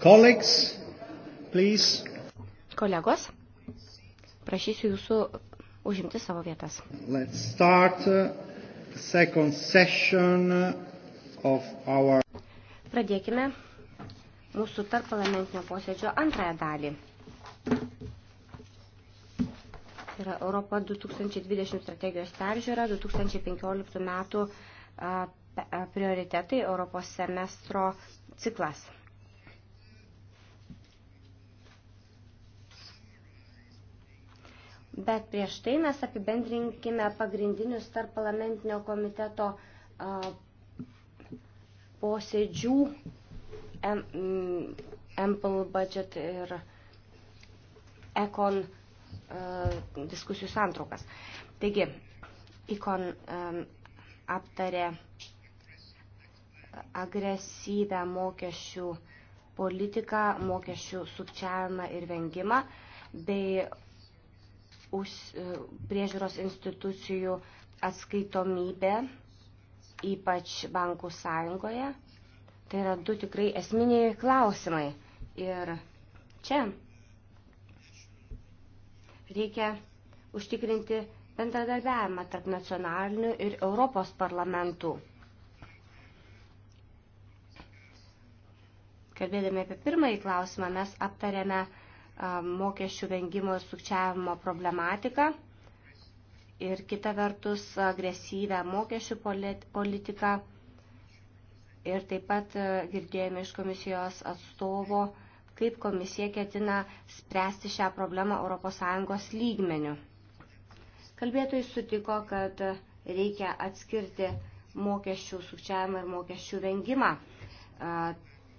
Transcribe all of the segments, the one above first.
Colleagues, please. Kolegos, prašysiu jūsų užimti savo vietas. Let's start uh, second session of our. Pradėkime mūsų tarp parlamentinio posėdžio antrąją dalį. Tai yra Europa 2020 strategijos peržiūra, 2015 metų prioritetai Europos semestro ciklas. Bet prieš tai mes apibendrinkime pagrindinius tarp parlamentinio komiteto posėdžių Ample Budget ir Econ diskusijų santraukas. Taigi, Econ aptarė agresyvę mokesčių politiką, mokesčių sukčiavimą ir vengimą, bei už e, priežiūros institucijų atskaitomybę, ypač bankų sąjungoje. Tai yra du tikrai esminiai klausimai. Ir čia reikia užtikrinti bendradarbiavimą tarp nacionalinių ir Europos parlamentų. Kalbėdami apie pirmąjį klausimą, mes aptarėme mokesčių vengimo ir sukčiavimo problematiką ir kita vertus agresyvę mokesčių politiką. Ir taip pat e, girdėjome iš komisijos atstovo, kaip komisija ketina spręsti šią problemą ES lygmeniu. Kalbėtojai sutiko, kad reikia atskirti mokesčių sukčiavimą ir mokesčių vengimą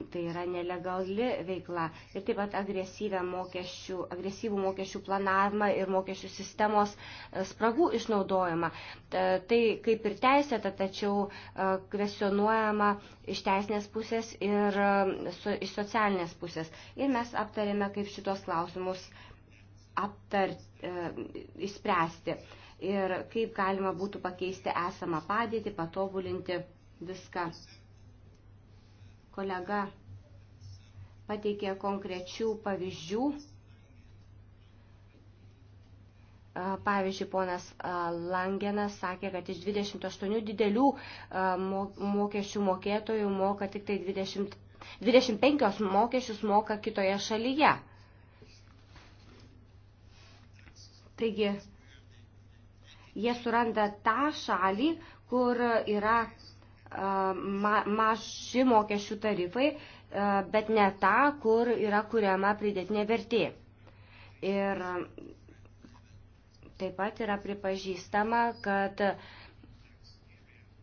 tai yra nelegali veikla ir taip pat mokesčių, agresyvų mokesčių planavimą ir mokesčių sistemos e, spragų išnaudojimą. Tai kaip ir teisėta, tačiau e, kvesionuojama iš teisinės pusės ir e, iš socialinės pusės. Ir mes aptarėme, kaip šitos klausimus aptart, įspręsti ir kaip galima būtų pakeisti esamą padėtį, patobulinti viską. Kolega pateikė konkrečių pavyzdžių. Pavyzdžiui, ponas Langenas sakė, kad iš 28 didelių mokesčių mokėtojų moka tik tai 20, 25 mokesčius moka kitoje šalyje. Taigi, jie suranda tą šalį, kur yra maži mokesčių tarifai, bet ne ta, kur yra kuriama pridėtinė vertė. Ir taip pat yra pripažįstama, kad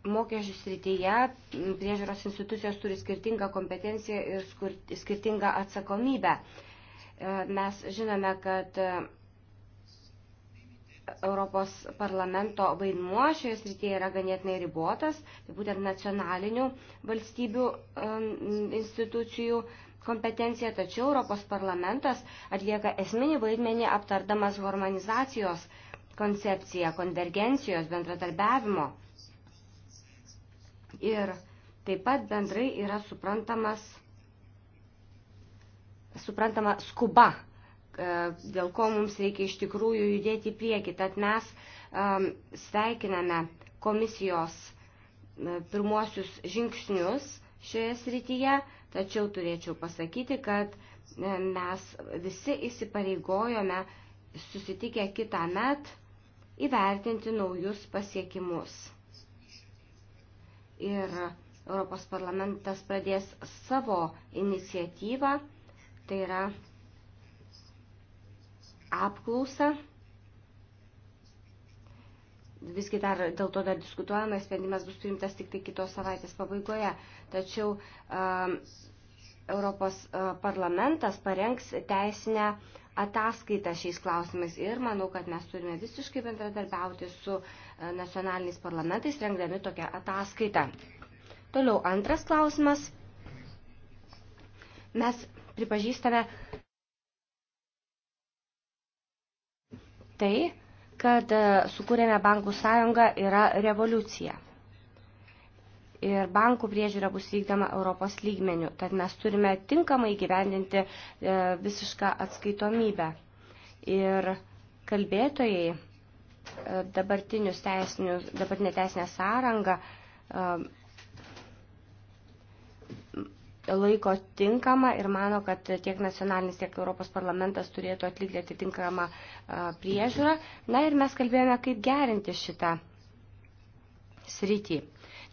mokesčių srityje priežiūros institucijos turi skirtingą kompetenciją ir skirtingą atsakomybę. E, mes žinome, kad Europos parlamento vaidmuo šioje srityje yra ganėtinai ribotas, tai būtent nacionalinių valstybių institucijų kompetencija, tačiau Europos parlamentas atlieka esminį vaidmenį aptardamas harmonizacijos koncepciją, konvergencijos, bendradarbiavimo. Ir taip pat bendrai yra suprantamas, suprantama skuba E, dėl ko mums reikia iš tikrųjų judėti į priekį. Tad mes e, sveikiname komisijos e, pirmuosius žingsnius šioje srityje, tačiau turėčiau pasakyti, kad mes visi įsipareigojome susitikę kitą met įvertinti naujus pasiekimus. Ir Europos parlamentas pradės savo iniciatyvą, tai yra apklausą. Visgi dar dėl to dar diskutuojame, sprendimas bus priimtas tik tai kitos savaitės pabaigoje. Tačiau um, Europos uh, parlamentas parengs teisinę ataskaitą šiais klausimais ir manau, kad mes turime visiškai bendradarbiauti su uh, nacionaliniais parlamentais, rengdami tokią ataskaitą. Toliau antras klausimas. Mes pripažįstame tai, kad e, sukūrėme bankų sąjungą, yra revoliucija. Ir bankų priežiūra bus vykdama Europos lygmenių. Tad mes turime tinkamai gyvendinti e, visišką atskaitomybę. Ir kalbėtojai e, dabartinę teisinę sąrangą laiko tinkama ir mano, kad tiek nacionalinis, tiek Europos parlamentas turėtų atlikti atitinkamą priežiūrą. Na ir mes kalbėjome, kaip gerinti šitą sritį.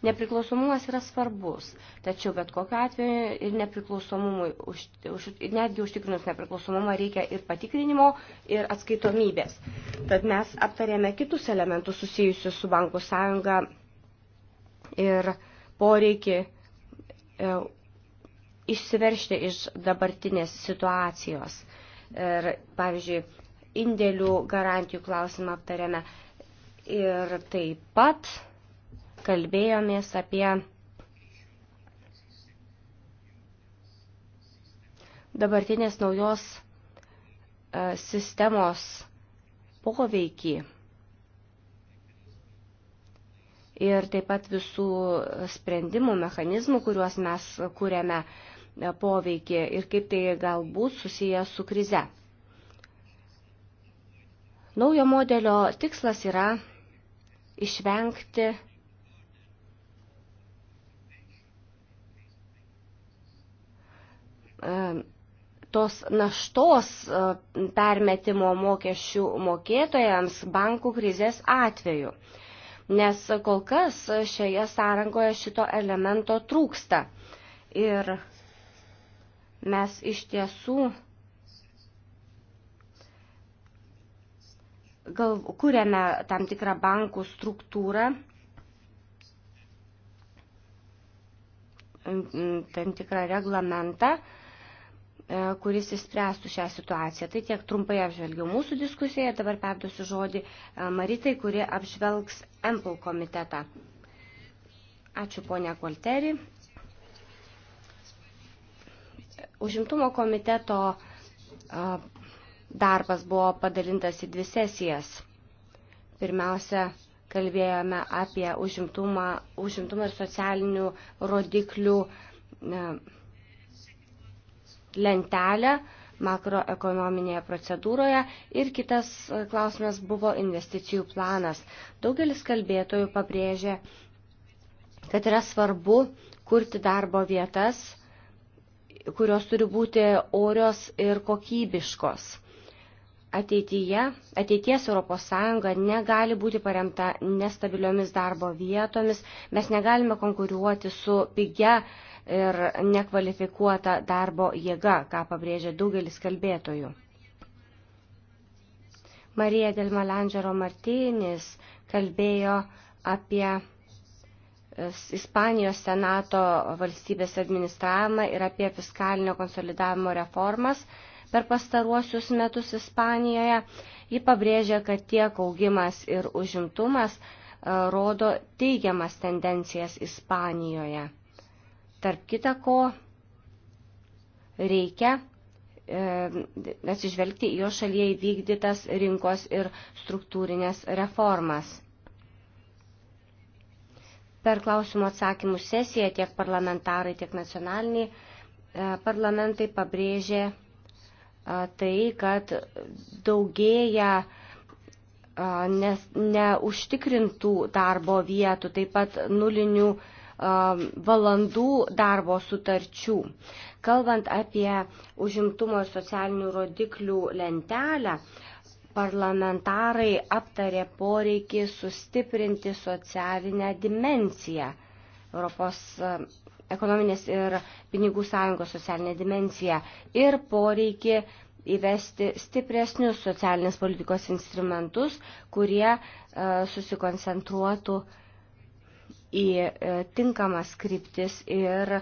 Nepriklausomumas yra svarbus, tačiau bet kokiu atveju ir nepriklausomumui, už, už, netgi užtikrinus nepriklausomumą reikia ir patikrinimo, ir atskaitomybės. Tad mes aptarėme kitus elementus susijusius su bankų sąjunga ir poreikį e, išsiveršti iš dabartinės situacijos. Ir, pavyzdžiui, indėlių garantijų klausimą aptarėme ir taip pat kalbėjomės apie dabartinės naujos e, sistemos poveikį ir taip pat visų sprendimų, mechanizmų, kuriuos mes kūrėme poveikį ir kaip tai galbūt susiję su krize. Naujo modelio tikslas yra išvengti e, tos naštos e, permetimo mokesčių mokėtojams bankų krizės atveju. Nes kol kas šioje sąrangoje šito elemento trūksta. Ir mes iš tiesų gal, kuriame tam tikrą bankų struktūrą, tam tikrą reglamentą, e, kuris įspręstų šią situaciją. Tai tiek trumpai apžvelgiau mūsų diskusiją, dabar perduosiu žodį e, Maritai, kuri apžvelgs Empl komitetą. Ačiū ponia Kolteri, Užimtumo komiteto darbas buvo padalintas į dvi sesijas. Pirmiausia, kalbėjome apie užimtumą, užimtumą ir socialinių rodiklių lentelę makroekonominėje procedūroje ir kitas klausimas buvo investicijų planas. Daugelis kalbėtojų pabrėžė, kad yra svarbu kurti darbo vietas, kurios turi būti orios ir kokybiškos. Ateityje, ateities ES negali būti paremta nestabiliomis darbo vietomis, mes negalime konkuruoti su pigia ir nekvalifikuota darbo jėga, ką pabrėžia daugelis kalbėtojų. Marija Delmalangero Martinis kalbėjo apie Ispanijos Senato valstybės administravimą ir apie fiskalinio konsolidavimo reformas per pastaruosius metus Ispanijoje. Ji pabrėžia, kad tiek augimas ir užimtumas e, rodo teigiamas tendencijas Ispanijoje. Tarp kita ko, reikia e, atsižvelgti į jo šalyje įvykdytas rinkos ir struktūrinės reformas. Per klausimų atsakymų sesiją tiek parlamentarai, tiek nacionaliniai e, parlamentai pabrėžė e, tai, kad daugėja e, nes, neužtikrintų darbo vietų, taip pat nulinių valandų darbo sutarčių. Kalbant apie užimtumo ir socialinių rodiklių lentelę, Parlamentarai aptarė poreikį sustiprinti socialinę dimenciją Europos e, ekonominės ir pinigų sąjungos socialinę dimenciją ir poreikį įvesti stipresnius socialinės politikos instrumentus, kurie e, susikoncentruotų į e, tinkamas kryptis ir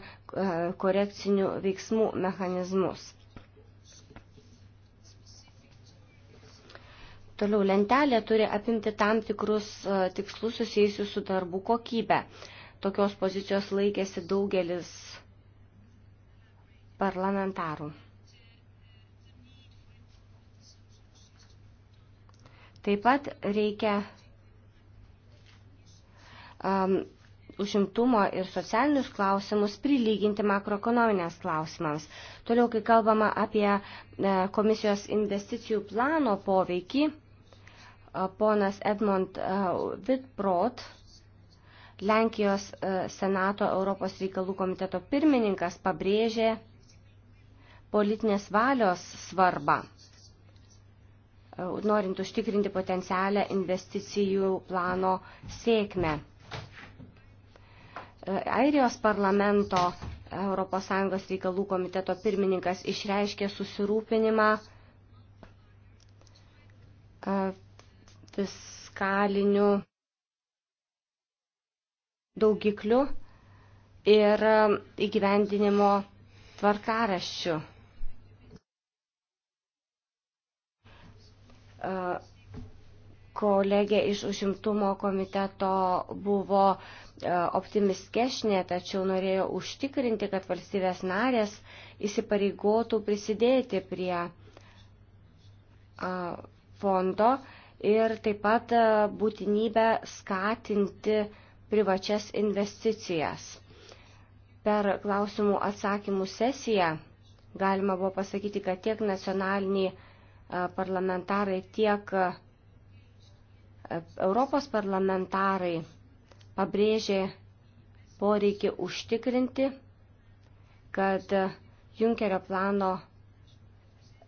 korekcinių veiksmų mechanizmus. Toliau lentelė turi apimti tam tikrus e, tikslus susijusius su darbų kokybė. Tokios pozicijos laikėsi daugelis parlamentarų. Taip pat reikia um, užimtumo ir socialinius klausimus prilyginti makroekonominės klausimams. Toliau, kai kalbama apie e, komisijos investicijų plano poveikį, ponas Edmond Vitprot, e, Lenkijos e, Senato Europos reikalų komiteto pirmininkas, pabrėžė politinės valios svarbą, e, norint užtikrinti potencialę investicijų plano sėkmę. Airijos parlamento ES reikalų komiteto pirmininkas išreiškė susirūpinimą fiskalinių daugiklių ir įgyvendinimo tvarkaraščių. Kolegė iš užimtumo komiteto buvo optimiskesnė, tačiau norėjo užtikrinti, kad valstybės narės įsipareigotų prisidėti prie fondo ir taip pat e, būtinybę skatinti privačias investicijas. Per klausimų atsakymų sesiją galima buvo pasakyti, kad tiek nacionaliniai e, parlamentarai, tiek e, Europos parlamentarai pabrėžė poreikį užtikrinti, kad Junkerio plano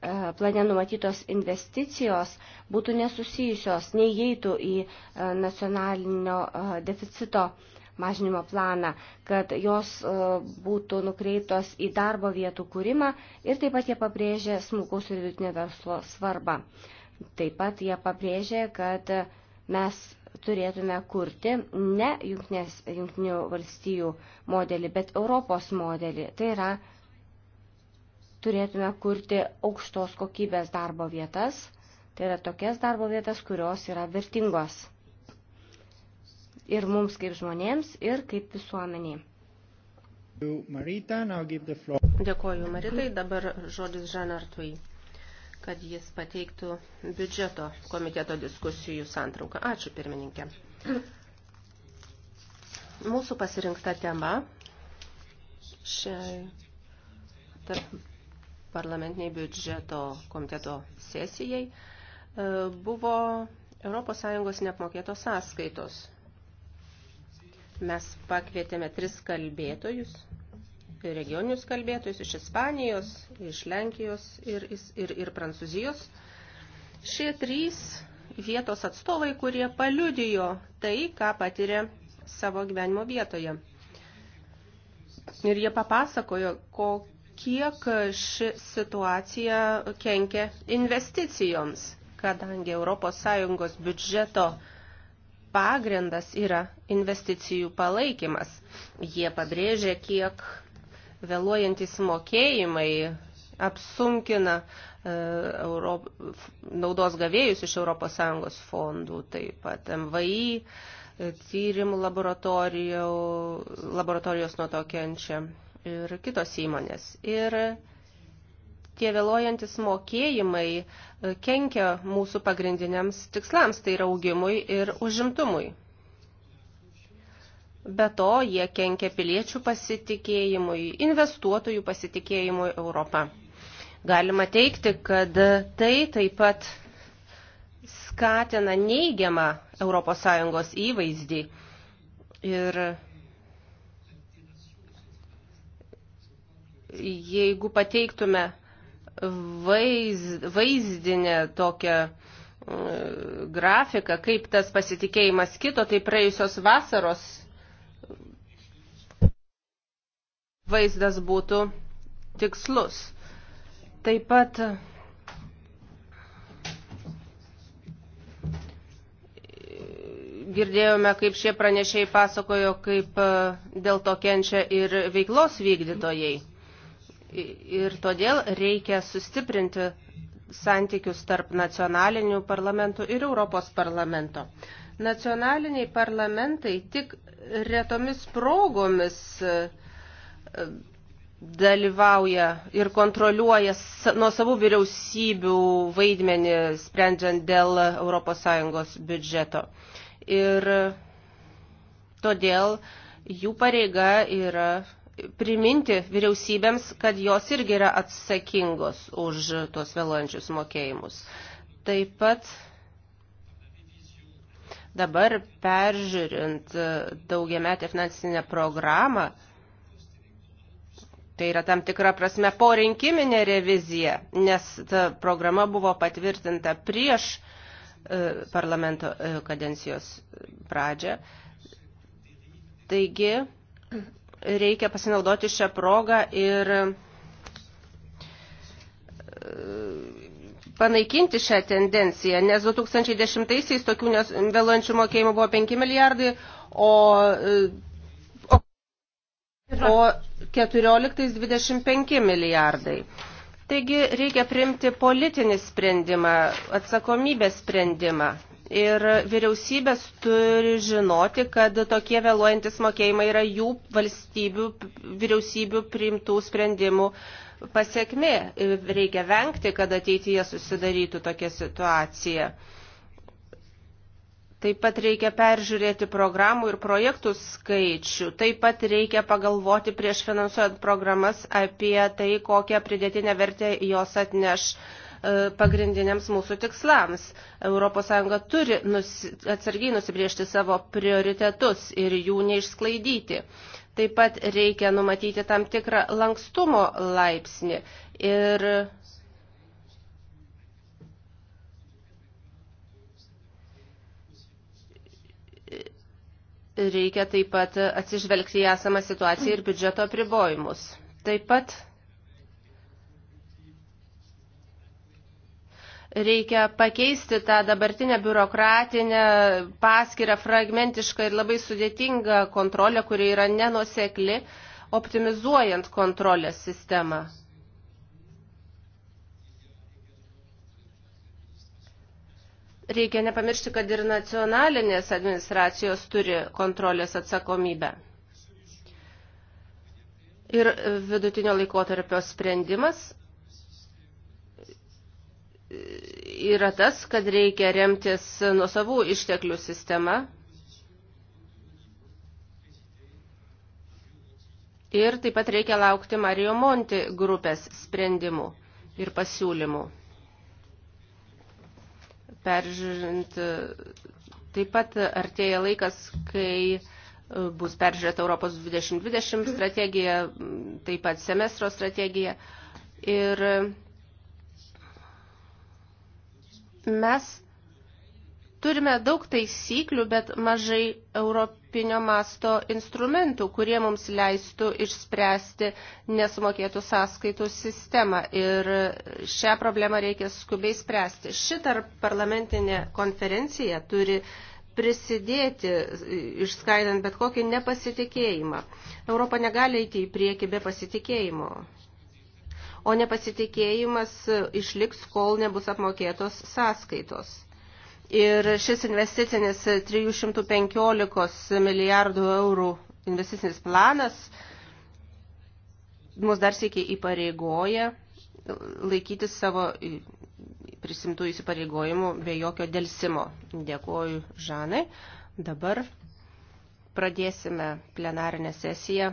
E, plane numatytos investicijos būtų nesusijusios, neįeitų į e, nacionalinio e, deficito mažinimo planą, kad jos būtų nukreiptos į darbo vietų kūrimą ir taip pat jie pabrėžė smulkaus ir vidutinio verslo svarbą. Taip pat jie pabrėžė, kad mes turėtume kurti ne jungtinių valstijų modelį, bet Europos modelį. Tai yra turėtume kurti aukštos kokybės darbo vietas, tai yra tokias darbo vietas, kurios yra vertingos ir mums kaip žmonėms, ir kaip visuomeniai. Marita, Dėkoju Maritai, dabar žodis Žanartui, kad jis pateiktų biudžeto komiteto diskusijų santrauką. Ačiū pirmininkė. Mūsų pasirinkta tema šiai tarp parlamentiniai biudžeto komiteto sesijai e, buvo ES neapmokėtos sąskaitos. Mes pakvietėme tris kalbėtojus, regioninius kalbėtojus iš Ispanijos, iš Lenkijos ir, ir, ir Prancūzijos. Šie trys vietos atstovai, kurie paliudijo tai, ką patiria savo gyvenimo vietoje. Ir jie papasakojo, kokie kiek ši situacija kenkia investicijoms, kadangi ES biudžeto pagrindas yra investicijų palaikymas. Jie pabrėžia, kiek vėluojantis mokėjimai apsunkina e, Europ... naudos gavėjus iš ES fondų, taip pat MVI, e, tyrimų laboratorijos nuo to kenčia ir kitos įmonės. Ir tie vėluojantis mokėjimai e, kenkia mūsų pagrindiniams tikslams, tai yra augimui ir užimtumui. Be to, jie kenkia piliečių pasitikėjimui, investuotojų pasitikėjimui Europą. Galima teikti, kad tai taip pat skatina neigiamą ES įvaizdį ir jeigu pateiktume vaiz, vaizdinę tokią mm, grafiką, kaip tas pasitikėjimas kito, tai praėjusios vasaros vaizdas būtų tikslus. Taip pat girdėjome, kaip šie pranešiai pasakojo, kaip e, dėl to kenčia ir veiklos vykdytojai ir todėl reikia sustiprinti santykius tarp nacionalinių parlamentų ir Europos parlamento. Nacionaliniai parlamentai tik retomis progomis e, e, dalyvauja ir kontroliuoja nuo savų vyriausybių vaidmenį, sprendžiant dėl ES biudžeto. Ir todėl jų pareiga yra priminti vyriausybėms, kad jos irgi yra atsakingos už tuos vėluojančius mokėjimus. Taip pat dabar peržiūrint daugiametę finansinę programą, tai yra tam tikra prasme porinkiminė revizija, nes ta programa buvo patvirtinta prieš e, parlamento e, kadencijos pradžią. Taigi, reikia pasinaudoti šią progą ir e, panaikinti šią tendenciją, nes 2010-aisiais tokių vėluojančių mokėjimų buvo 5 milijardai, o, e, o, o 14-ais 25 milijardai. Taigi reikia priimti politinį sprendimą, atsakomybės sprendimą. Ir vyriausybės turi žinoti, kad tokie vėluojantis mokėjimai yra jų valstybių, vyriausybių priimtų sprendimų pasiekmė. Reikia vengti, kad ateityje susidarytų tokia situacija. Taip pat reikia peržiūrėti programų ir projektų skaičių. Taip pat reikia pagalvoti prieš finansuojant programas apie tai, kokią pridėtinę vertę jos atneš uh, E, pagrindiniams mūsų tikslams. ES turi nusi, atsargiai nusibriežti savo prioritetus ir jų neišsklaidyti. Taip pat reikia numatyti tam tikrą lankstumo laipsnį ir reikia taip pat atsižvelgti į esamą situaciją ir biudžeto apribojimus. Taip pat reikia pakeisti tą dabartinę biurokratinę paskirą fragmentišką ir labai sudėtingą kontrolę, kuri yra nenusekli, optimizuojant kontrolės sistemą. Reikia nepamiršti, kad ir nacionalinės administracijos turi kontrolės atsakomybę. Ir vidutinio laikotarpio sprendimas yra tas, kad reikia remtis nuo savų išteklių sistema ir taip pat reikia laukti Mario Monti grupės sprendimų ir pasiūlymų. Peržiūrint, taip pat artėja laikas, kai bus peržiūrėta Europos 2020 strategija, taip pat semestro strategija. Ir Mes turime daug taisyklių, bet mažai europinio masto instrumentų, kurie mums leistų išspręsti nesumokėtų sąskaitų sistemą. Ir šią problemą reikia skubiai spręsti. Šitą parlamentinė konferencija turi prisidėti, išskaidant bet kokį nepasitikėjimą. Europa negali eiti į priekį be pasitikėjimo o nepasitikėjimas išliks, kol nebus apmokėtos sąskaitos. Ir šis investicinis 315 milijardų eurų investicinis planas mus dar sėkiai įpareigoja laikytis savo prisimtų įsipareigojimų be jokio delsimo. Dėkuoju Žanai. Dabar pradėsime plenarinę sesiją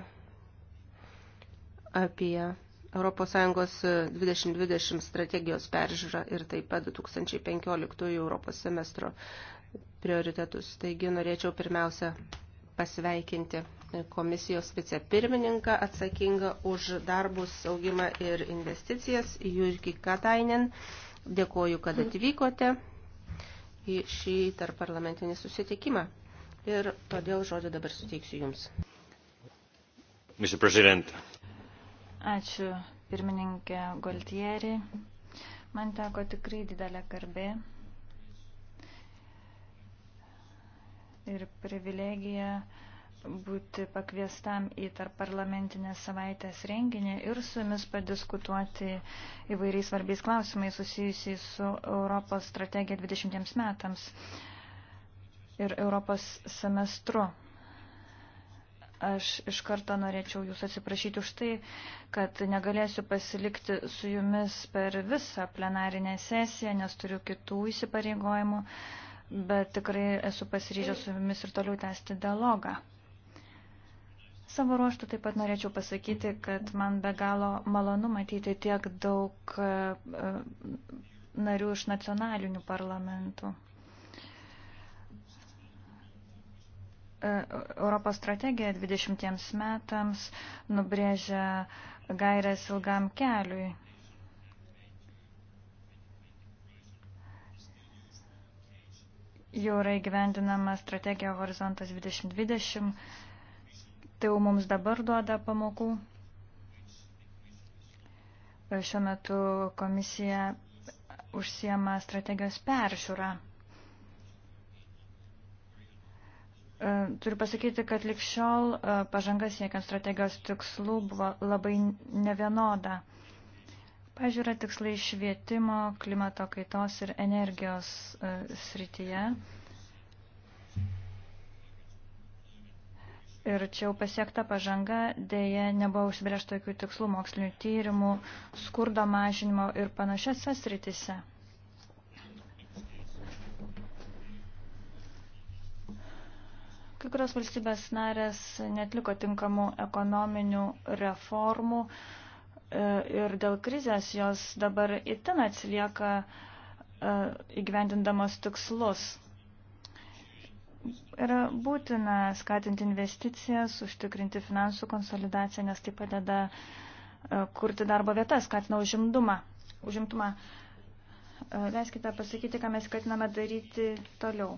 apie ES 2020 strategijos peržiūrą ir taip pat 2015 Europos semestro prioritetus. Taigi norėčiau pirmiausia pasveikinti komisijos vicepirmininką atsakingą už darbus, saugimą ir investicijas, Jurgį Katainen. Dėkoju, kad atvykote į šį tarparlamentinį susitikimą. Ir todėl žodį dabar suteiksiu Jums. Mr. President, Ačiū pirmininkė Goltieri. Man teko tikrai didelė garbė ir privilegija būti pakviestam į tarparlamentinės savaitės renginį ir su jumis padiskutuoti įvairiais svarbiais klausimais susijusiais su Europos strategija 20 metams ir Europos semestru. Aš iš karto norėčiau jūs atsiprašyti už tai, kad negalėsiu pasilikti su jumis per visą plenarinę sesiją, nes turiu kitų įsipareigojimų, bet tikrai esu pasiryžęs su jumis ir toliau tęsti dialogą. Savo ruoštų taip pat norėčiau pasakyti, kad man be galo malonu matyti tiek daug e, narių iš nacionalinių parlamentų. E, Europos strategija 20 metams nubrėžia gairias ilgam keliui. Jau yra įgyvendinama strategija Horizontas 2020. Tai jau mums dabar duoda pamokų. Šiuo metu komisija užsiema strategijos peržiūrą. E, turiu pasakyti, kad likščiol e, pažanga siekiant strategijos tikslų buvo labai nevienoda. Pavyzdžiui, yra tikslai švietimo, klimato kaitos ir energijos e, srityje. Ir čia jau pasiekta pažanga, dėje nebuvo užsibrėžta jokių tikslų mokslinių tyrimų, skurdo mažinimo ir panašiose srityse. Kai kurios valstybės narės netliko tinkamų ekonominių reformų e, ir dėl krizės jos dabar itin atsilieka e, įgyvendindamos tikslus. Yra būtina skatinti investicijas, užtikrinti finansų konsolidaciją, nes tai padeda e, kurti darbo vietas, skatina užimdumą. užimtumą. Leiskite pasakyti, ką mes skatiname daryti toliau.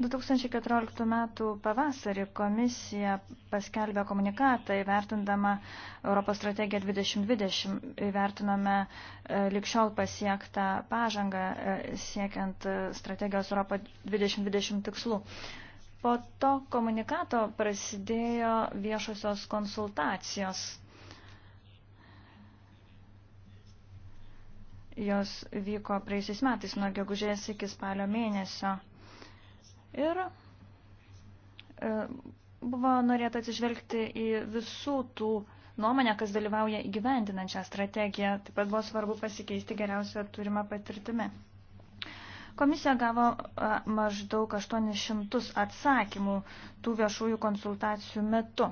2014 m. pavasarį komisija paskelbė komunikatą įvertindama Europos strategiją 2020. Įvertinome e, likščiol pasiektą pažangą e, siekiant e, strategijos Europo 2020 tikslų. Po to komunikato prasidėjo viešosios konsultacijos. Jos vyko praeisiais metais nuo gegužės iki spalio mėnesio. Ir e, buvo norėta atsižvelgti į visų tų nuomonę, kas dalyvauja įgyvendinant šią strategiją. Taip pat buvo svarbu pasikeisti geriausią turimą patirtimį. Komisija gavo e, maždaug 800 atsakymų tų viešųjų konsultacijų metu.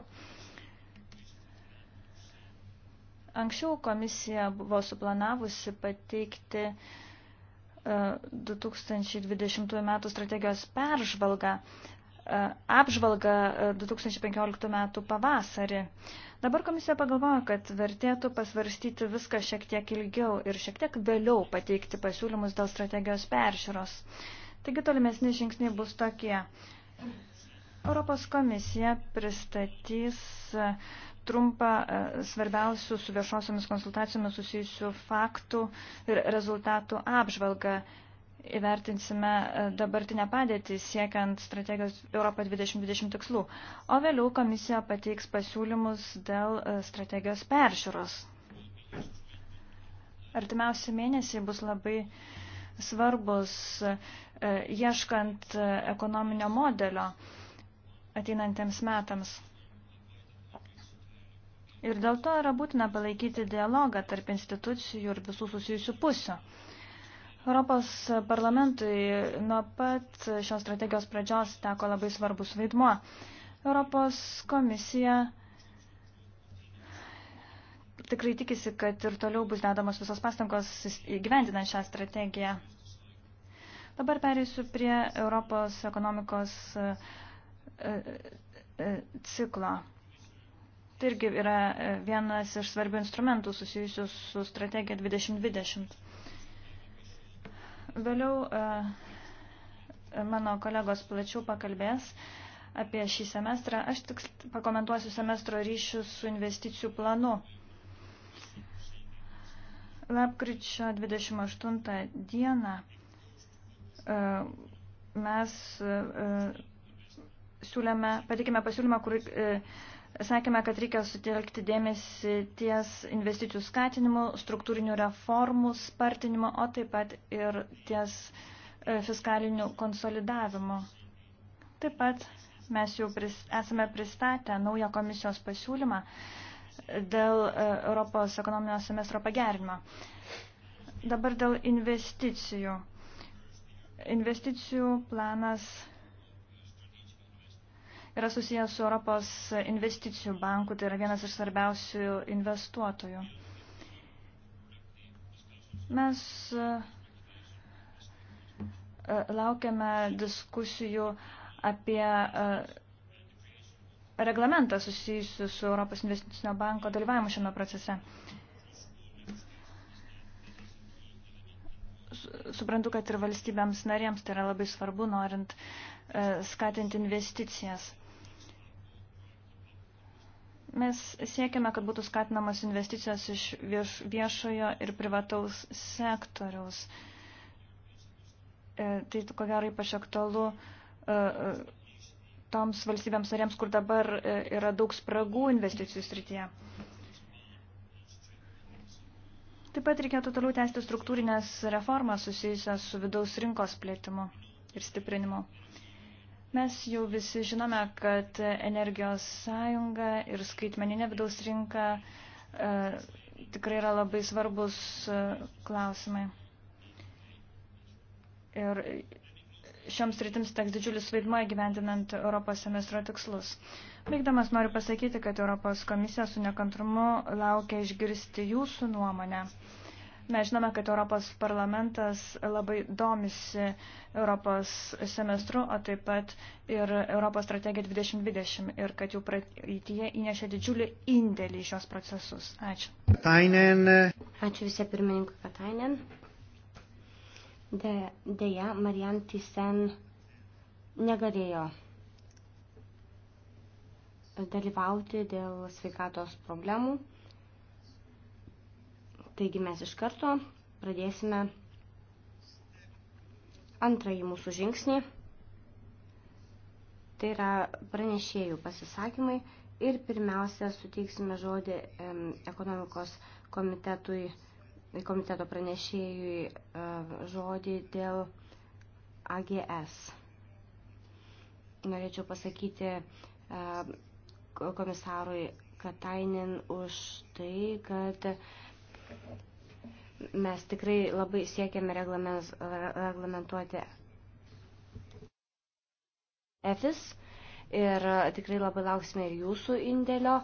Anksčiau komisija buvo suplanavusi pateikti uh, 2020 e, m. strategijos peržvalgą, apžvalgą 2015 m. pavasarį. Dabar komisija pagalvoja, kad vertėtų pasvarstyti viską šiek tiek ilgiau ir šiek tiek vėliau pateikti pasiūlymus dėl strategijos peržiūros. Taigi tolimesni žingsniai bus tokie. Europos komisija pristatys uh, trumpą e, svarbiausių su viešosiomis konsultacijomis susijusių faktų ir rezultatų apžvalgą. Įvertinsime e, dabartinę padėtį siekiant strategijos Europą 2020 tikslų, o vėliau komisija pateiks pasiūlymus dėl e, strategijos peržiūros. Artimiausi mėnesiai bus labai svarbus ieškant ekonominio modelio ateinantiems metams. Ir dėl to yra būtina palaikyti dialogą tarp institucijų ir visų susijusių pusių. Europos parlamentui nuo pat šios strategijos pradžios teko labai svarbus vaidmuo. Europos komisija tikrai tikisi, kad ir toliau bus dedamos visos pastangos įgyvendinant šią strategiją. Dabar pereisiu prie Europos ekonomikos e, e, ciklo. Tai irgi yra e, vienas iš svarbių instrumentų susijusių su strategija 2020. Vėliau e, mano kolegos plačiau pakalbės apie šį semestrą. Aš tik pakomentuosiu semestro ryšius su investicijų planu. Lapkričio 28 dieną e, mes siūlėme, patikime pasiūlymą, kur Sakėme, kad reikia sutelkti dėmesį ties investicijų skatinimu, struktūrinių reformų spartinimu, o taip pat ir ties e, fiskaliniu konsolidavimu. Taip pat mes jau pris, esame pristatę naują komisijos pasiūlymą e, dėl e, Europos ekonominio semestro pagerinimo. Dabar dėl investicijų. Investicijų planas yra susijęs su Europos investicijų banku, tai yra vienas iš svarbiausių investuotojų. Mes e, laukiame diskusijų apie e, reglamentą susijusiu su Europos investicinio banko dalyvavimu šiame procese. Suprantu, kad ir valstybėms narėms tai yra labai svarbu, norint e, skatinti investicijas. Mes siekiame, kad būtų skatinamas investicijos iš vieš, viešojo ir privataus sektoriaus. E, tai ko gero ypač aktualu e, e, toms valstybėms narėms, kur dabar e, yra daug spragų investicijų srityje. Taip pat reikėtų toliau tęsti struktūrinės reformas susijusias su vidaus rinkos plėtimu ir stiprinimu. Mes jau visi žinome, kad energijos sąjunga ir skaitmeninė vidaus rinka e, tikrai yra labai svarbus e, klausimai. Ir šioms rytims teks didžiulis vaidmuo gyventinant Europos semestro tikslus. Baigdamas noriu pasakyti, kad Europos komisija su nekantrumu laukia išgirsti jūsų nuomonę. E, Mes žinome, kad Europos parlamentas labai domisi Europos semestru, o taip pat ir Europos strategija 2020 ir kad jau praeitie įnešė didžiulį indėlį į šios procesus. Ačiū. Katainen. Ačiū visie pirmininkui Katainen. De, deja, Marian Tysen negalėjo dalyvauti dėl sveikatos problemų. Taigi mes iš karto pradėsime antrąjį mūsų žingsnį. Tai yra pranešėjų pasisakymai ir pirmiausia suteiksime žodį ekonomikos komitetui, komiteto pranešėjui e, žodį dėl AGS. Norėčiau pasakyti e, komisarui Katainin už tai, kad Mes tikrai labai siekiame reglamentuoti EFIS ir tikrai labai lauksime ir jūsų indėlio,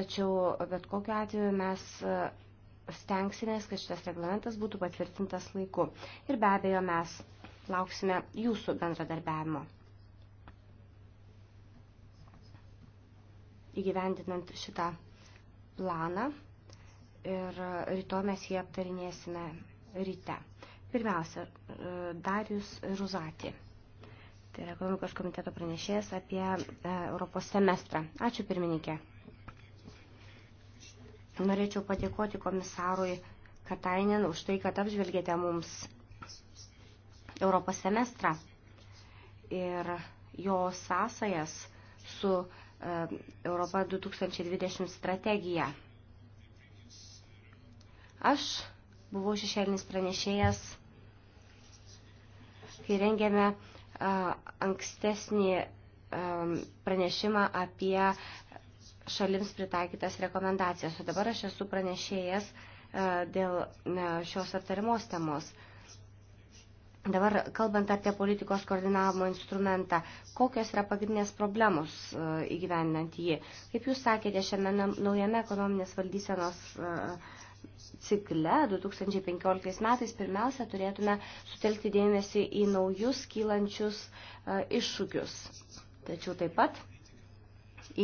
tačiau bet kokiu atveju mes stengsimės, kad šitas reglamentas būtų patvirtintas laiku. Ir be abejo mes lauksime jūsų bendradarbiavimo. Įgyvendinant šitą planą ir e, ryto mes jį aptarinėsime ryte. Pirmiausia, e, Darius Ruzatį. Tai yra ekonomikos komiteto pranešėjas apie e, Europos semestrą. Ačiū pirmininkė. Norėčiau padėkoti komisarui Katainen už tai, kad apžvelgėte mums Europos semestrą ir jo sąsajas su Europa 2020 strategija. Aš buvau šešėlinis pranešėjas, kai rengėme ankstesnį pranešimą apie šalims pritaikytas rekomendacijas. O dabar aš esu pranešėjas dėl šios aptarimos temos. Dabar, kalbant apie politikos koordinavimo instrumentą, kokios yra pagrindinės problemos įgyvendinant jį? Kaip jūs sakėte, šiame naujame ekonominės valdysenos uh, cikle 2015 metais pirmiausia turėtume sutelkti dėmesį į naujus kylančius e, iššūkius. Tačiau taip pat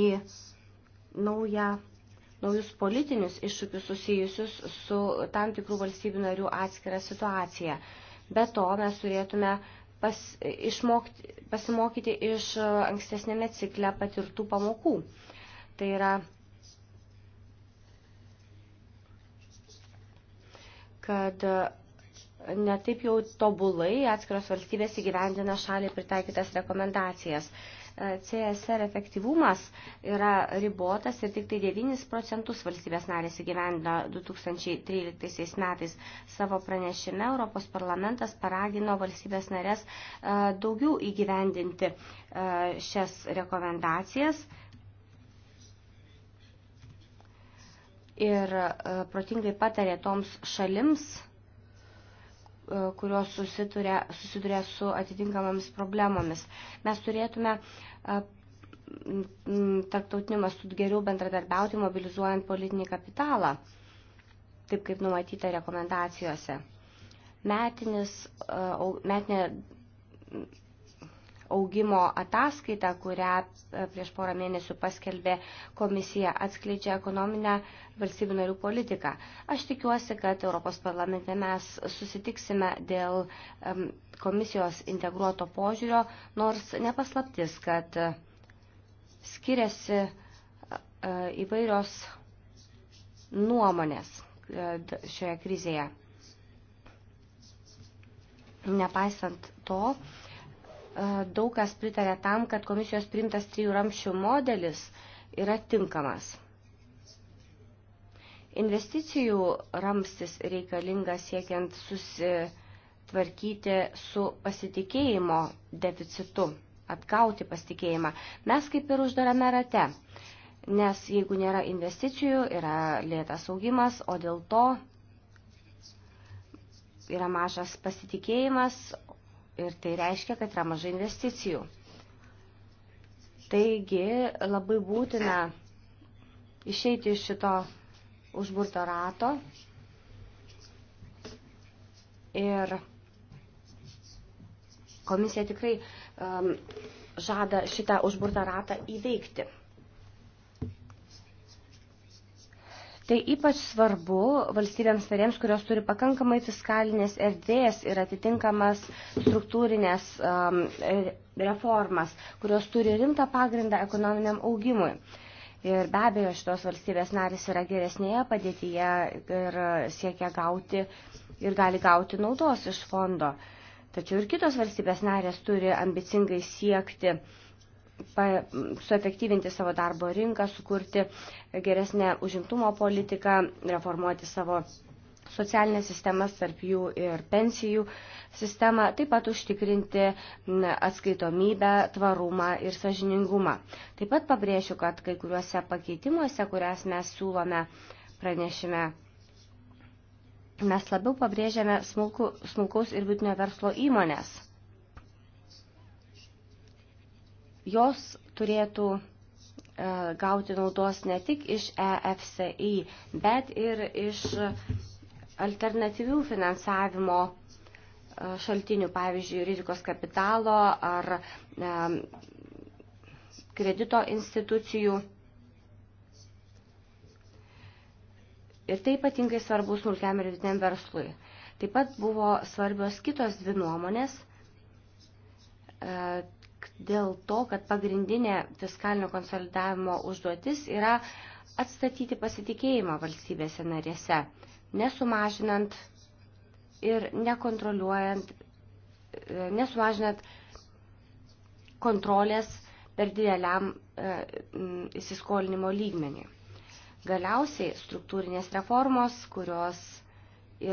į naują, naujus politinius iššūkius susijusius su tam tikrų valstybių narių atskira situacija. Be to mes turėtume pas, išmokti, pasimokyti iš e, ankstesnėme cikle patirtų pamokų. Tai yra kad e, netaip jau tobulai atskiros valstybės įgyvendina šaliai pritaikytas rekomendacijas. E, CSR efektyvumas yra ribotas ir tik tai 9 procentus valstybės narės įgyvendino 2013 metais. Savo pranešime Europos parlamentas paragino valstybės narės e, daugiau įgyvendinti šias rekomendacijas ir e, protingai patarė toms šalims, e, kurios susituria, susiduria su atitinkamomis problemomis. Mes turėtume e, tarptautiniu mastu geriau bendradarbiauti, mobilizuojant politinį kapitalą, taip kaip numatyta rekomendacijose. Metinis, metinė augimo ataskaita, kurią e, prieš porą mėnesių paskelbė komisija, atskleidžia ekonominę valstybių narių politiką. Aš tikiuosi, kad Europos parlamente mes susitiksime dėl komisijos integruoto požiūrio, nors nepaslaptis, kad e, skiriasi e, įvairios nuomonės šioje krizėje. Nepaisant to, daug kas pritarė tam, kad komisijos primtas trijų ramščių modelis yra tinkamas. Investicijų ramstis reikalingas siekiant susitvarkyti su pasitikėjimo deficitu, atgauti pasitikėjimą. Mes kaip ir uždarame rate, nes jeigu nėra investicijų, yra lėtas augimas, o dėl to yra mažas pasitikėjimas, ir tai reiškia, kad yra mažai investicijų. Taigi labai būtina išeiti iš šito užburto rato ir komisija tikrai um, žada šitą užburtą ratą įveikti. Tai ypač svarbu valstybėms narėms, kurios turi pakankamai fiskalinės erdvės ir atitinkamas struktūrinės um, reformas, kurios turi rimtą pagrindą ekonominiam augimui. Ir be abejo, šitos valstybės narys yra geresnėje padėtyje ir siekia gauti ir gali gauti naudos iš fondo. Tačiau ir kitos valstybės narės turi ambicingai siekti uh, suefektyvinti savo darbo rinką, sukurti geresnę užimtumo politiką, reformuoti savo socialinės sistemas, tarp jų ir pensijų sistemą, taip pat užtikrinti atskaitomybę, tvarumą ir sažiningumą. Taip pat pabrėšiu, kad kai kuriuose pakeitimuose, kurias mes siūlome pranešime, mes labiau pabrėžiame smulku, smulkaus ir vidutinio verslo įmonės. jos turėtų e, gauti naudos ne tik iš EFSI, bet ir iš alternatyvių finansavimo e, šaltinių, pavyzdžiui, rizikos kapitalo ar e, kredito institucijų. Ir tai ypatingai svarbu smulkiam ir vidiniam verslui. Taip pat buvo svarbios kitos dvi nuomonės tik dėl to, kad pagrindinė fiskalinio konsolidavimo užduotis yra atstatyti pasitikėjimą valstybėse narėse, nesumažinant ir nekontroliuojant, e, nesumažinant kontrolės per dideliam e, įsiskolinimo lygmenį. Galiausiai struktūrinės reformos, kurios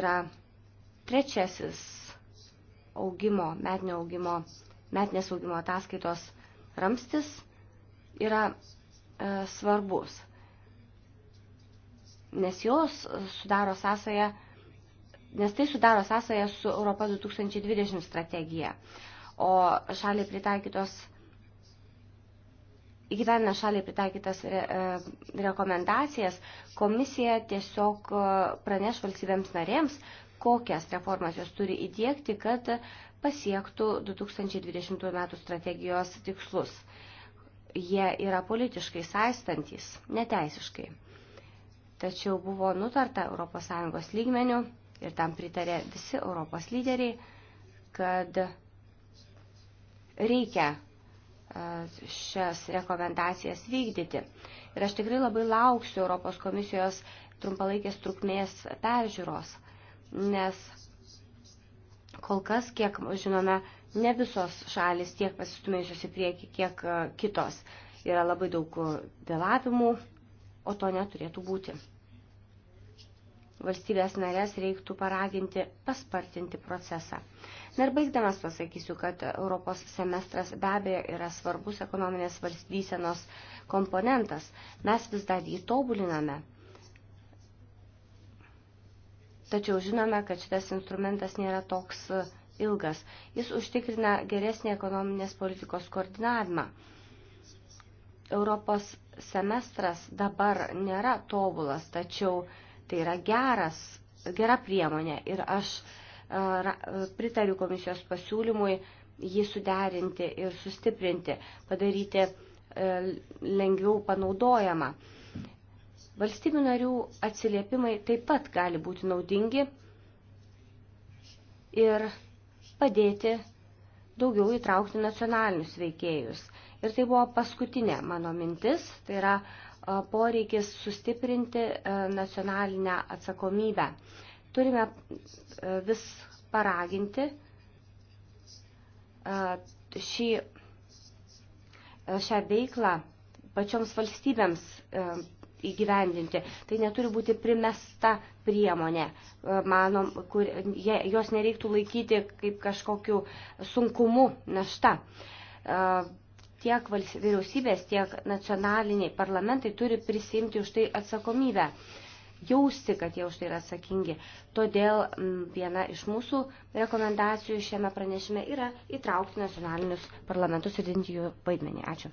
yra trečiasis augimo, metinio augimo metinės augimo ataskaitos ramstis yra e, svarbus, nes jos sudaro sąsąją, nes tai sudaro sąsąją su Europa 2020 strategija, o šaliai pritaikytos įgyvenina šaliai pritaikytas re, e, rekomendacijas, komisija tiesiog e, praneš valstybėms narėms, kokias reformas jos turi įdėkti, kad pasiektų 2020 m. strategijos tikslus. Jie yra politiškai saistantis, neteisiškai. Tačiau buvo nutarta ES lygmenių ir tam pritarė visi Europos lyderiai, kad reikia e, šias rekomendacijas vykdyti. Ir aš tikrai labai lauksiu Europos komisijos trumpalaikės trukmės peržiūros nes kol kas, kiek žinome, ne visos šalis tiek pasistumėjusios į priekį, kiek e, kitos. Yra labai daug e, vėlavimų, o to neturėtų būti. Valstybės narės reiktų paraginti paspartinti procesą. Ir baigdamas pasakysiu, kad Europos semestras be abejo yra svarbus ekonominės valstysenos komponentas. Mes vis dar jį tobuliname. Tačiau žinome, kad šitas instrumentas nėra toks e, ilgas. Jis užtikrina geresnį ekonominės politikos koordinavimą. Europos semestras dabar nėra tobulas, tačiau tai yra geras, gera priemonė ir aš e, e, pritariu komisijos pasiūlymui jį suderinti ir sustiprinti, padaryti lengviau panaudojama. Valstybių narių atsiliepimai taip pat gali būti naudingi ir padėti daugiau įtraukti nacionalinius veikėjus. Ir tai buvo paskutinė mano mintis, tai yra poreikis sustiprinti nacionalinę atsakomybę. Turime vis paraginti šį, šią veiklą pačioms valstybėms įgyvendinti. Tai neturi būti primesta priemonė, e, manom, kur, je, jos nereiktų laikyti kaip kažkokiu sunkumu našta. E, tiek vyriausybės, tiek nacionaliniai parlamentai turi prisimti už tai atsakomybę jausti, kad jie už tai yra atsakingi. Todėl mm, viena iš mūsų rekomendacijų šiame pranešime yra įtraukti nacionalinius parlamentus ir didinti jų vaidmenį. Ačiū.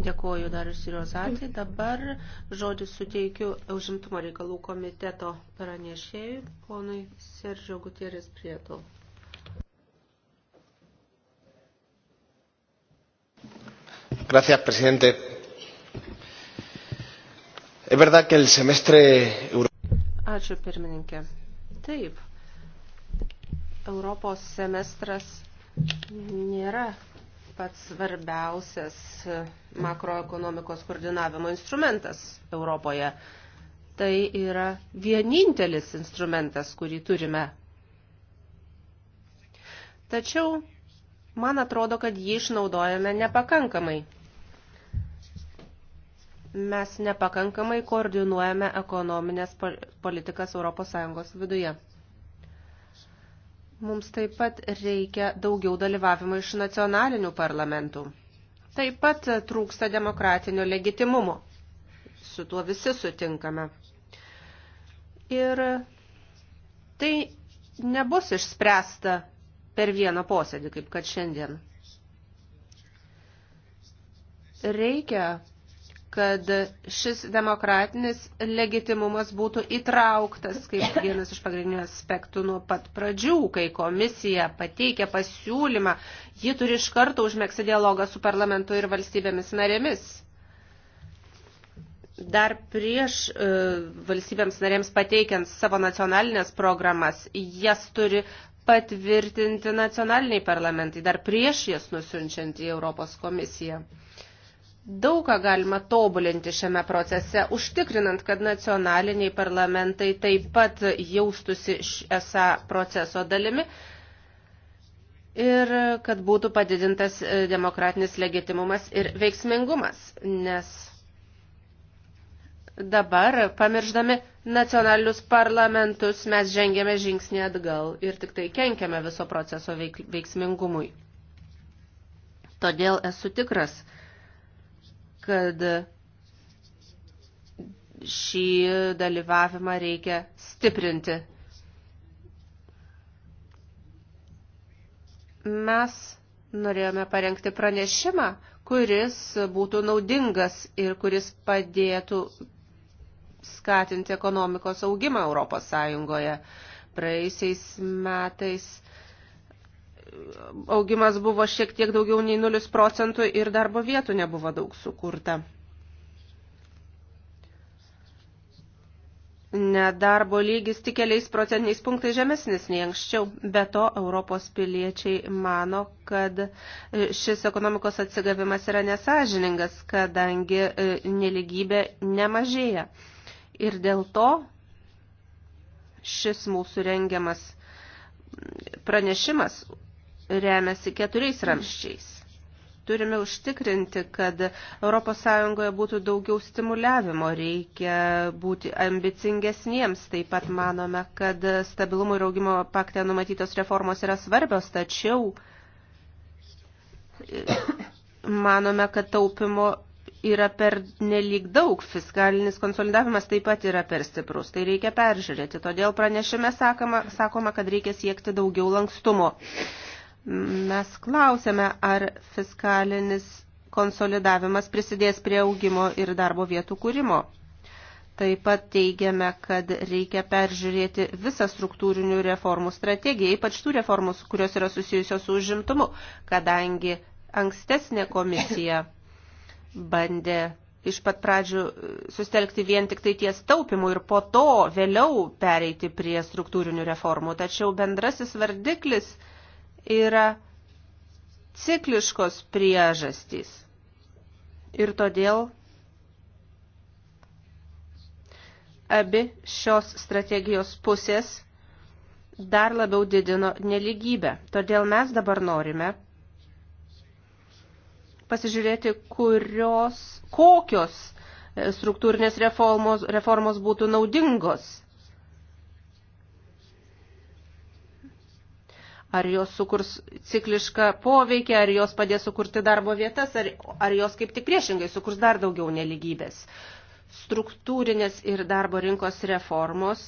Dėkuoju dar ir Siriozatį. Dabar žodį suteikiu užimtumo reikalų komiteto pranešėjui, ponui Seržio Gutierės Prieto. Gracias, presidente. Es verdad que el semestre Ačiū pirmininkė. Taip. Europos semestras nėra pats svarbiausias makroekonomikos koordinavimo instrumentas Europoje. Tai yra vienintelis instrumentas, kurį turime. Tačiau man atrodo, kad jį išnaudojame nepakankamai mes nepakankamai koordinuojame ekonominės politikas ES viduje. Mums taip pat reikia daugiau dalyvavimo iš nacionalinių parlamentų. Taip pat trūksta demokratinio legitimumo. Su tuo visi sutinkame. Ir tai nebus išspręsta per vieną posėdį, kaip kad šiandien. Reikia kad šis demokratinis legitimumas būtų įtrauktas kaip vienas iš pagrindinių aspektų nuo pat pradžių, kai komisija pateikia pasiūlymą, ji turi iš karto užmėgsi dialogą su parlamentu ir valstybėmis narėmis. Dar prieš e, valstybėms narėms pateikiant savo nacionalinės programas, jas turi patvirtinti nacionaliniai parlamentai, dar prieš jas nusiunčiant į Europos komisiją. E, daug ką galima tobulinti šiame procese, užtikrinant, kad nacionaliniai parlamentai taip pat jaustusi esą proceso dalimi ir kad būtų padidintas e, demokratinis legitimumas ir veiksmingumas, nes dabar, pamirždami nacionalinius parlamentus, mes žengėme žingsnį atgal ir tik tai kenkiame viso proceso veiksmingumui. Todėl esu tikras, kad kad šį dalyvavimą reikia stiprinti. Mes norėjome parengti pranešimą, kuris būtų naudingas ir kuris padėtų skatinti ekonomikos augimą Europos Sąjungoje. Praėjusiais metais augimas buvo šiek tiek daugiau nei 0 procentų ir darbo vietų nebuvo daug sukurta. Nedarbo lygis tik keliais procentiniais punktais žemesnis nei anksčiau. Be to, Europos piliečiai mano, kad šis ekonomikos atsigavimas yra nesažiningas, kadangi e, neligybė nemažėja. Ir dėl to šis mūsų rengiamas pranešimas remiasi keturiais ramščiais. Turime užtikrinti, kad ES būtų daugiau stimuliavimo, reikia būti ambicingesniems. Taip pat manome, kad stabilumo ir augimo pakte numatytos reformos yra svarbios, tačiau e, manome, kad taupimo yra per nelik daug, fiskalinis konsolidavimas taip pat yra per stiprus, tai reikia peržiūrėti. Todėl pranešime sakoma, sakoma kad reikia siekti daugiau lankstumo. Mes klausėme, ar fiskalinis konsolidavimas prisidės prie augimo ir darbo vietų kūrimo. Taip pat teigiame, kad reikia peržiūrėti visą struktūrinių reformų strategiją, ypač tų reformų, kurios yra susijusios su užimtumu, kadangi ankstesnė komisija bandė iš pat pradžių e, sustelkti vien tik tai ties taupimu ir po to vėliau pereiti prie struktūrinių reformų. Tačiau bendrasis vardiklis yra cikliškos priežastys. Ir todėl abi šios strategijos pusės dar labiau didino neligybę. Todėl mes dabar norime pasižiūrėti, kurios, kokios struktūrinės reformos, reformos būtų naudingos Ar jos sukurs ciklišką poveikį, ar jos padės sukurti darbo vietas, ar, ar jos kaip tik priešingai sukurs dar daugiau neligybės. Struktūrinės ir darbo rinkos reformos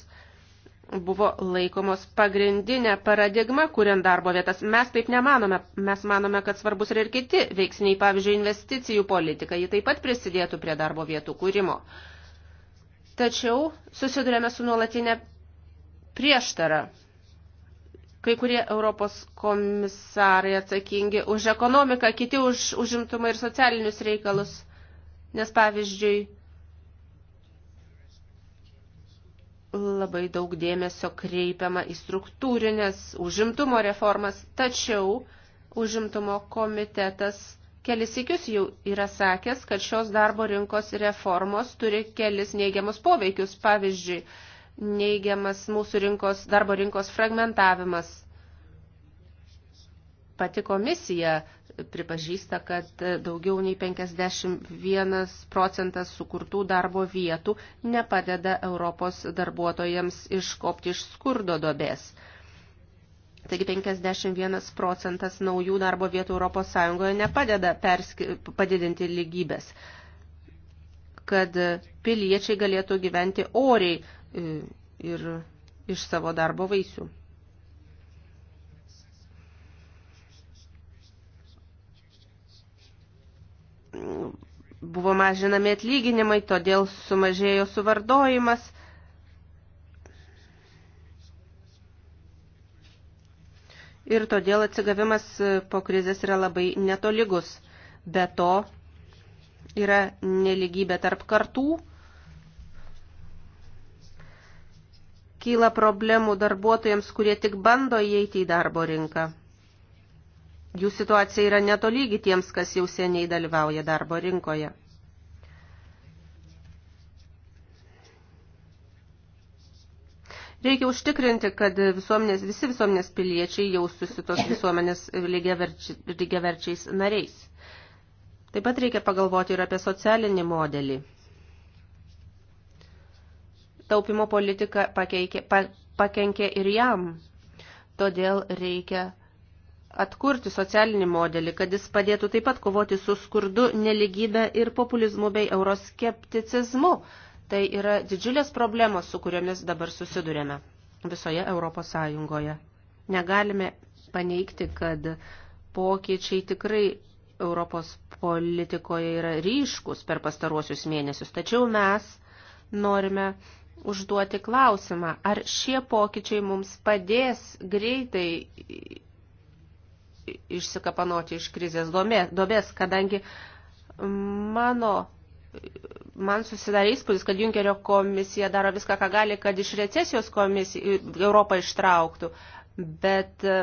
buvo laikomos pagrindinė paradigma, kuriant darbo vietas. Mes taip nemanome. Mes manome, kad svarbus yra ir kiti veiksniai, pavyzdžiui, investicijų politika. Ji taip pat prisidėtų prie darbo vietų kūrimo. Tačiau susidurėme su nuolatinė prieštara kai kurie Europos komisarai atsakingi už ekonomiką, kiti už užimtumą ir socialinius reikalus. Nes pavyzdžiui, labai daug dėmesio kreipiama į struktūrinės užimtumo reformas, tačiau užimtumo komitetas kelis įkius jau yra sakęs, kad šios darbo rinkos reformos turi kelis neigiamus poveikius. Pavyzdžiui, neigiamas mūsų rinkos, darbo rinkos fragmentavimas. Pati komisija pripažįsta, kad daugiau nei 51 procentas sukurtų darbo vietų nepadeda Europos darbuotojams iškopti iš skurdo dobės. Taigi 51 procentas naujų darbo vietų ES nepadeda perski, padidinti lygybės, kad piliečiai galėtų gyventi oriai E, ir iš savo darbo vaisių. Buvo mažinami atlyginimai, todėl sumažėjo suvardojimas. Ir todėl atsigavimas po krizės yra labai netoligus. Be to yra neligybė tarp kartų kyla problemų darbuotojams, kurie tik bando įeiti į darbo rinką. Jų situacija yra netolygi tiems, kas jau seniai dalyvauja darbo rinkoje. Reikia užtikrinti, kad visuomenės, visi visuomenės piliečiai jaustųsi tos visuomenės lygiaverčiais nariais. Taip pat reikia pagalvoti ir apie socialinį modelį taupimo politika pakeikė, pa, pakenkė ir jam. Todėl reikia atkurti socialinį modelį, kad jis padėtų taip pat kovoti su skurdu, neligybė ir populizmu bei euroskepticizmu. Tai yra didžiulės problemos, su kuriomis dabar susidurėme visoje Europos Sąjungoje. Negalime paneigti, kad pokyčiai tikrai Europos politikoje yra ryškus per pastaruosius mėnesius, tačiau mes norime užduoti klausimą, ar šie pokyčiai mums padės greitai išsikapanoti iš krizės duobės, kadangi mano, man susidarė įspūdis, kad Junkerio komisija daro viską, ką gali, kad iš recesijos komisija Europą ištrauktų, bet e,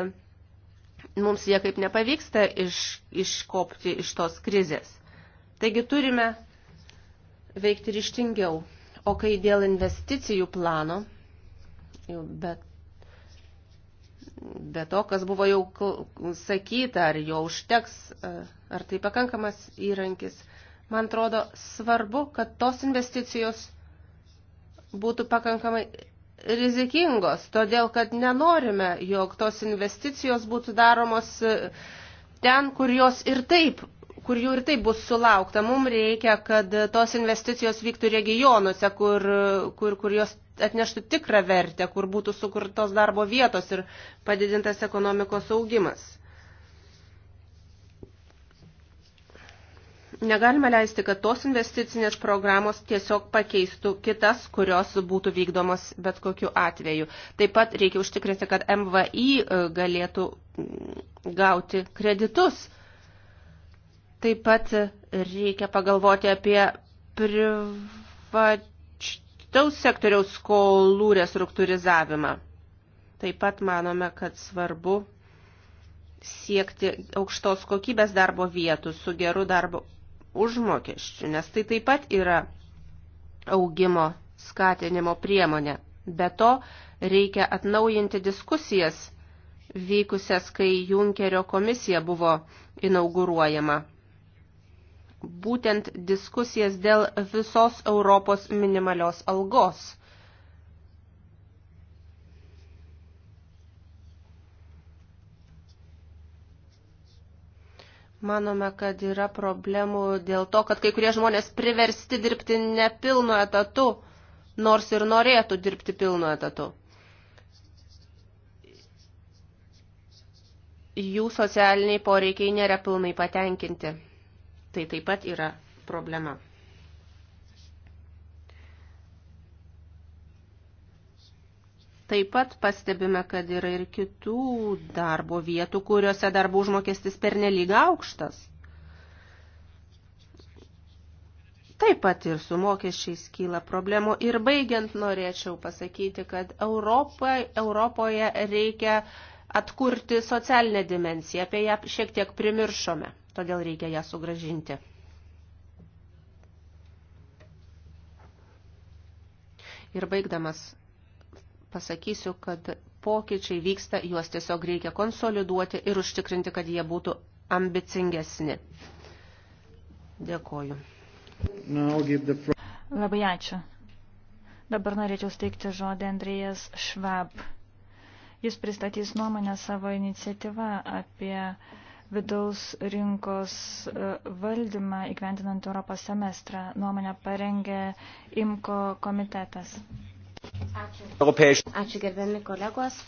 mums jie kaip nepavyksta iš, iškopti iš tos krizės. Taigi turime veikti ryštingiau. O kai dėl investicijų plano, bet, bet to, kas buvo jau sakyta, ar jo užteks, e, ar tai pakankamas įrankis, man atrodo svarbu, kad tos investicijos būtų pakankamai rizikingos, todėl kad nenorime, jog tos investicijos būtų daromos e, ten, kur jos ir taip kur jų ir tai bus sulaukta. Mums reikia, kad tos investicijos vyktų regionuose, kur, kur, kur jos atneštų tikrą vertę, kur būtų sukurtos darbo vietos ir padidintas ekonomikos augimas. Negalime leisti, kad tos investicinės programos tiesiog pakeistų kitas, kurios būtų vykdomos bet kokiu atveju. Taip pat reikia užtikrinti, kad MVI e, galėtų gauti kreditus Taip pat reikia pagalvoti apie privataus sektoriaus skolų restruktūrizavimą. Taip pat manome, kad svarbu siekti aukštos kokybės darbo vietų su geru darbo užmokesčiu, nes tai taip pat yra augimo skatinimo priemonė. Be to, reikia atnaujinti diskusijas vykusias, kai Junkerio komisija buvo inauguruojama būtent diskusijas dėl visos Europos minimalios algos. Manome, kad yra problemų dėl to, kad kai kurie žmonės priversti dirbti nepilnu etatu, nors ir norėtų dirbti pilnu etatu. Jų socialiniai poreikiai nėra pilnai patenkinti. Tai taip pat yra problema. Taip pat pastebime, kad yra ir kitų darbo vietų, kuriuose darbo užmokestis pernelyg aukštas. Taip pat ir su mokesčiais kyla problemų. Ir baigiant norėčiau pasakyti, kad Europai, Europoje reikia atkurti socialinę dimensiją, apie ją šiek tiek primiršome todėl reikia ją sugražinti. Ir baigdamas pasakysiu, kad pokyčiai vyksta, juos tiesiog reikia konsoliduoti ir užtikrinti, kad jie būtų ambicingesni. Dėkoju. The... Labai ačiū. Dabar norėčiau steigti žodį Andrėjas Švab. Jis pristatys nuomonę savo iniciatyvą apie uh, vidaus rinkos e, valdymą įkventinant Europos semestrą. Nuomonę parengė IMKO komitetas. Ačiū. Ačiū gerbiami kolegos.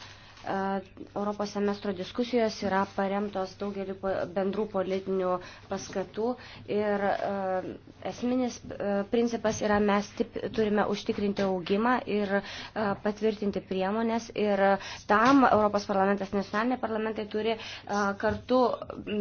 E, Europos semestro diskusijos yra paremtos daugeliu bendrų politinių paskatų ir e, esminis e, principas yra mes tip, turime užtikrinti augimą ir patvirtinti priemonės ir tam Europos parlamentas, nacionaliniai parlamentai turi kartu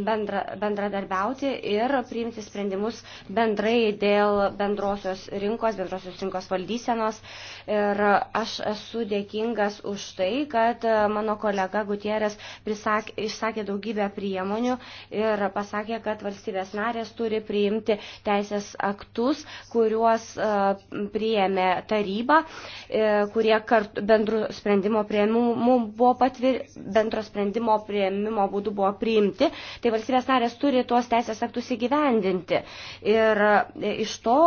bendra, bendradarbiauti ir priimti sprendimus bendrai dėl bendrosios rinkos, bendrosios rinkos valdysenos ir aš esu dėkingas už tai, kad mano kolega Gutierrez prisak, išsakė daugybę priemonių ir pasakė, kad valstybės narės turi priimti teisės aktus, kuriuos e, priėmė taryba, e, kurie kart, bendru sprendimo prieimimu buvo patvir, bendro sprendimo prieimimo būdu buvo priimti. Tai valstybės narės turi tuos teisės aktus įgyvendinti. Ir e, iš to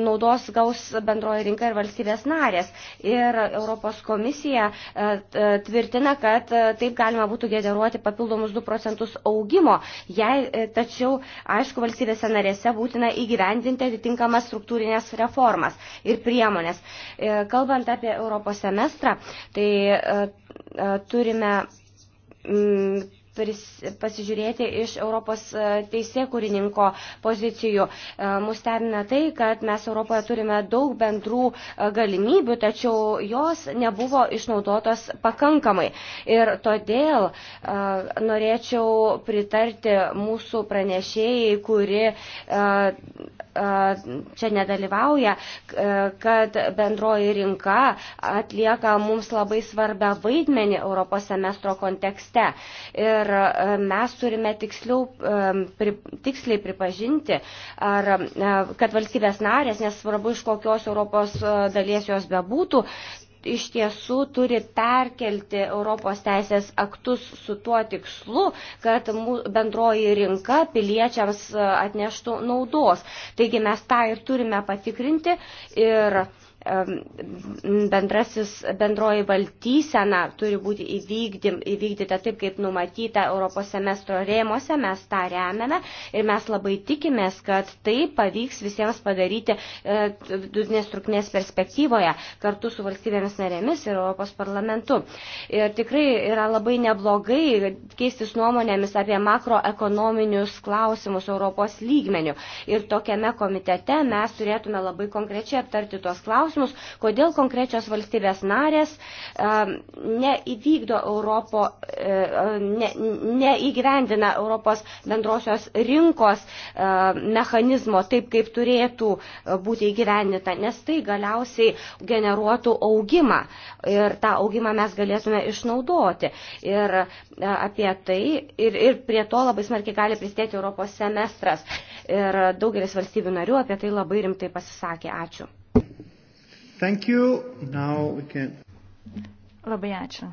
naudos gaus bendroji rinka ir valstybės narės. Ir Europos komisija tvirtina, kad e, taip galima būtų generuoti papildomus 2 procentus augimo, jei e, tačiau, aišku, valstybėse narėse būtina įgyvendinti atitinkamas struktūrinės reformas ir priemonės. E, kalbant apie Europos semestrą, tai turime pris, pasižiūrėti iš Europos e, teisėkurininko pozicijų. E, mus stebina tai, kad mes Europoje turime daug bendrų e, galimybių, tačiau jos nebuvo išnaudotos pakankamai. Ir todėl norėčiau pritarti mūsų pranešėjai, kuri čia nedalyvauja, kad bendroji rinka atlieka mums labai svarbę vaidmenį Europos semestro kontekste. Ir E, mes turime tiksliau, e, pri, tiksliai pripažinti, ar, e, kad valstybės narės, nesvarbu iš kokios Europos dalies jos bebūtų, iš tiesų turi perkelti Europos teisės aktus su tuo tikslu, kad bendroji rinka piliečiams atneštų naudos. Taigi mes tą ir turime patikrinti ir bendrasis, bendroji valdysena turi būti įvykdym, įvykdyta taip, kaip numatyta Europos semestro rėmose, mes tą remiame ir mes labai tikimės, kad tai pavyks visiems padaryti e, dudinės trukmės perspektyvoje kartu su valstybėmis narėmis ir Europos parlamentu. Ir tikrai yra labai neblogai keistis nuomonėmis apie makroekonominius klausimus Europos lygmenių. Ir tokiame komitete mes turėtume labai konkrečiai aptarti tuos klausimus klausimus, kodėl konkrečios valstybės narės e, neįvykdo Europo, e, ne, neįgyvendina Europos bendrosios rinkos e, mechanizmo taip, kaip turėtų būti įgyvendinta, nes tai galiausiai generuotų augimą ir tą augimą mes galėtume išnaudoti. Ir apie tai ir, ir prie to labai smarkiai gali pristėti Europos semestras. Ir daugelis valstybių narių apie tai labai rimtai pasisakė. Ačiū. Thank you. Now we can... Labai ačiū.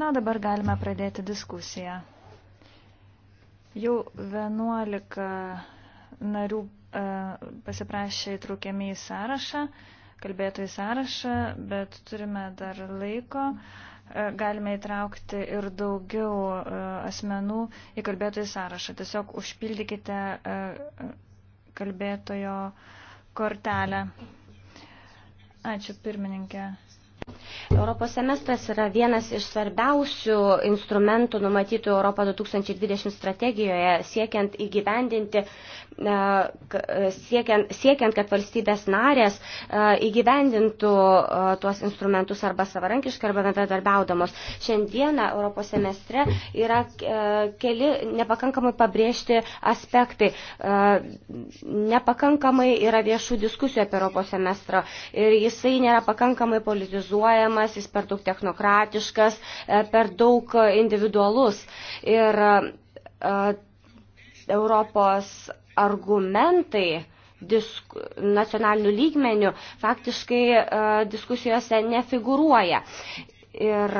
Na, dabar galime pradėti diskusiją. Jau 11 narių e, pasiprašė įtraukiami į sąrašą, kalbėtojų sąrašą, bet turime dar laiko. E, galime įtraukti ir daugiau e, asmenų į kalbėtojų sąrašą. Tiesiog užpildykite e, kalbėtojo kortelę. Ačiū pirmininkė. Europos semestras yra vienas iš svarbiausių instrumentų numatytų Europą 2020 strategijoje, siekiant įgyvendinti, siekiant, siekiant kad valstybės narės įgyvendintų tuos instrumentus arba savarankiškai, arba bendradarbiaudamos. Šiandieną Europos semestre yra keli nepakankamai pabrėžti aspektai. Nepakankamai yra viešų diskusijų apie Europos semestrą ir jisai nėra pakankamai politizuotas centralizuojamas, jis per daug technokratiškas, e, per daug individualus. Ir e, Europos argumentai disku, nacionalinių lygmenių faktiškai e, diskusijose nefiguruoja. Ir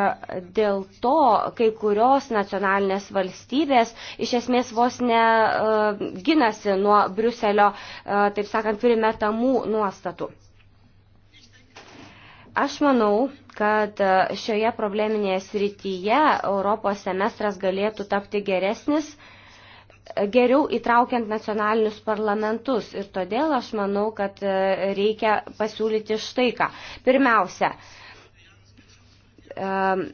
dėl to kai kurios nacionalinės valstybės iš esmės vos ne uh, ginasi nuo Briuselio, uh, taip sakant, primetamų nuostatų. Uh, Aš manau, kad e, šioje probleminėje srityje Europos semestras galėtų tapti geresnis, e, geriau įtraukiant nacionalinius parlamentus. Ir todėl aš manau, kad e, reikia pasiūlyti štai ką. Pirmiausia, Um,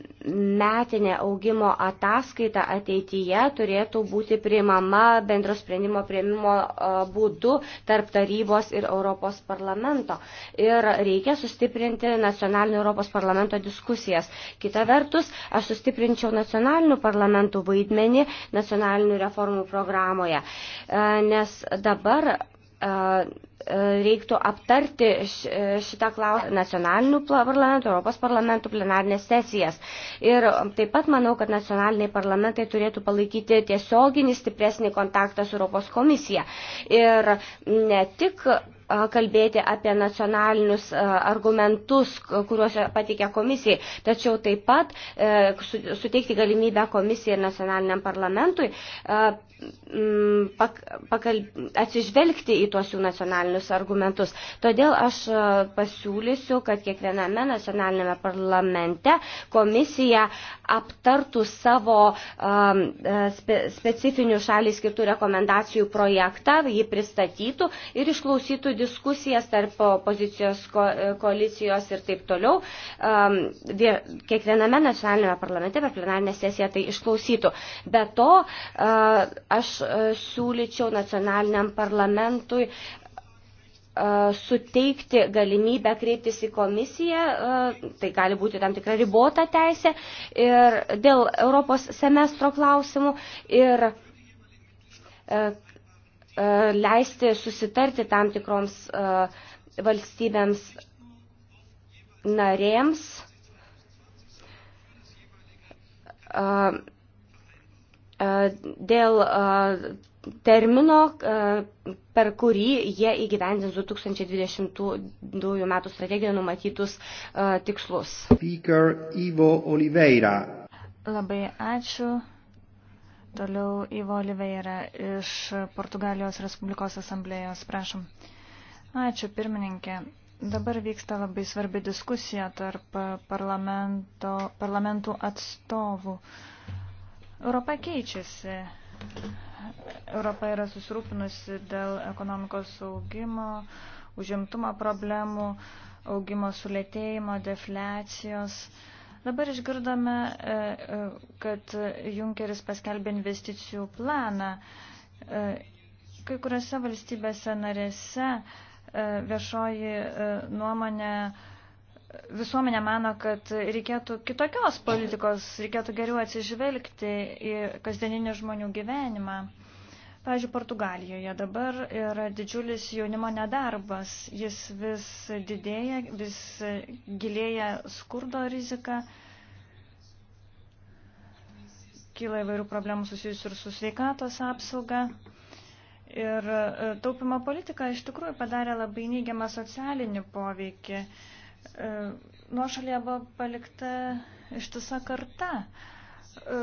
metinė augimo ataskaita ateityje turėtų būti priimama bendro sprendimo prieimimo uh, būdu tarp tarybos ir Europos parlamento. Ir reikia sustiprinti nacionalinio Europos parlamento diskusijas. Kita vertus, aš sustiprinčiau nacionalinių parlamentų vaidmenį nacionalinių reformų programoje, uh, nes dabar uh, reiktų aptarti šitą klausimą nacionalinių parlamentų, Europos parlamentų plenarnės sesijas. Ir taip pat manau, kad nacionaliniai parlamentai turėtų palaikyti tiesioginį stipresnį kontaktą su Europos komisija. Ir ne tik kalbėti apie nacionalinius argumentus, kuriuos pateikia komisijai, tačiau taip pat e, suteikti galimybę komisijai ir nacionaliniam parlamentui Mm, pak, pakal, atsižvelgti į tuos jų nacionalinius argumentus. Todėl aš e, pasiūlysiu, kad kiekviename nacionalinėme parlamente komisija aptartų savo um, spe, specifinių šaliai skirtų rekomendacijų projektą, jį pristatytų ir išklausytų diskusijas tarp pozicijos ko, koalicijos ir taip toliau. Um, vie, kiekviename nacionalinėme parlamente per plenarinę sesiją tai išklausytų. Be to, uh, Aš e, siūlyčiau nacionaliniam parlamentui e, suteikti galimybę kreiptis į komisiją, e, tai gali būti tam tikra ribota teisė ir dėl Europos semestro klausimų ir leisti susitarti tam tikroms valstybėms narėms dėl termino, per kurį jie įgyvendins 2022 m. strategiją numatytus tikslus. Speaker Ivo Oliveira. Labai ačiū. Toliau Ivo Oliveira iš Portugalijos Respublikos asamblėjos. Prašom. Ačiū, pirmininkė. Dabar vyksta labai svarbi diskusija tarp parlamentų atstovų. Uh, Europa keičiasi. Europa yra susirūpinusi dėl ekonomikos augimo, užimtumo problemų, augimo sulėtėjimo, defliacijos. Dabar išgirdome, e, e, kad Junkeris paskelbė investicijų planą. E, kai kuriuose valstybėse narėse viešoji nuomonė visuomenė mano, kad reikėtų kitokios politikos, reikėtų geriau atsižvelgti į kasdieninį žmonių gyvenimą. Pavyzdžiui, Portugalijoje dabar yra didžiulis jaunimo nedarbas, jis vis didėja, vis gilėja skurdo rizika, kyla įvairių problemų susijusių ir su sveikatos apsauga. Ir taupimo politika iš tikrųjų padarė labai neigiamą socialinį poveikį. Uh, E, nuošalėje buvo palikta ištisa karta. E,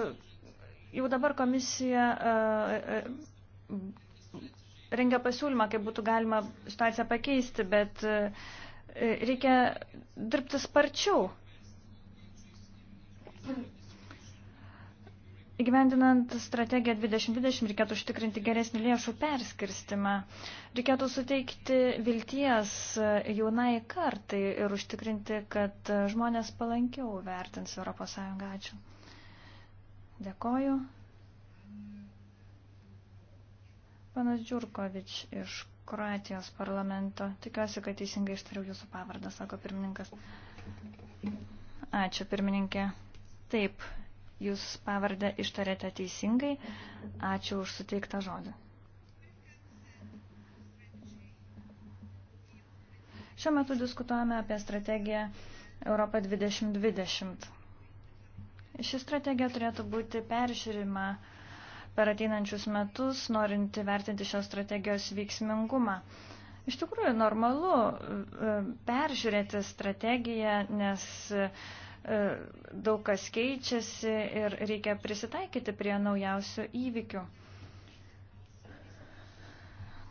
jau dabar komisija e, rengia pasiūlymą, kaip būtų galima situaciją pakeisti, bet reikia dirbti sparčiau. Įgyvendinant strategiją 2020 reikėtų užtikrinti geresnį lėšų perskirstimą. Reikėtų suteikti vilties jaunai kartai ir užtikrinti, kad žmonės palankiau vertins ES. Ačiū. Dėkoju. Panas Džiurkovič iš Kroatijos parlamento. Tikiuosi, kad teisingai ištariau jūsų pavardą, sako pirmininkas. Ačiū, pirmininkė. Taip, Jūs pavardę ištarėte teisingai. Ačiū už suteiktą žodį. Šiuo metu diskutuojame apie strategiją Europą 2020. Ši strategija turėtų būti peržiūrima per ateinančius metus, norint vertinti šios strategijos veiksmingumą. Iš tikrųjų, normalu e, peržiūrėti strategiją, nes E, daug kas keičiasi ir reikia prisitaikyti prie naujausių įvykių.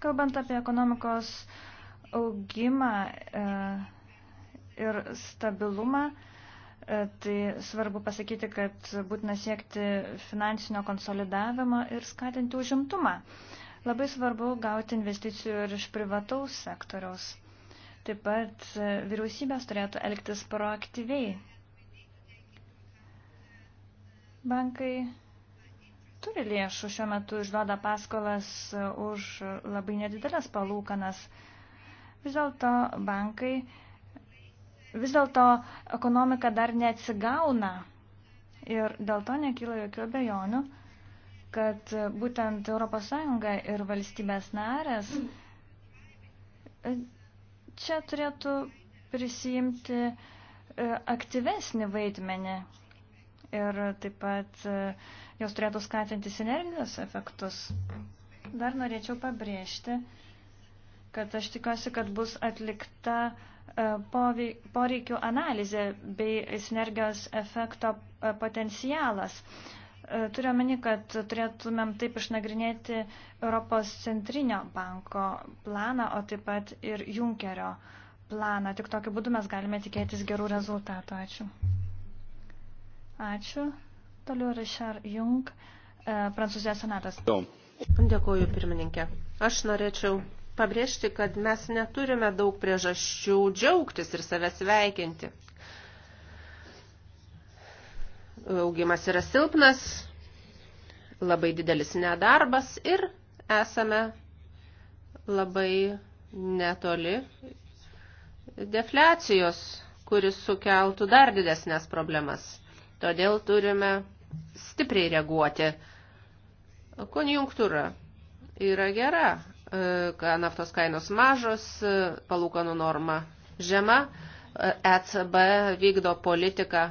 Kalbant apie ekonomikos augimą e, ir stabilumą, e, tai svarbu pasakyti, kad būtina siekti finansinio konsolidavimo ir skatinti užimtumą. Labai svarbu gauti investicijų ir iš privataus sektoriaus. Taip pat vyriausybės turėtų elgtis proaktyviai, Bankai turi lėšų šiuo metu išduoda paskolas už labai nedidelės palūkanas. Vis dėlto bankai, vis dėlto ekonomika dar neatsigauna ir dėl to nekyla jokių abejonių, kad būtent ES ir valstybės narės čia turėtų prisijimti e, aktyvesnį vaidmenį ir taip pat e, jos turėtų skatinti sinergijos efektus. Dar norėčiau pabrėžti, kad aš tikiuosi, kad bus atlikta e, poreikių analizė bei sinergijos efekto e, potencialas. Turiu omeny, kad turėtumėm taip išnagrinėti Europos centrinio banko planą, o taip pat ir Junkerio planą. Tik tokiu būdu mes galime tikėtis gerų rezultatų. Ačiū. Ačiū. Toliau Richard Jung, e, Prancūzijos senatas. Dėkuoju, pirmininkė. Aš norėčiau pabrėžti, kad mes neturime daug priežasčių džiaugtis ir save sveikinti. Augimas yra silpnas, labai didelis nedarbas ir esame labai netoli defliacijos, kuris sukeltų dar didesnės problemas. Todėl turime stipriai reaguoti. Konjunktūra yra gera, e, kad naftos kainos mažos, e, palūkanų norma žema, ECB e vykdo politiką,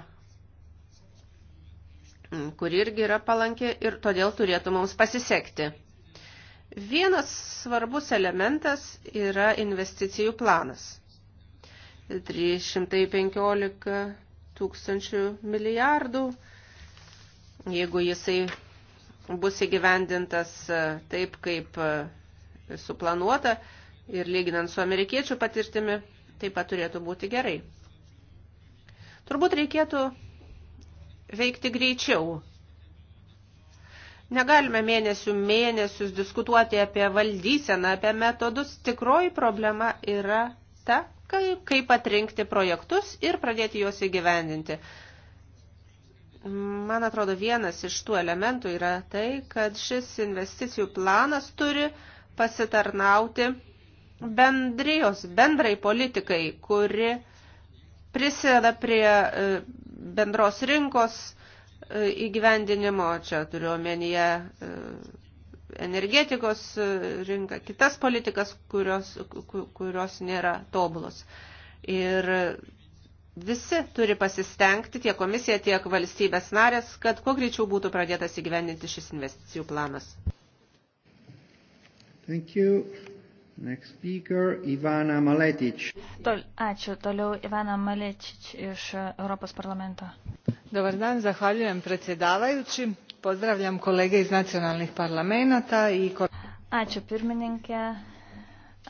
kuri irgi yra palanki ir todėl turėtų mums pasisekti. Vienas svarbus elementas yra investicijų planas. 315 tūkstančių milijardų. Jeigu jisai bus įgyvendintas e, taip, kaip e, suplanuota ir lyginant su amerikiečių patirtimi, taip pat turėtų būti gerai. Turbūt reikėtų veikti greičiau. Negalime mėnesių mėnesius diskutuoti apie valdyseną, apie metodus. Tikroji problema yra ta, kaip atrinkti projektus ir pradėti juos įgyvendinti. Man atrodo, vienas iš tų elementų yra tai, kad šis investicijų planas turi pasitarnauti bendrijos, bendrai politikai, kuri prisideda prie e, bendros rinkos e, įgyvendinimo, čia turiu omenyje e, energetikos e, rinką, kitas politikas, kurios, kurios nėra tobulos. Ir visi turi pasistengti, tiek komisija, tiek valstybės narės, kad kuo greičiau būtų pradėtas įgyvendinti šis investicijų planas. Thank you. Next speaker, Ivana Maletič. Tol, ačiū. Toliau Ivana Maletič iš Europos parlamento. Dobar dan, zahvaljujem predsjedavajući. Pozdravljam kolegę iš nacionalnih parlamenta. Į... Ačiū pirmininkė.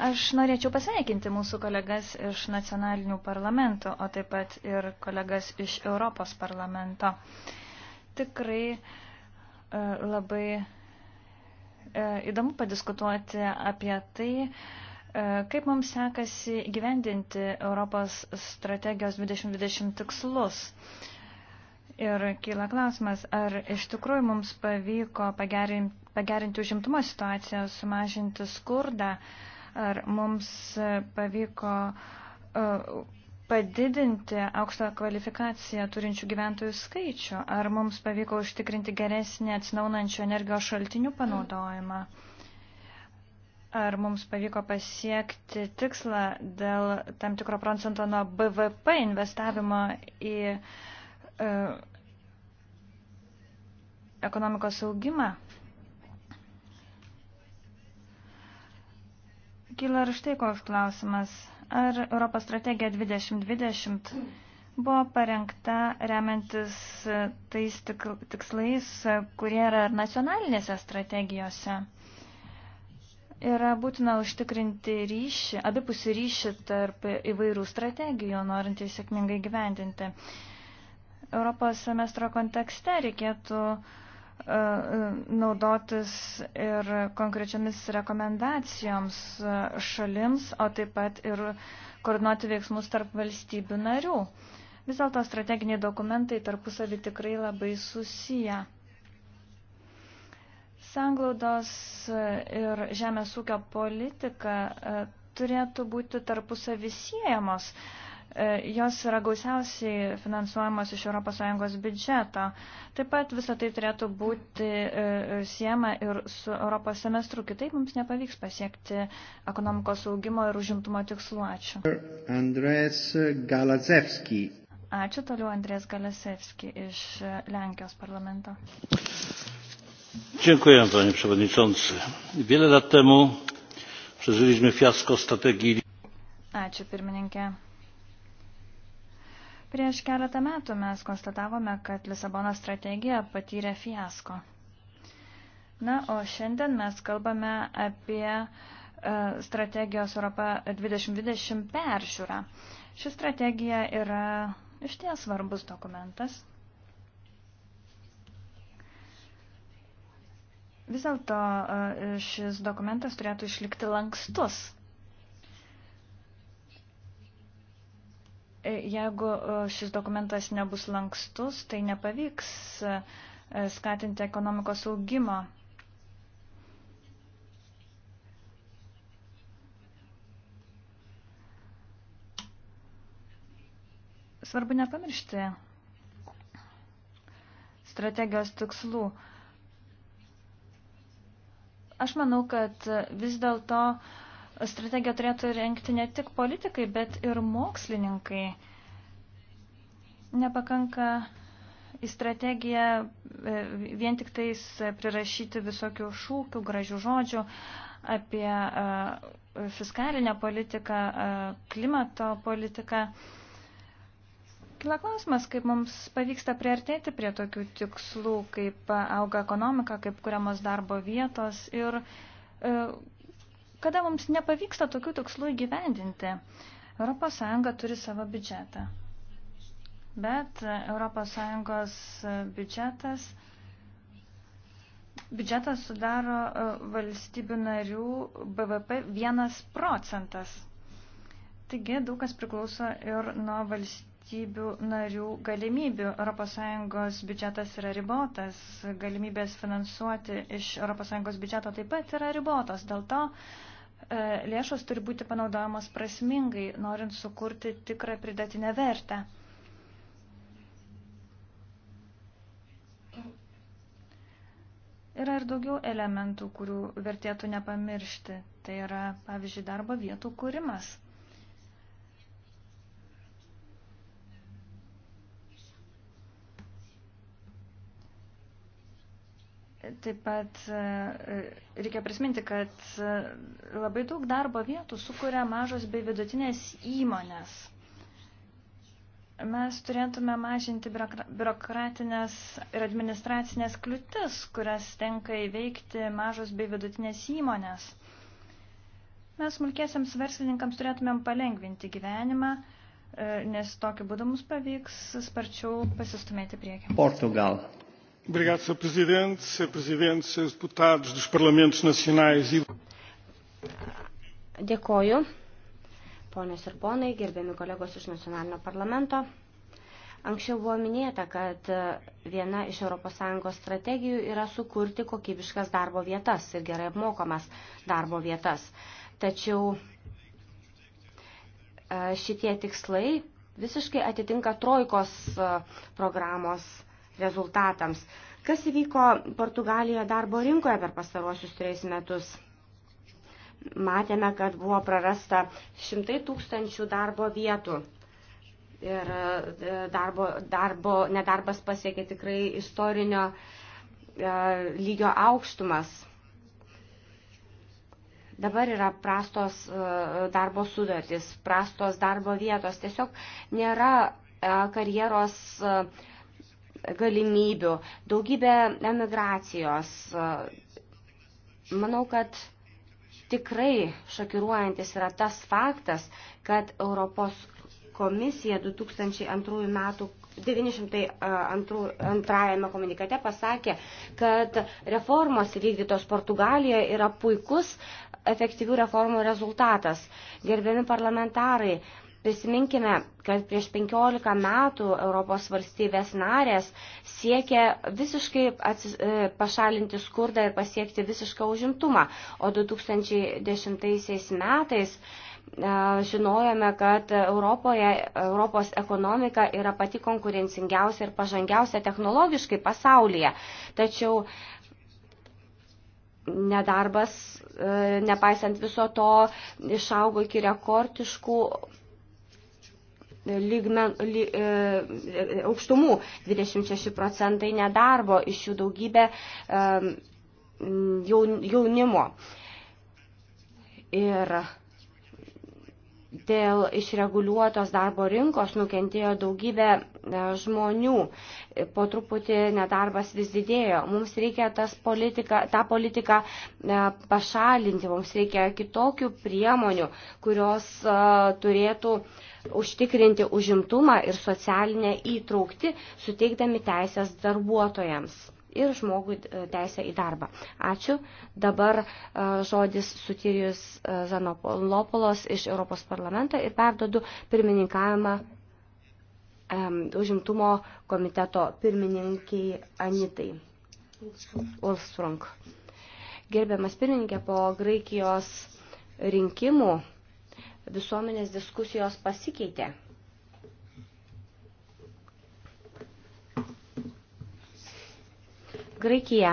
Aš norėčiau pasveikinti mūsų kolegas iš nacionalinių parlamentų, o taip pat ir kolegas iš Europos parlamento. Tikrai e, labai e, įdomu padiskutuoti apie tai, e, kaip mums sekasi gyvendinti Europos strategijos 2020 tikslus. Ir kyla klausimas, ar iš tikrųjų mums pavyko pagerinti, pagerinti užimtumo situaciją, sumažinti skurdą, ar mums pavyko uh, padidinti aukštą kvalifikaciją turinčių gyventojų skaičių, ar mums pavyko užtikrinti geresnį atsinaunančio energijos šaltinių panaudojimą, ar mums pavyko pasiekti tikslą dėl tam tikro procento nuo BVP investavimo į uh, E, ekonomikos augimą, kyla ir štai koks klausimas. Ar Europos strategija 2020 buvo parengta remiantis tais tikslais, kurie yra nacionalinėse strategijose? yra būtina užtikrinti ryšį, abipusį ryšį tarp įvairių strategijų, norint jį sėkmingai gyvendinti. Europos semestro kontekste reikėtų e, e, naudotis ir konkrečiamis rekomendacijoms e, šalims, o taip pat ir koordinuoti veiksmus tarp valstybių narių. Vis dėlto strateginiai dokumentai tarpusavį tikrai labai susiję. Sanglaudos ir žemės ūkio politika turėtų būti tarpusavį siejamos. Uh, E, jos yra gausiausiai finansuojamos iš ES biudžeto. Taip pat visą tai turėtų būti e, siema ir su Europos semestru, kitaip mums nepavyks pasiekti ekonomikos augimo ir užimtumo tikslų. Ačiū. Andrės Galazevski. Ačiū toliau Andrės Galasevski iš Lenkijos parlamento. Dziękuję, panie przewodniczący. Wiele lat temu przeżyliśmy fiasko strategii. Ačiū pirmininkė. Prieš keletą metų mes konstatavome, kad Lisabono strategija patyrė fiasko. Na, o šiandien mes kalbame apie e, strategijos Europa 2020 peržiūrą. Ši strategija yra iš ties svarbus dokumentas. Vis dėlto e, šis dokumentas turėtų išlikti lankstus. Jeigu e, šis dokumentas nebus lankstus, tai nepavyks e, skatinti ekonomikos augimo. Svarbu nepamiršti strategijos tikslų. Aš manau, kad vis dėlto uh, strategiją turėtų renkti ne tik politikai, bet ir mokslininkai. Nepakanka į strategiją e, vien tik tais prirašyti visokių šūkių, gražių žodžių apie e, fiskalinę politiką, e, klimato politiką. Kila klausimas, kaip mums pavyksta priartėti prie tokių tikslų, kaip auga ekonomika, kaip kuriamos darbo vietos ir kada mums nepavyksta tokių tikslų įgyvendinti. ES turi savo biudžetą. Bet ES e, biudžetas, biudžetas sudaro e, valstybių narių BVP 1 procentas. Taigi daug kas priklauso ir nuo valstybių narių galimybių. ES biudžetas yra ribotas, galimybės finansuoti iš ES biudžeto taip pat yra ribotos. Dėl to E, lėšos turi būti panaudojamos prasmingai, norint sukurti tikrą pridatinę vertę. Yra ir daugiau elementų, kurių vertėtų nepamiršti. Tai yra, pavyzdžiui, darbo vietų kūrimas – Taip pat e, e, reikia prisiminti, kad e, labai daug darbo vietų sukuria mažos bei vidutinės įmonės. Mes turėtume mažinti biurokratinės ir administracinės kliūtis, kurias tenka įveikti mažos bei vidutinės įmonės. Mes smulkėsiams verslininkams turėtumėm palengvinti gyvenimą, nes tokiu būdu mums pavyks sparčiau pasistumėti priekį. Portugal. Sr. Presidente, Sr. Presidente, Srs. Deputados dos Parlamentos Nacionais e. Dėkoju, ponios ir ponai, gerbiami kolegos iš nacionalinio parlamento. Anksčiau buvo minėta, kad viena iš ES strategijų yra sukurti kokybiškas darbo vietas ir gerai apmokamas darbo vietas. Tačiau e, šitie tikslai visiškai atitinka trojkos e, programos rezultatams. Kas įvyko Portugalijoje darbo rinkoje per pastaruosius trejus metus? Matėme, kad buvo prarasta šimtai tūkstančių darbo vietų. Ir e, darbo, darbo, nedarbas pasiekė tikrai istorinio e, lygio aukštumas. Dabar yra prastos e, darbo sudartys, prastos darbo vietos. Tiesiog nėra karjeros uh, galimybių, daugybė emigracijos. Manau, kad tikrai šokiruojantis yra tas faktas, kad Europos komisija 2002 metų 902 komunikate pasakė, kad reformos vykdytos Portugalijoje yra puikus efektyvių reformų rezultatas. Gerbiami parlamentarai, Prisiminkime, kad prieš 15 metų Europos valstybės narės siekė visiškai atsis, e, pašalinti skurdą ir pasiekti visišką užimtumą, o 2010 metais e, žinojome, kad Europoje, Europos ekonomika yra pati konkurencingiausia ir pažangiausia technologiškai pasaulyje. Tačiau nedarbas, e, nepaisant viso to, išaugo iki rekordiškų lygmen, ly, e, e aukštumų. 26 procentai nedarbo, iš jų daugybė e, jaunimo. Ir dėl išreguliuotos darbo rinkos nukentėjo daugybė e, žmonių. Po truputį nedarbas vis didėjo. Mums reikia politika, tą politiką e, pašalinti, mums reikia kitokių priemonių, kurios e, turėtų užtikrinti užimtumą ir socialinę įtraukti, suteikdami teisės darbuotojams ir žmogui e, teisę į darbą. Ačiū. Dabar e, žodis sutirijus e, Zanopolopolos iš Europos parlamento ir perdodu pirmininkavimą užimtumo komiteto pirmininkiai Anitai Ulfsprung. Gerbiamas pirmininkė, po Graikijos rinkimų visuomenės diskusijos pasikeitė. Graikija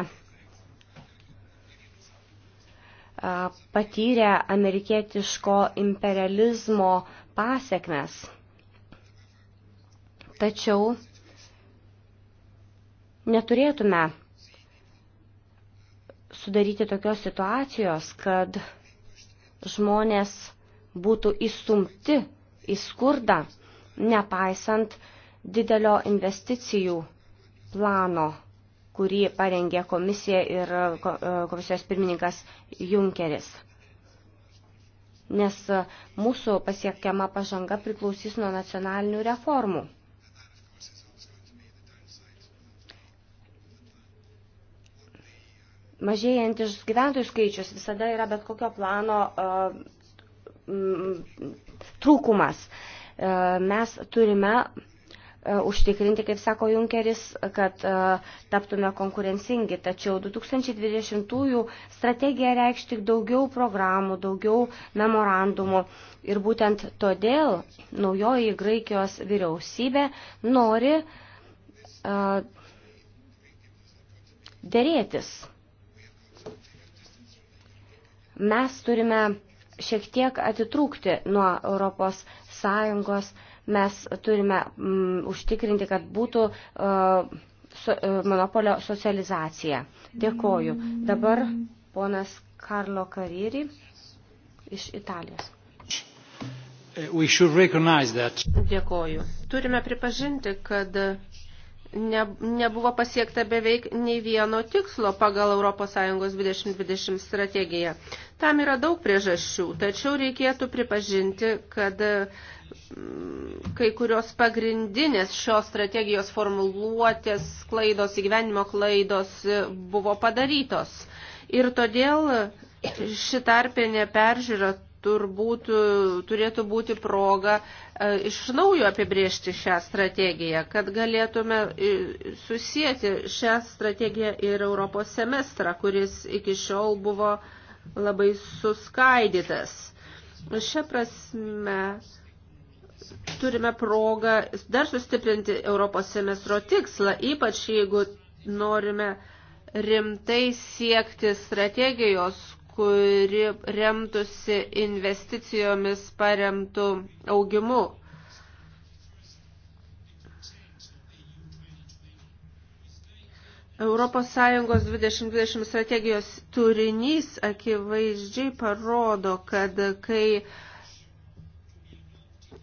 patyrė amerikietiško imperializmo pasiekmes. Tačiau neturėtume sudaryti tokios situacijos, kad žmonės būtų įstumti į skurdą, nepaisant didelio investicijų plano kurį parengė komisija ir e, komisijos pirmininkas Junkeris. Nes e, mūsų pasiekiama pažanga priklausys nuo nacionalinių reformų. Mažėjantis gyventojų skaičius visada yra bet kokio plano e, trūkumas. Mes turime E, užtikrinti, kaip sako Junkeris, kad e, taptume konkurencingi. Tačiau 2020-ųjų strategija reikš tik daugiau programų, daugiau memorandumų. Ir būtent todėl naujoji Graikijos vyriausybė nori e, dėrėtis. Mes turime šiek tiek atitrūkti nuo Europos Sąjungos uh, mes turime mm, užtikrinti, kad būtų uh, so, uh, monopolio socializacija. Dėkoju. Dabar ponas Karlo Kariri iš Italijos. Dėkoju. Turime pripažinti, kad ne, nebuvo pasiekta beveik nei vieno tikslo pagal ES 2020 strategiją. Tam yra daug priežasčių, tačiau reikėtų pripažinti, kad mm, kai kurios pagrindinės šios strategijos formuluotės klaidos, įgyvenimo klaidos e, buvo padarytos. Ir todėl šitarpinė peržiūra turbūt e, turėtų būti proga e, iš naujo apibriežti šią strategiją, kad galėtume e, susijęti šią strategiją ir Europos semestrą, kuris iki šiol buvo labai suskaidytas. Šia prasme turime progą dar sustiprinti Europos semestro tikslą, ypač jeigu norime rimtai siekti strategijos, kuri remtųsi investicijomis paremtų augimu. Europos Sąjungos 2020 strategijos turinys akivaizdžiai parodo, kad kai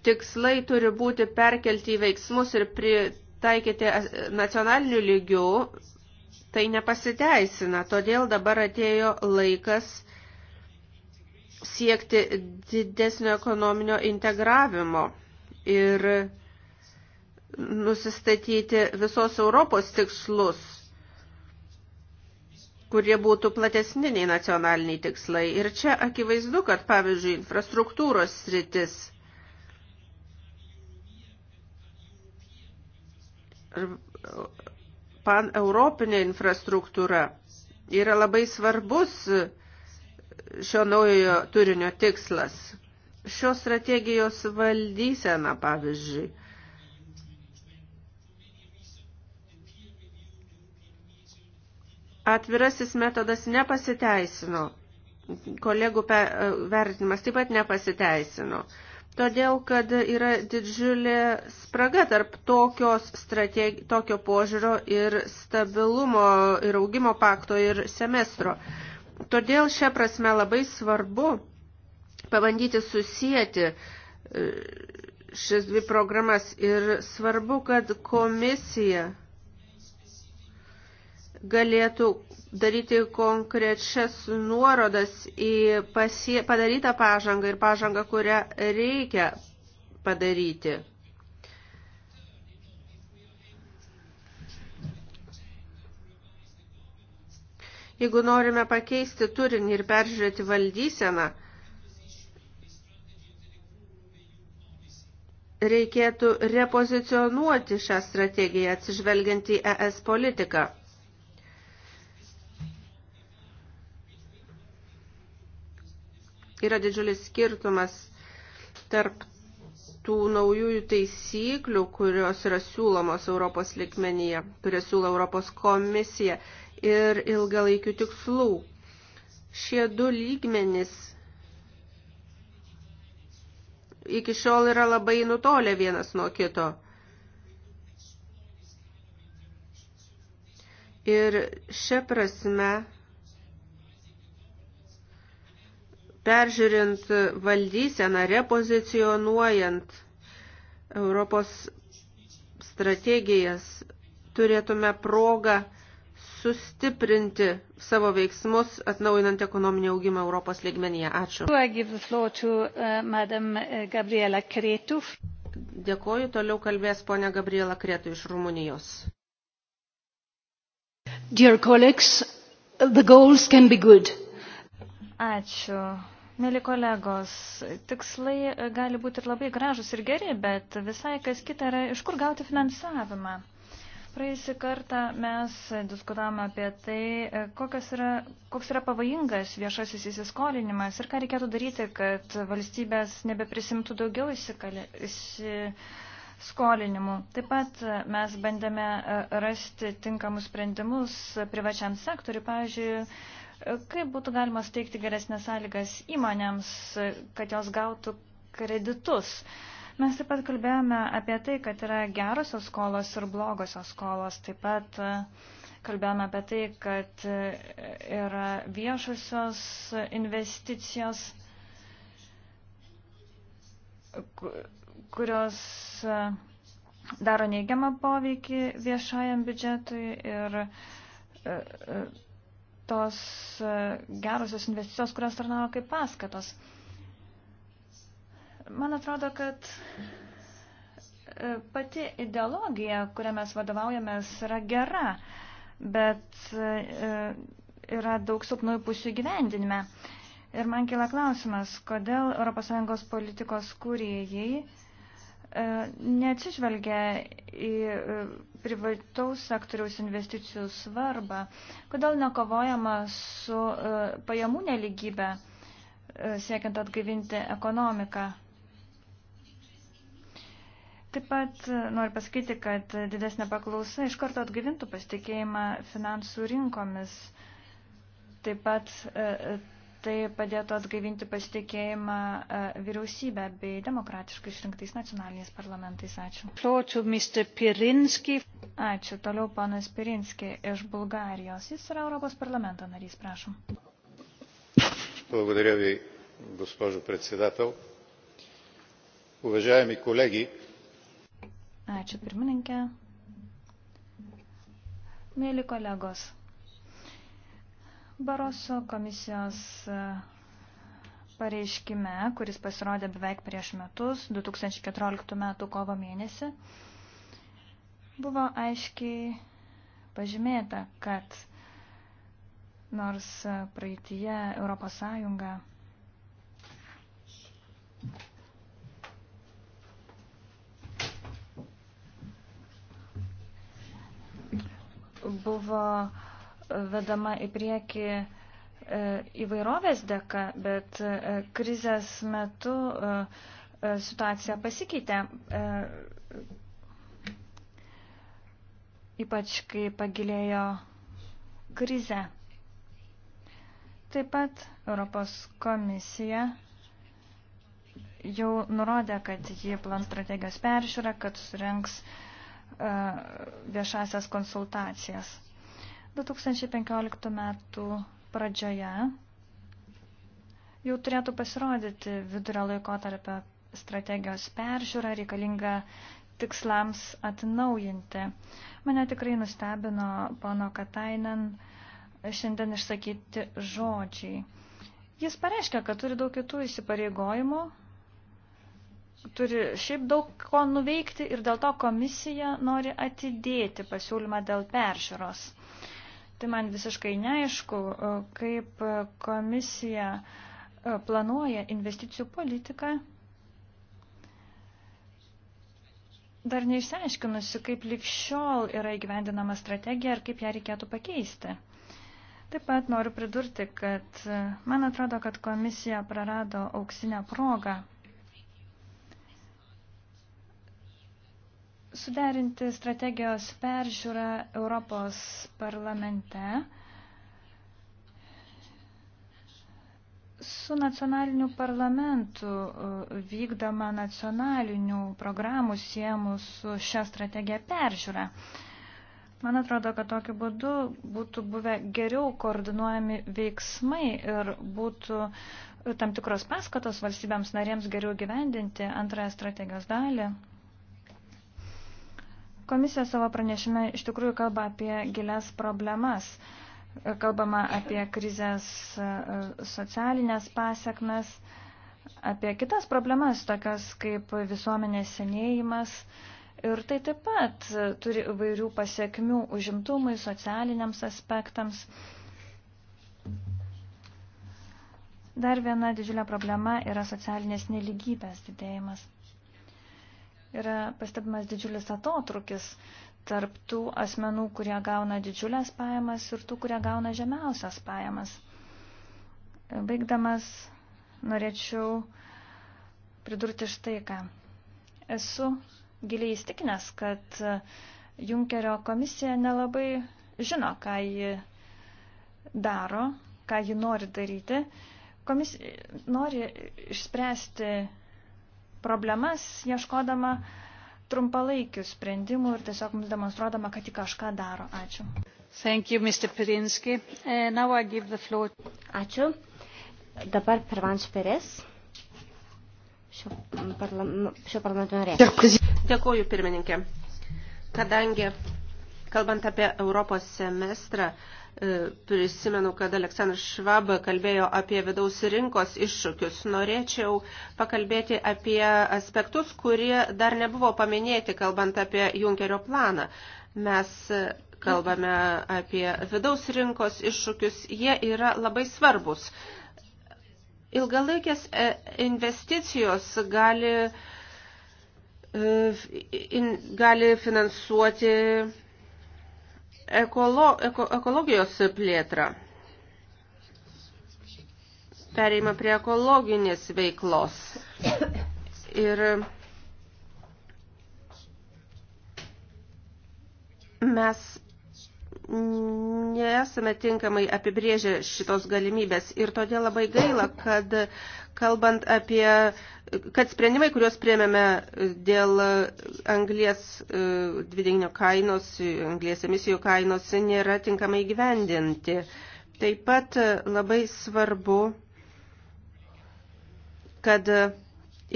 tikslai turi būti perkelti į veiksmus ir pritaikyti nacionaliniu lygiu, tai nepasiteisina. Todėl dabar atėjo laikas siekti didesnio ekonominio integravimo ir nusistatyti visos Europos tikslus, kurie būtų platesni nei nacionaliniai tikslai. Ir čia akivaizdu, kad pavyzdžiui infrastruktūros sritis pan-europinė infrastruktūra yra labai svarbus šio naujojo turinio tikslas? Šios strategijos valdysena, pavyzdžiui. Atvirasis metodas nepasiteisino. Kolegų vertinimas taip pat nepasiteisino. Todėl, kad yra didžiulė spraga tarp tokios strategi, tokio požiūrio ir stabilumo ir augimo pakto ir semestro. Todėl šią prasme labai svarbu pabandyti susijęti e, šis dvi programas ir svarbu, kad komisija galėtų daryti konkrečias nuorodas į pasie, padarytą pažangą ir pažangą, kurią reikia padaryti. Jeigu norime pakeisti turinį ir peržiūrėti valdyseną, reikėtų repozicionuoti šią strategiją atsižvelgiant į ES politiką. Yra didžiulis skirtumas tarp tų naujųjų taisyklių, kurios yra siūlomos Europos likmenyje, kurie siūlo Europos komisija ir ilgalaikių tikslų. Šie du lygmenys iki šiol yra labai nutolę vienas nuo kito. Ir šia prasme, peržiūrint valdyseną, repozicionuojant Europos strategijas, turėtume progą sustiprinti savo veiksmus, atnaujinant ekonominį augimą Europos lygmenyje. Ačiū. Uh, uh, Dėkoju, toliau kalbės ponia Gabriela Kretų iš Rumunijos. Dear colleagues, the goals can be good. Ačiū. Mėly kolegos, tikslai uh, gali būti ir labai gražus ir geri, bet visai kas kita yra, iš kur gauti finansavimą. Praėjusį kartą mes diskutavome apie tai, e, yra, koks yra pavojingas viešasis įsiskolinimas ir ką reikėtų daryti, kad valstybės nebeprisimtų daugiau įsiskolinimų. Taip pat e, mes bandėme e, rasti tinkamus sprendimus privačiam sektoriu, pavyzdžiui, kaip būtų galima steigti geresnės sąlygas įmonėms, kad jos gautų kreditus. Uh, Mes taip pat kalbėjome apie tai, kad yra gerosios skolos ir blogosios skolos. Taip pat e, kalbėjome apie tai, kad e, yra viešosios investicijos, kurios e, daro neigiamą poveikį viešajam biudžetui ir tos gerosios investicijos, kurios tarnavo kaip paskatos. Man atrodo, kad e, pati ideologija, kurią mes vadovaujamės, yra gera, bet e, yra daug silpnųjų pusių gyvendinime. Ir man kila klausimas, kodėl ES politikos kūrėjai e, neatsižvelgia į privataus sektoriaus investicijų svarbą, kodėl nekovojama su pajamų neligybė siekiant atgaivinti ekonomiką. Taip pat e, noriu pasakyti, kad didesnė paklausa iš karto atgyvintų pasitikėjimą finansų rinkomis. Taip pat e, e, tai padėtų atgaivinti pasitikėjimą vyriausybę bei demokratiškai išrinktais nacionaliniais parlamentais. Ačiū. Ačiū. Toliau panas Pirinski iš Bulgarijos. Jis yra Europos parlamento narys. Prašom. Благодаря ви, госпожо председател. Уважаеми колеги, Ačiū pirmininkė. Mėly kolegos, Baroso komisijos e, pareiškime, kuris pasirodė beveik prieš metus, 2014 m. kovo mėnesį, buvo aiškiai pažymėta, kad nors praeitie Europos Sąjunga buvo vedama į priekį e, įvairovės dėka, bet e, krizės metu e, situacija pasikeitė. Ypač kai pagilėjo krizė. Taip pat Europos komisija jau nurodė, kad ji plan strategijos peržiūrą, kad surenks uh, E, viešasias konsultacijas. 2015 metų pradžioje jau turėtų pasirodyti vidurio laikotarpio strategijos peržiūra reikalinga tikslams atnaujinti. Mane tikrai nustebino pono Katainen šiandien išsakyti žodžiai. Jis pareiškia, kad turi daug kitų įsipareigojimų, turi šiaip daug ko nuveikti ir dėl to komisija nori atidėti pasiūlymą dėl peršeros. Tai man visiškai neaišku, e, kaip komisija e, planuoja investicijų politiką. Dar neišsiaiškinusi, kaip likščiol yra įgyvendinama strategija ir kaip ją reikėtų pakeisti. Taip pat noriu pridurti, kad e, man atrodo, kad komisija prarado auksinę progą suderinti strategijos peržiūrą Europos parlamente su nacionaliniu parlamentu e, vykdoma nacionalinių programų siemų su šią strategiją peržiūrą. Man atrodo, kad tokiu būdu būtų buvę geriau koordinuojami veiksmai ir būtų tam tikros paskatos valstybėms narėms geriau gyvendinti antrąją strategijos dalį. Komisija savo pranešime iš tikrųjų kalba apie gilias problemas. Kalbama apie krizės e, socialinės pasiekmes, apie kitas problemas, tokias kaip visuomenės senėjimas. Ir tai taip pat turi įvairių pasiekmių užimtumui, socialiniams aspektams. Dar viena didžiulė problema yra socialinės neligybės didėjimas yra pastebimas didžiulis atotrukis tarp tų asmenų, kurie gauna didžiulės pajamas ir tų, kurie gauna žemiausias pajamas. Baigdamas norėčiau pridurti štai ką. Esu giliai įstikinęs, kad Junkerio komisija nelabai žino, ką ji daro, ką ji nori daryti. Komisija nori išspręsti problemas, ieškodama trumpalaikių sprendimų ir tiesiog mums demonstruodama, kad ji kažką daro. Ačiū. Thank you, Mr. Pirinsky. Uh, now I give the floor. Ačiū. Dabar Pervanš Perės. Šio, parla, šio parlamento norė. Dėkuoju, pirmininkė. Kadangi, kalbant apie Europos semestrą, uh, E, prisimenu, kad Aleksandras Švab kalbėjo apie vidaus rinkos iššūkius. Norėčiau pakalbėti apie aspektus, kurie dar nebuvo paminėti, kalbant apie Junkerio planą. Mes kalbame apie vidaus rinkos iššūkius, jie yra labai svarbus. Ilgalaikės e, investicijos gali, e, gali finansuoti ekolo, eko, ekologijos plėtrą. Pereima prie ekologinės veiklos. Ir mes nesame tinkamai apibrėžę šitos galimybės ir todėl labai gaila, kad kalbant apie, kad sprendimai, kuriuos priemėme dėl anglės e, dvideginio kainos, anglės emisijų kainos, nėra tinkamai gyvendinti. Taip pat e, labai svarbu, kad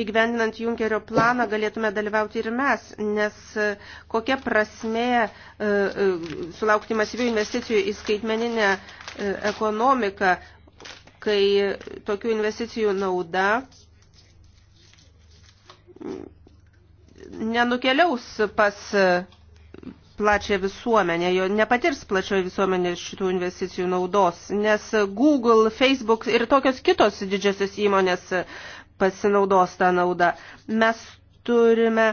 įgyvendinant Junkerio planą galėtume dalyvauti ir mes, nes e, kokia prasmė sulaukti masyvių investicijų į skaitmeninę ekonomiką, kai tokių investicijų nauda nenukeliaus pas plačią visuomenę, jo nepatirs plačioje visuomenė šitų investicijų naudos, nes Google, Facebook ir tokios kitos didžiosios įmonės pasinaudos tą naudą. Mes turime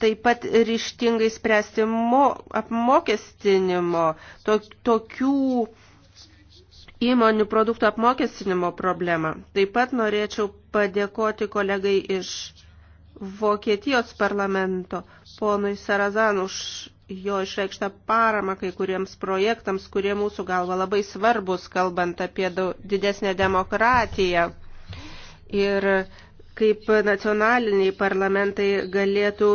taip pat ryštingai spręsti mo, apmokestinimo to, tokių įmonių produktų apmokestinimo problemą. Taip pat norėčiau padėkoti kolegai iš Vokietijos parlamento, ponui Sarazan, už jo išreikštą paramą kai kuriems projektams, kurie mūsų galva labai svarbus, kalbant apie daug, didesnę demokratiją. Ir kaip nacionaliniai parlamentai galėtų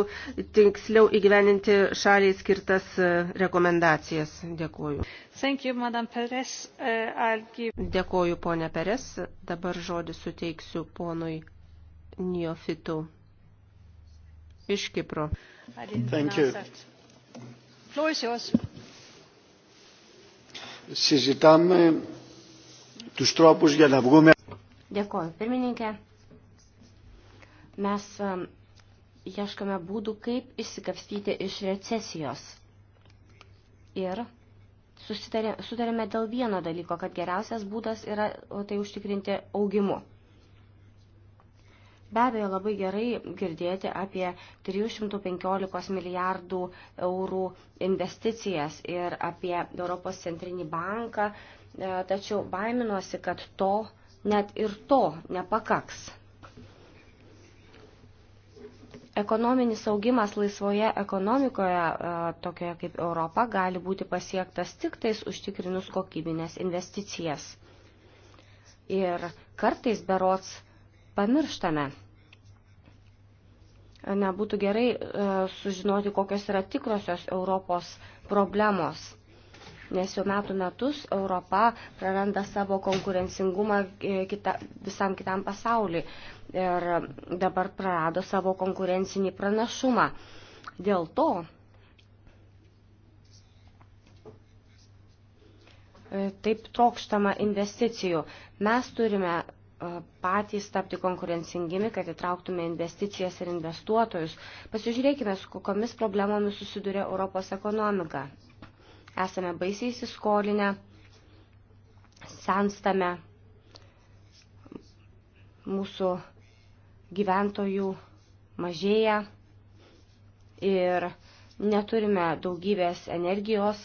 tinksliau įgyveninti šaliai skirtas e, rekomendacijas. Dėkuoju. Thank you, Madam Perez. Uh, give... Dėkuoju, ponė Peres. Dabar žodį suteiksiu ponui Niofitu iš Kipro. Thank you. Floor is yours. Συζητάμε τους τρόπους για να βγούμε. Dėkuoju, pirmininkė mes um, ieškame būdų, kaip išsikapstyti iš recesijos. Ir sutarėme dėl vieno dalyko, kad geriausias būdas yra tai užtikrinti augimu. Be abejo, labai gerai girdėti apie 315 milijardų eurų investicijas ir apie Europos centrinį banką, e, tačiau baiminuosi, kad to net ir to nepakaks. Ekonominis augimas laisvoje ekonomikoje, e, tokioje kaip Europa, gali būti pasiektas tik tais užtikrinus kokybinės investicijas. Ir kartais berots pamirštame. Na, būtų gerai e, sužinoti, kokios yra tikrosios Europos problemos nes jau metų metus Europa praranda savo konkurencingumą e, kita, visam kitam pasauliui ir dabar prarado savo konkurencinį pranašumą. Dėl to e, taip trokštama investicijų. Mes turime e, patys tapti konkurencingimi, kad įtrauktume investicijas ir investuotojus. Pasižiūrėkime, su kokiamis problemomis susiduria Europos ekonomika esame baisiai įsiskolinę, senstame, mūsų gyventojų mažėja ir neturime daugybės energijos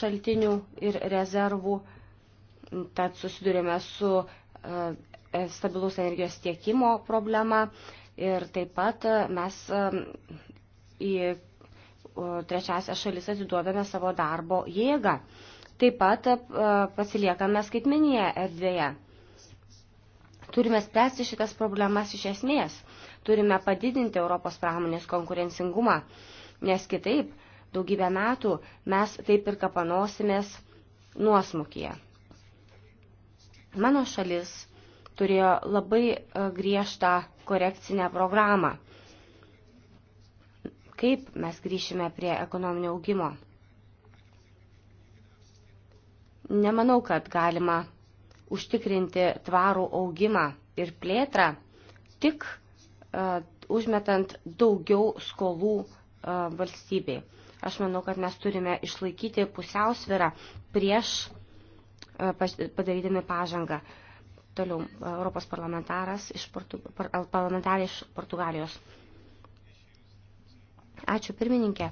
šaltinių ir rezervų, tad susidurime su e, stabilus energijos tiekimo problema ir taip pat e, mes e, į trečiasias šalis atiduodame savo darbo jėgą. Taip pat e, pasiliekame skaitmeninėje erdvėje. Turime spręsti šitas problemas iš esmės. Turime padidinti Europos pramonės konkurencingumą, nes kitaip daugybę metų mes taip ir kapanosimės nuosmukyje. Mano šalis turėjo labai e, griežtą korekcinę programą kaip mes grįšime prie ekonominio augimo. Nemanau, kad galima užtikrinti tvarų augimą ir plėtrą tik uh, užmetant daugiau skolų uh, valstybei. Aš manau, kad mes turime išlaikyti pusiausvirą prieš uh, padarydami pažangą. Toliau Europos parlamentaras iš, Portu, par, parlamentarė iš Portugalijos. Ačiū pirmininkė.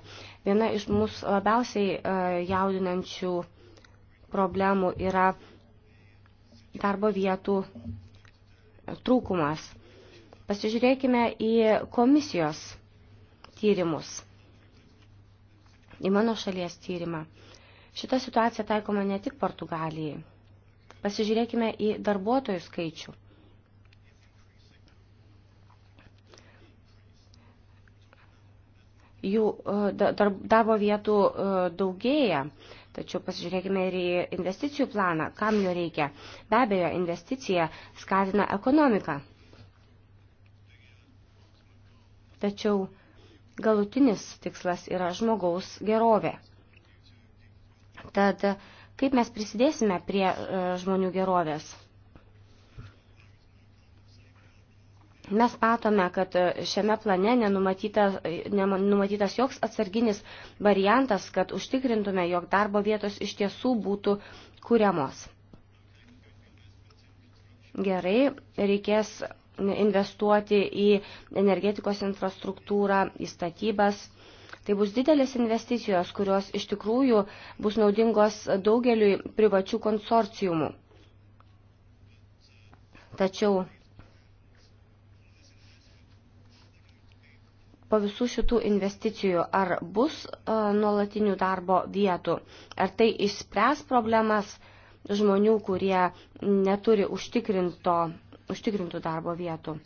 Viena iš mūsų labiausiai e, jaudinančių problemų yra darbo vietų trūkumas. Pasižiūrėkime į komisijos tyrimus, į mano šalies tyrimą. Šita situacija taikoma ne tik Portugalijai. Pasižiūrėkime į darbuotojų skaičių. jų e, darbo vietų e, daugėja. Tačiau pasižiūrėkime ir į investicijų planą, kam jo reikia. Be abejo, investicija skatina ekonomiką. Tačiau galutinis tikslas yra žmogaus gerovė. Tad kaip mes prisidėsime prie e, žmonių gerovės? Mes matome, kad šiame plane nenumatytas, nenumatytas joks atsarginis variantas, kad užtikrintume, jog darbo vietos iš tiesų būtų kūriamos. Gerai, reikės investuoti į energetikos infrastruktūrą, į statybas. Tai bus didelės investicijos, kurios iš tikrųjų bus naudingos daugeliui privačių konsorciumų. Tačiau po visų šitų investicijų, ar bus e, nuolatinių darbo vietų, ar tai išspręs problemas žmonių, kurie neturi užtikrintų darbo vietų.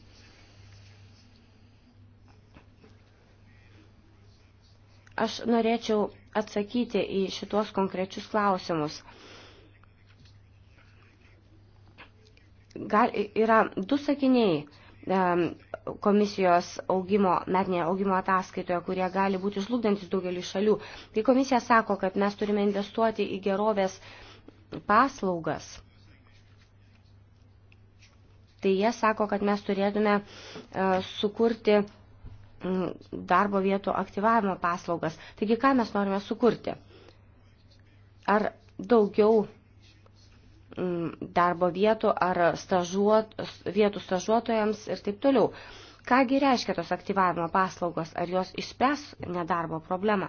Aš norėčiau atsakyti į šitos konkrečius klausimus. Gal, yra du sakiniai komisijos augimo, metinėje augimo ataskaitoje, kurie gali būti žlugdantis daugelį šalių. Tai komisija sako, kad mes turime investuoti į gerovės paslaugas. Tai jie sako, kad mes turėtume e, sukurti darbo vietų aktyvavimo paslaugas. Taigi, ką mes norime sukurti? Ar daugiau Mm, darbo vietų ar stažuot, vietų stažuotojams ir taip toliau. Kągi reiškia tos aktyvavimo paslaugos, ar jos išspręs nedarbo problemą?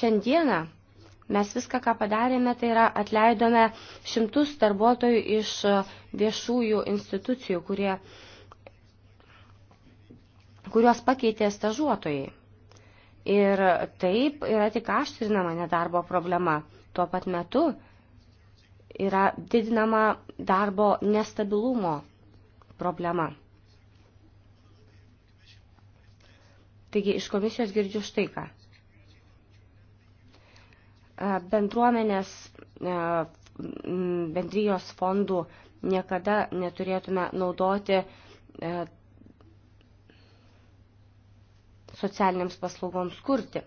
Šiandieną mes viską, ką padarėme, tai yra atleidome šimtus darbuotojų iš viešųjų institucijų, kurie, kuriuos pakeitė stažuotojai. Ir taip yra tik aštrinama nedarbo problema. Tuo pat metu yra didinama darbo nestabilumo problema. Taigi iš komisijos girdžiu štai ką. Bendruomenės bendrijos fondų niekada neturėtume naudoti socialiniams paslaugoms kurti.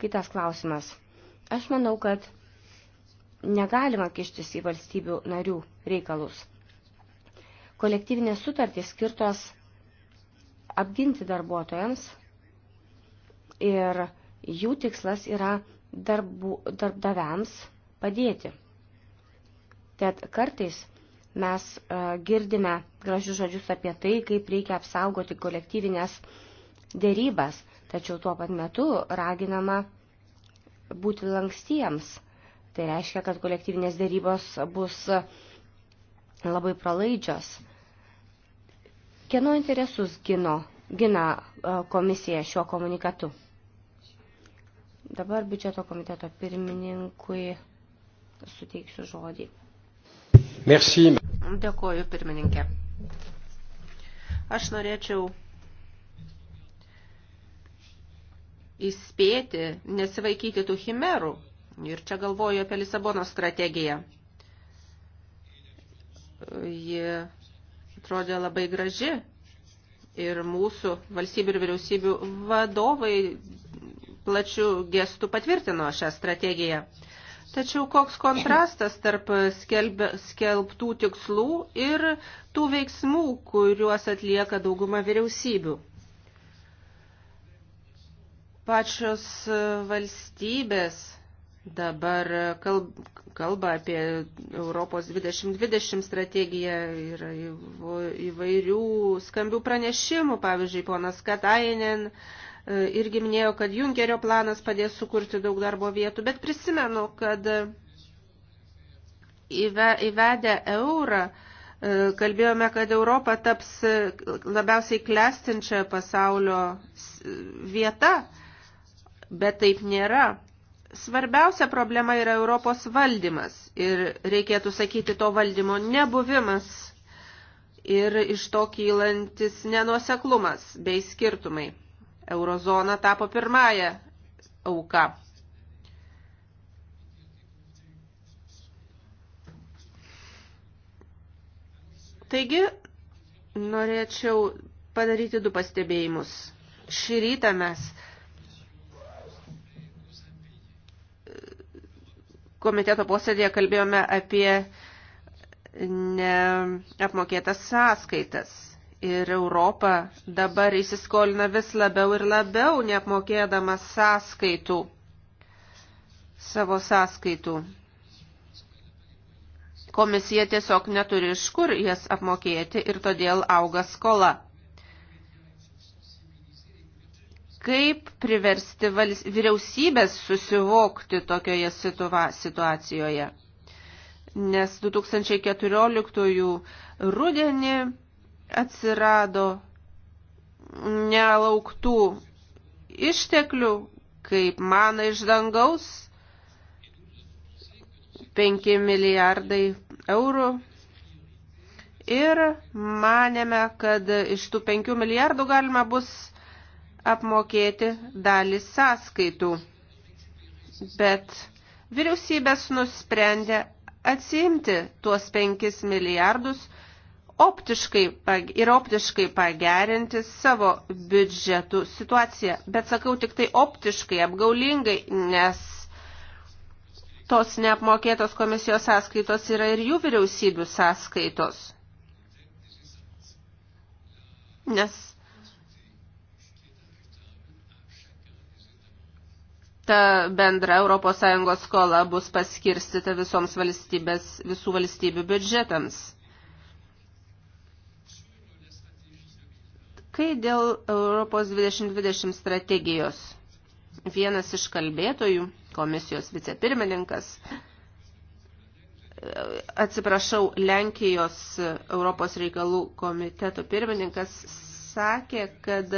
Kitas klausimas. Aš manau, kad negalima kištis į valstybių narių reikalus. Kolektyvinės sutartys skirtos apginti darbuotojams ir jų tikslas yra darbu, darbdaviams padėti. Tad kartais mes e, girdime gražius žodžius apie tai, kaip reikia apsaugoti kolektyvinės sutartys dėrybas, tačiau tuo pat metu raginama būti lankstiems. Tai reiškia, kad kolektyvinės dėrybos bus labai pralaidžios. Kieno interesus gino, gina e, komisija šiuo komunikatu? Dabar biudžeto komiteto pirmininkui suteiksiu žodį. Merci. Dėkuoju, pirmininkė. Aš norėčiau įspėti, nesivaikyti tų chimerų. Ir čia galvoju apie Lisabono strategiją. Ji atrodė labai graži ir mūsų valstybių ir vyriausybių vadovai plačių gestų patvirtino šią strategiją. Tačiau koks kontrastas tarp skelbė, skelbtų tikslų ir tų veiksmų, kuriuos atlieka dauguma vyriausybių. Pačios valstybės dabar kalba apie Europos 2020 strategiją ir įvairių skambių pranešimų, pavyzdžiui, ponas Katainen e, irgi minėjo, kad Junkerio planas padės sukurti daug darbo vietų, bet prisimenu, kad įvedę eurą, e, kalbėjome, kad Europa taps labiausiai klestinčia pasaulio vieta bet taip nėra. Svarbiausia problema yra Europos valdymas ir reikėtų sakyti to valdymo nebuvimas ir iš to kylantis nenuoseklumas bei skirtumai. Eurozona tapo pirmąją auką. Taigi, norėčiau padaryti du pastebėjimus. Šį rytą mes komiteto posėdėje kalbėjome apie neapmokėtas sąskaitas. Ir Europa dabar įsiskolina vis labiau ir labiau neapmokėdama sąskaitų, savo sąskaitų. Komisija tiesiog neturi iš kur jas apmokėti ir todėl auga skola. Kaip priversti vals, vyriausybės susivokti tokioje situa, situacijoje? Nes 2014 rudenį atsirado nelauktų išteklių, kaip mana iš dangaus, 5 milijardai eurų. Ir manėme, kad iš tų 5 milijardų galima bus apmokėti dalį sąskaitų. Bet vyriausybės nusprendė atsiimti tuos 5 milijardus optiškai ir optiškai pagerinti savo biudžetų situaciją. Bet sakau tik tai optiškai, apgaulingai, nes tos neapmokėtos komisijos sąskaitos yra ir jų vyriausybių sąskaitos. Nes ta bendra ES skola bus paskirstyta visoms valstybės, visų valstybių biudžetams. Kai dėl Europos 2020 strategijos vienas iš kalbėtojų, komisijos vicepirmininkas, atsiprašau, Lenkijos Europos reikalų komiteto pirmininkas sakė, kad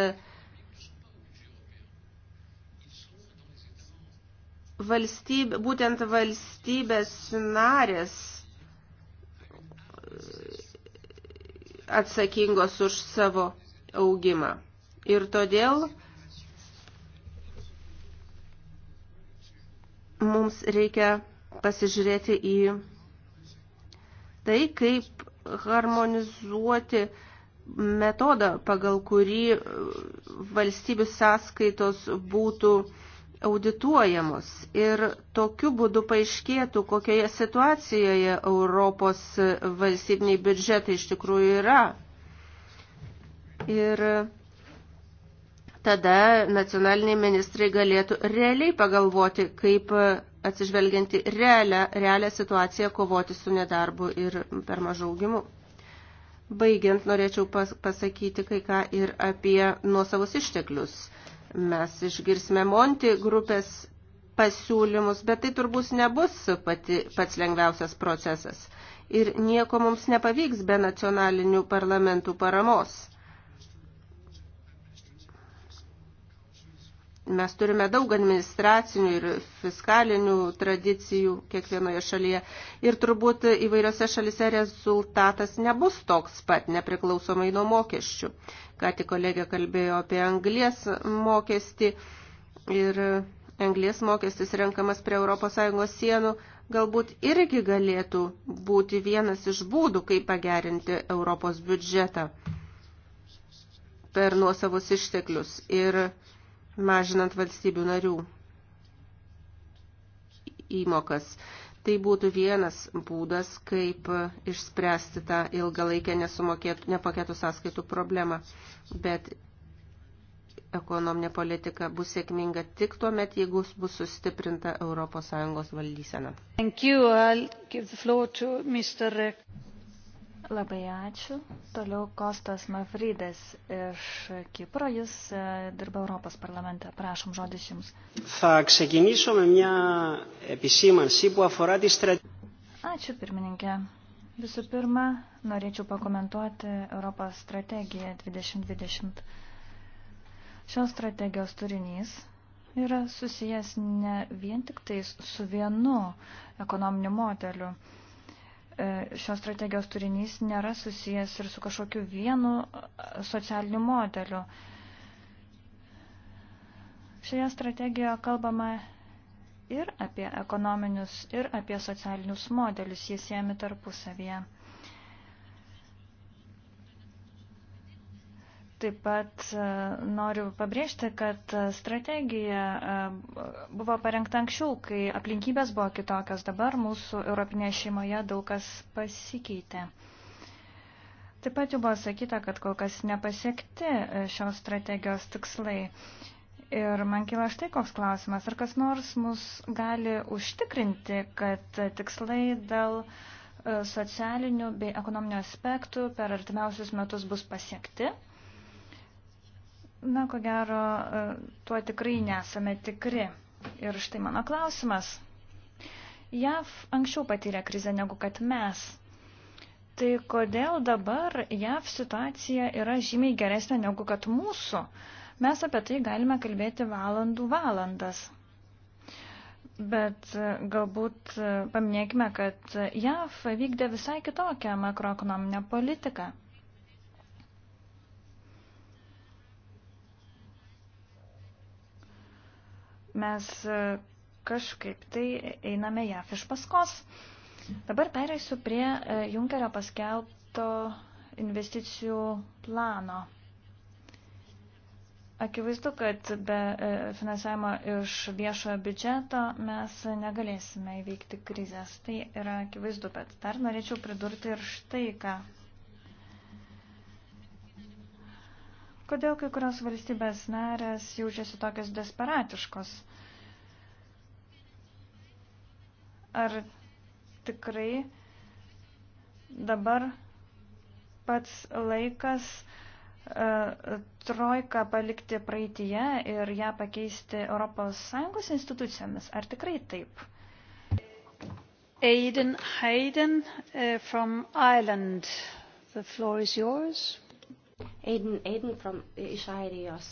valstybė, būtent valstybės narės atsakingos už savo augimą. Ir todėl mums reikia pasižiūrėti į tai, kaip harmonizuoti metodą, pagal kurį valstybių sąskaitos būtų uh, audituojamos ir tokiu būdu paaiškėtų, kokioje situacijoje Europos valstybiniai biudžetai iš tikrųjų yra. Ir tada nacionaliniai ministrai galėtų realiai pagalvoti, kaip atsižvelgianti realią, realią situaciją kovoti su nedarbu ir per mažų augimu. Baigiant, norėčiau pas, pasakyti kai ką ir apie nuosavus išteklius Mes išgirsime Monti grupės pasiūlymus, bet tai turbūt nebus pati, pats lengviausias procesas. Ir nieko mums nepavyks be nacionalinių parlamentų paramos. mes turime daug administracinių ir fiskalinių tradicijų kiekvienoje šalyje ir turbūt įvairiose šalise rezultatas nebus toks pat nepriklausomai nuo mokesčių. Ką tik kolegė kalbėjo apie anglies mokestį ir anglies mokestis renkamas prie ES sienų galbūt irgi galėtų būti vienas iš būdų, kaip pagerinti Europos biudžetą per nuosavus išteklius ir mažinant valstybių narių įmokas. Tai būtų vienas būdas, kaip išspręsti tą ilgalaikę nepakėtų sąskaitų problemą. Bet ekonominė politika bus sėkminga tik tuo met, jeigu bus sustiprinta ES valdysena. Labai ačiū. Toliau Kostas Mafridas iš Kipro, jis e, dirba Europos parlamente. Prašom žodis jums. Ačiū pirmininkė. Visų pirma, norėčiau pakomentuoti Europos strategiją 2020. Šios strategijos turinys yra susijęs ne vien tik tais su vienu ekonominiu modeliu E, šios strategijos turinys nėra susijęs ir su kažkokiu vienu e, socialiniu modeliu. Šioje strategijoje kalbama ir apie ekonominius, ir apie socialinius modelius, jie siejami tarpusavyje. Taip pat e, noriu pabrėžti, kad e, strategija e, buvo parengta anksčiau, kai aplinkybės buvo kitokios. Dabar mūsų Europinėje šeimoje daug kas pasikeitė. Taip pat jau buvo sakyta, kad kol kas nepasiekti šios strategijos tikslai. Ir man kyla štai koks klausimas, ar kas nors mus gali užtikrinti, kad tikslai dėl socialinių bei ekonominių aspektų per artimiausius metus bus pasiekti? Na, ko gero, e, tuo tikrai nesame tikri. Ir štai mano klausimas. JAV anksčiau patyrė krizę negu kad mes. Tai kodėl dabar JAV situacija yra žymiai geresnė negu kad mūsų? Mes apie tai galime kalbėti valandų valandas. Bet e, galbūt e, paminėkime, kad JAV vykdė visai kitokią makroekonominę politiką. mes e, kažkaip tai einame JAF iš paskos. Dabar pereisiu prie e, Junkerio paskelbto investicijų plano. Akivaizdu, kad be e, finansavimo iš viešojo biudžeto mes negalėsime įveikti krizės. Tai yra akivaizdu, bet dar norėčiau pridurti ir štai ką. Kodėl kai kurios valstybės narės jaučiasi tokios desperatiškos? Ar tikrai dabar pats laikas uh, trojką palikti praeitie ir ją pakeisti ES institucijomis? Ar tikrai taip? Aiden Hayden uh, from Ireland. The floor is yours. Aiden, Aiden from, iš Airijos.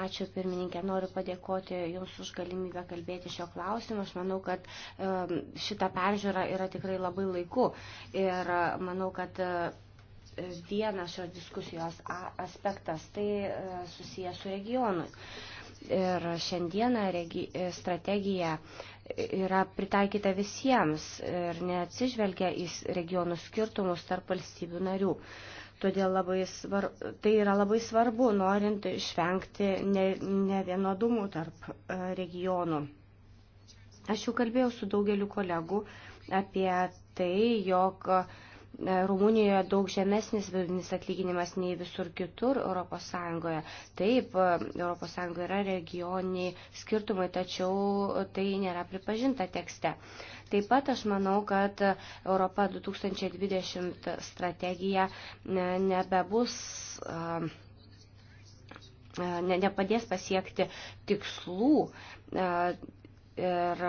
Ačiū pirmininkė, noriu padėkoti Jums už galimybę kalbėti šio klausimu. Aš manau, kad šita peržiūra yra tikrai labai laiku ir manau, kad vienas šios diskusijos aspektas tai susijęs su regionu. Ir šiandieną regi, strategija yra pritaikyta visiems ir neatsižvelgia į regionų skirtumus tarp valstybių narių. Uh, Todėl labai svar, tai yra labai svarbu, norint išvengti nevienodumų ne tarp e, regionų. Aš jau kalbėjau su daugeliu kolegų apie tai, jog e, Rumunijoje daug žemesnis vidutinis atlyginimas nei visur kitur ES. Taip, ES yra regioniai skirtumai, tačiau tai nėra pripažinta tekste. Taip pat aš manau, kad Europa 2020 strategija nebebus ne, nepadės pasiekti tikslų ir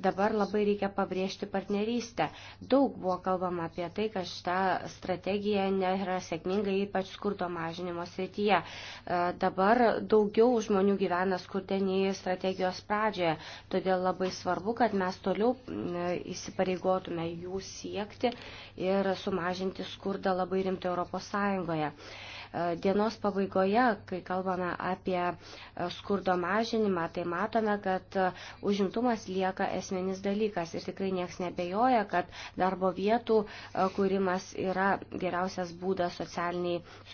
Dabar labai reikia pabrėžti partnerystę. Daug buvo kalbama apie tai, kad šita strategija nėra sėkminga, ypač skurdo mažinimo srityje. E, dabar daugiau žmonių gyvena skurde nei strategijos pradžioje. Todėl labai svarbu, kad mes toliau įsipareigotume jų siekti ir sumažinti skurdą labai rimtai Europos Sąjungoje. Dienos pabaigoje, kai kalbame apie e, skurdo mažinimą, tai matome, kad e, užimtumas lieka esminis dalykas ir tikrai nieks nebejoja, kad darbo vietų e, kūrimas yra geriausias būdas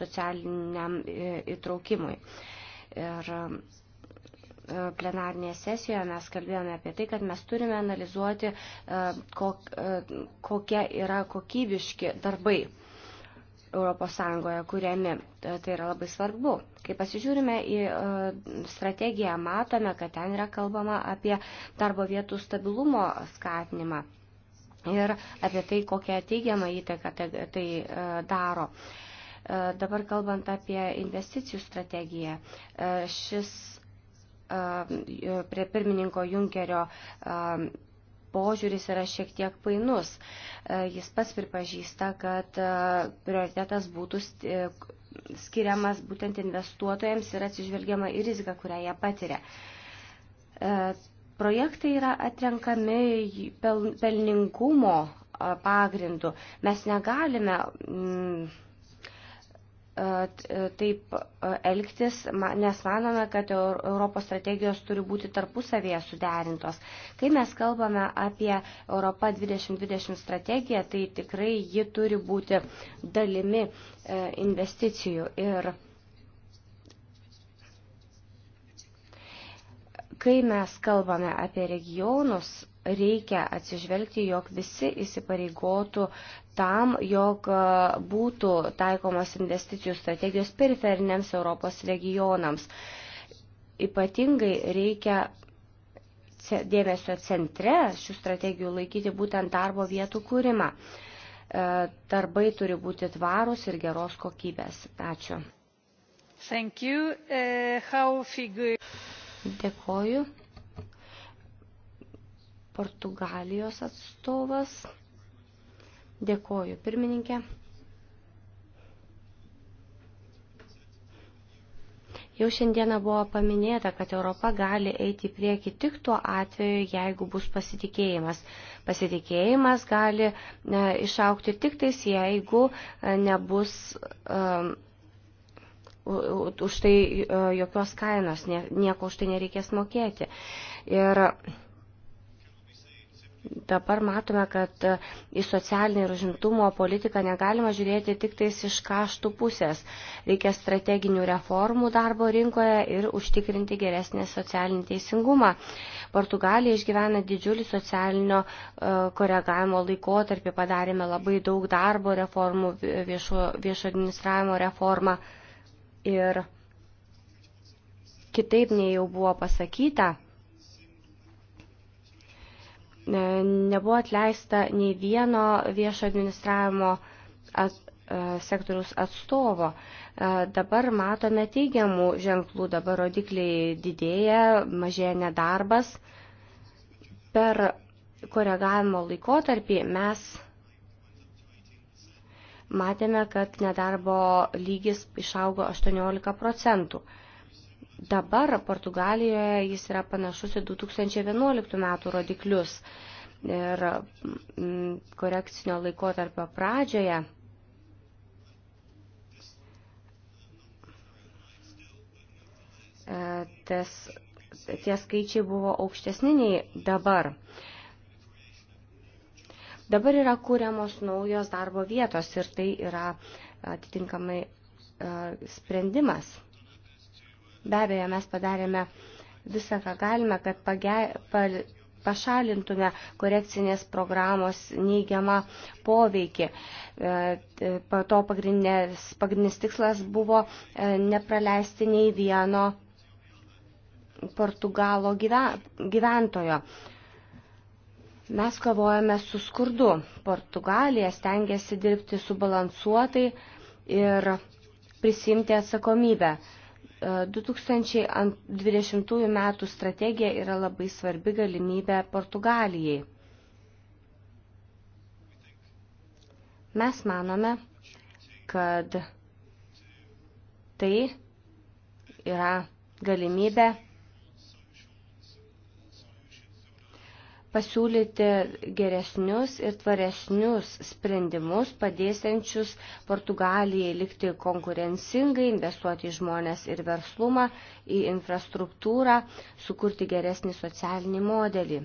socialiniam įtraukimui. Ir plenarnėje sesijoje mes kalbėjome apie tai, kad mes turime analizuoti, kokie yra kokybiški darbai. ES kuriami. Tai, tai yra labai svarbu. Kai pasižiūrime į e, strategiją, matome, kad ten yra kalbama apie darbo vietų stabilumo skatinimą ir apie tai, kokią teigiamą įtaką tai e, daro. E, dabar kalbant apie investicijų strategiją, šis prie pirmininko Junkerio požiūris yra šiek tiek painus. E, jis pats pripažįsta, kad e, prioritetas būtų e, skiriamas būtent investuotojams ir atsižvelgiama į riziką, kurią jie patiria. Projektai yra atrenkami pelningumo pagrindu. Mes negalime. Mm, E, e, taip e, elgtis, nes manome, kad Europos strategijos turi būti tarpusavėje suderintos. Kai mes kalbame apie Europą 2020 strategiją, tai tikrai ji turi būti dalimi investicijų. Ir kai mes kalbame apie regionus, reikia atsižvelgti, jog visi įsipareigotų tam, jog e, būtų taikomos investicijų strategijos periferiniams Europos regionams. Ypatingai reikia dėmesio centre šių strategijų laikyti būtent darbo vietų kūrimą. E, darbai turi būti tvarus ir geros kokybės. Ačiū. Thank you. Uh, how figure... Dėkoju. Portugalijos atstovas. Dėkoju, pirmininkė. Jau šiandieną buvo paminėta, kad Europa gali eiti į priekį tik tuo atveju, jeigu bus pasitikėjimas. Pasitikėjimas gali e, išaukti tik tais, jeigu e, nebus e, už tai e, jokios kainos, nie, nieko už tai nereikės mokėti. Ir e, dabar matome, kad į socialinį ir užimtumo politiką negalima žiūrėti tik tais iš kaštų pusės. Reikia strateginių reformų darbo rinkoje ir užtikrinti geresnį socialinį teisingumą. Portugalija išgyvena didžiulį socialinio e, koregavimo laikotarpį, padarėme labai daug darbo reformų, viešo, viešo administravimo reformą ir kitaip nei jau buvo pasakyta E, nebuvo atleista nei vieno viešo administravimo at, e, sektoriaus atstovo. E, dabar matome teigiamų ženklų, dabar rodikliai didėja, mažėja nedarbas. Per koregavimo laikotarpį mes matėme, kad nedarbo lygis išaugo 18 procentų. Dabar Portugalijoje jis yra panašus į 2011 metų rodiklius. Ir mm, korekcinio laikotarpio pradžioje e, tas, tie skaičiai buvo aukštesni nei dabar. Dabar yra kūriamos naujos darbo vietos ir tai yra atitinkamai e, sprendimas. Be abejo, mes padarėme visą, ką galime, kad pagei, pa, pašalintume korekcinės programos neigiamą poveikį. E, to pagrindinis, pagrindinis tikslas buvo e, nepraleisti nei vieno Portugalo gyventojo. Mes kovojame su skurdu. Portugalija stengiasi dirbti subalansuotai ir prisimti atsakomybę. 2020 e, metų strategija yra labai svarbi galimybė Portugalijai. Mes manome, kad tai yra galimybė pasiūlyti geresnius ir tvaresnius sprendimus, padėsiančius Portugalijai likti konkurencingai, investuoti į žmonės ir verslumą, į infrastruktūrą, sukurti geresnį socialinį modelį.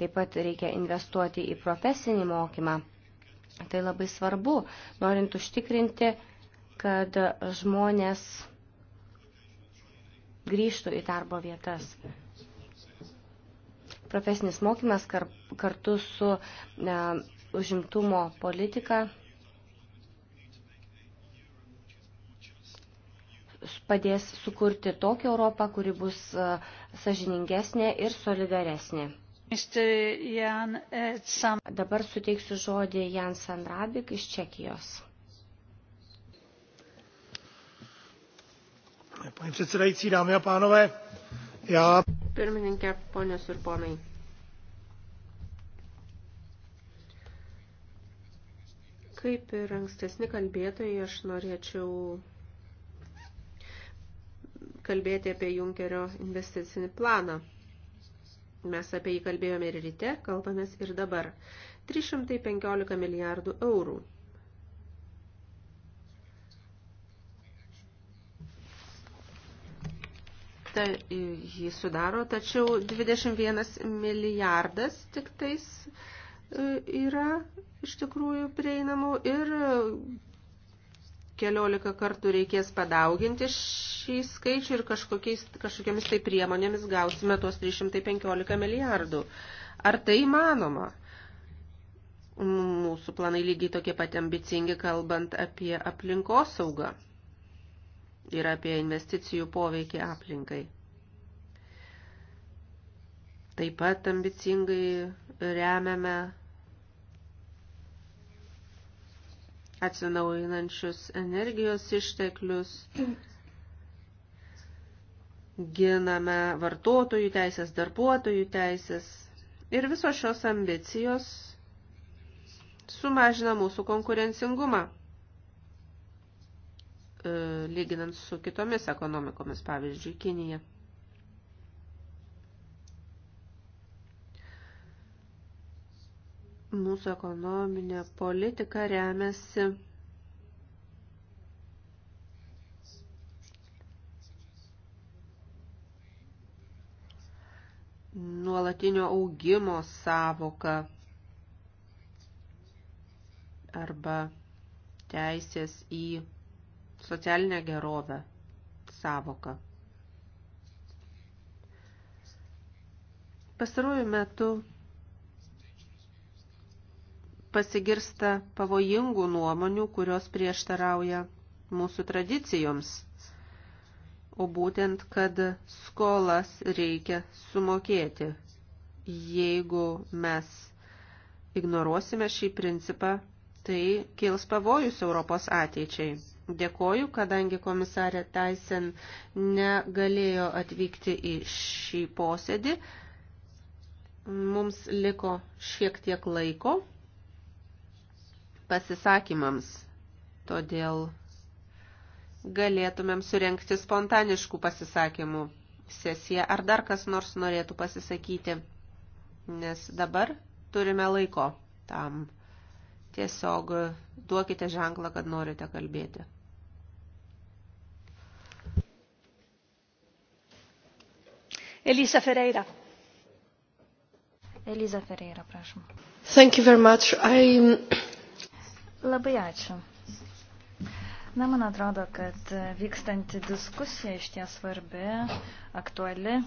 Taip pat reikia investuoti į profesinį mokymą. Tai labai svarbu, norint užtikrinti, kad žmonės grįžtų į darbo vietas. Profesinis mokymas kar, kartu su ne, užimtumo politika padės sukurti tokią Europą, kuri bus e, sažiningesnė ir solidaresnė. Jan, some... Dabar suteiksiu žodį Jan Sandrabik iš Čekijos. Paní předsedající, dámy a pánové, já... Pirmininkė, ponios ir ponai. Kaip ir ankstesni kalbėtojai, aš norėčiau kalbėti apie Junkerio investicinį planą. Mes apie jį kalbėjome ir ryte, kalbamės ir dabar. 315 milijardų eurų. biudžetą jį sudaro, tačiau 21 milijardas tik tais e, yra iš tikrųjų prieinamų ir keliolika kartų reikės padauginti šį skaičių ir kažkokiamis tai priemonėmis gausime tuos 315 milijardų. Ar tai įmanoma? Mūsų planai lygiai tokie pat ambicingi, kalbant apie aplinkosaugą. saugą ir apie investicijų poveikį aplinkai. Taip pat ambicingai remiame atsinaujinančius energijos išteklius, giname vartotojų teisės, darbuotojų teisės ir visos šios ambicijos sumažina mūsų konkurencingumą. E, lyginant su kitomis ekonomikomis, pavyzdžiui, Kinija. Mūsų ekonominė politika remiasi nuolatinio augimo savoka arba teisės į socialinę gerovę savoką. Pastaruoju metu pasigirsta pavojingų nuomonių, kurios prieštarauja mūsų tradicijoms, o būtent, kad skolas reikia sumokėti. Jeigu mes ignoruosime šį principą, tai kils pavojus Europos ateičiai. Dėkoju, kadangi komisarė Tyson negalėjo atvykti į šį posėdį. Mums liko šiek tiek laiko pasisakymams, todėl galėtumėm surenkti spontaniškų pasisakymų sesiją. Ar dar kas nors norėtų pasisakyti, nes dabar turime laiko tam. Tiesiog duokite ženklą, kad norite kalbėti. Elisa Ferreira. Eliza Ferreira, prašom. Thank you very much. I... Labai ačiū. Na, man atrodo, kad vykstanti diskusija iš ties svarbi, aktuali,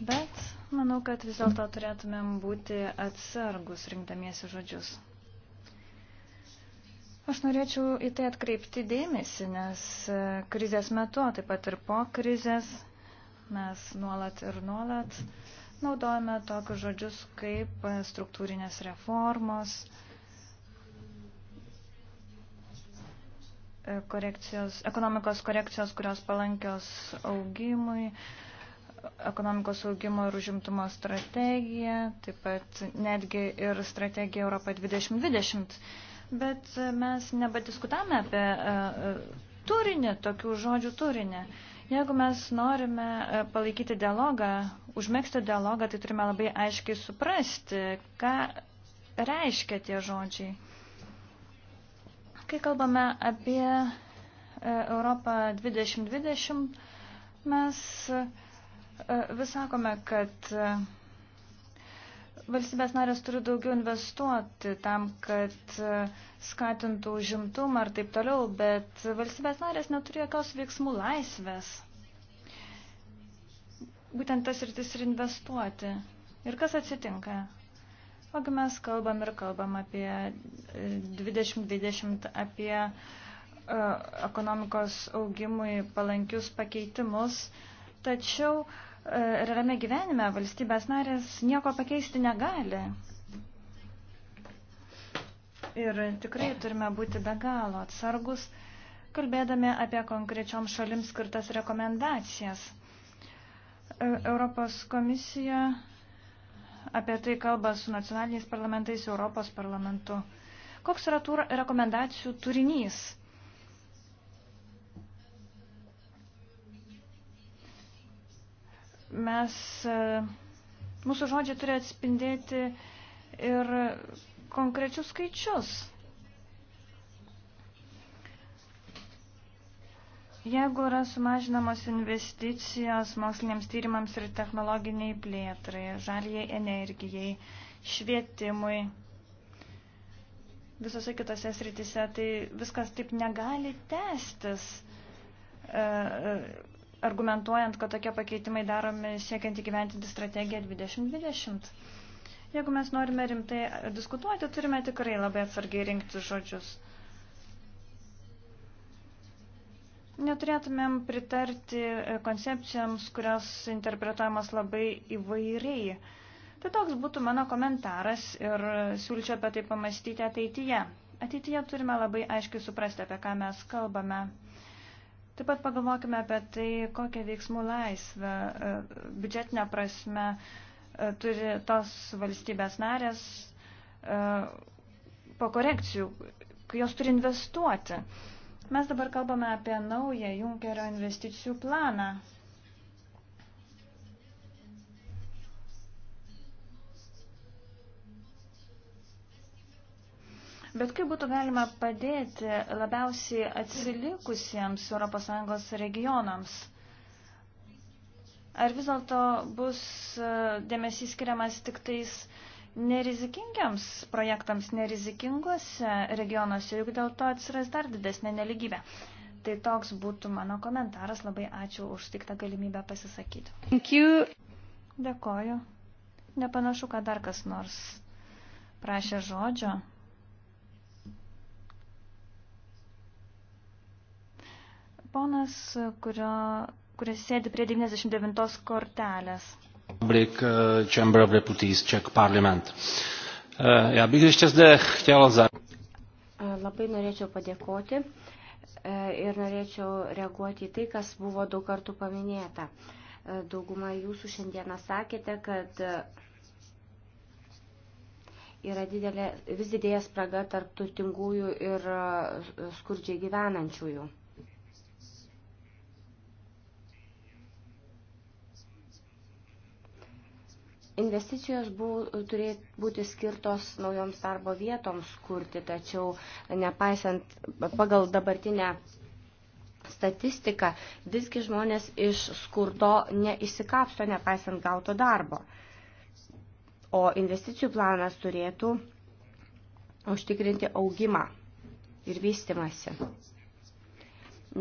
bet manau, kad vis dėlto turėtumėm būti atsargus rinkdamiesi žodžius. Aš norėčiau į tai atkreipti dėmesį, nes krizės metu, taip pat ir po krizės Mes nuolat ir nuolat naudojame tokius žodžius kaip struktūrinės reformos, korekcijos, ekonomikos korekcijos, kurios palankios augimui, ekonomikos augimo ir užimtumo strategija, taip pat netgi ir strategija Europa 2020. Bet mes nebadiskutame apie e, e, turinį, tokių žodžių turinį. Jeigu mes norime e, palaikyti dialogą, užmėgsti dialogą, tai turime labai aiškiai suprasti, ką reiškia tie žodžiai. Kai kalbame apie e, Europą 2020, mes e, vis sakome, kad Valstybės narės turi daugiau investuoti tam, kad e, skatintų užimtumą ir taip toliau, bet valstybės narės neturi jokios veiksmų laisvės. Būtent tas rytis ir investuoti. Ir kas atsitinka? Ogi mes kalbam ir kalbam apie 2020, e, apie uh, ekonomikos augimui palankius pakeitimus, tačiau uh, realiame gyvenime valstybės narės nieko pakeisti negali. Ir tikrai turime būti be galo atsargus, kalbėdami apie konkrečiom šalim skirtas rekomendacijas. E, Europos komisija apie tai kalba su nacionaliniais parlamentais Europos parlamentu. Koks yra tų rekomendacijų turinys? mes, e, mūsų žodžiai turi atspindėti ir konkrečius skaičius. Jeigu yra sumažinamos investicijos moksliniams tyrimams ir technologiniai plėtrai, žaliai energijai, švietimui, visose kitose srityse, tai viskas taip negali tęstis. E, e, argumentuojant, kad tokie pakeitimai daromi siekiant įgyventinti strategiją 2020. Jeigu mes norime rimtai diskutuoti, turime tikrai labai atsargiai rinkti žodžius. Neturėtumėm pritarti koncepcijoms, kurios interpretuojamas labai įvairiai. Tai toks būtų mano komentaras ir siūlyčiau apie tai pamastyti ateityje. Ateityje turime labai aiškiai suprasti, apie ką mes kalbame. Taip pat pagalvokime apie tai, kokią veiksmų laisvę e, biudžetinę prasme e, turi tos valstybės narės e, po korekcijų, kai jos turi investuoti. Mes dabar kalbame apie naują Junkerio investicijų planą. Bet kaip būtų galima padėti labiausiai atsilikusiems ES regionams? Ar vis dėlto bus e, dėmesys skiriamas tik tais nerizikingiams projektams, nerizikinguose regionuose, juk dėl to atsiras dar didesnė neligybė. Tai toks būtų mano komentaras. Labai ačiū už tiktą galimybę pasisakyti. Thank you. Dėkoju. Nepanašu, kad dar kas nors prašė žodžio. Ponas, kurio, kuris sėdi prie 99 kortelės. Public uh, Chamber of Deputies, Czech Parliament. Uh, já bych ještě zde chtěl za... Labai norėčiau padėkoti uh, ir norėčiau reaguoti į tai, kas buvo daug kartų paminėta. Dauguma jūsų šiandieną sakėte, kad yra didelė, vis didėja spraga tarp turtingųjų ir skurdžiai gyvenančiųjų. Investicijos bū, turėtų būti skirtos naujoms darbo vietoms kurti, tačiau nepaisant pagal dabartinę statistiką, visgi žmonės iš skurdo neįsikapsto nepaisant gauto darbo. O investicijų planas turėtų užtikrinti augimą ir vystimasi.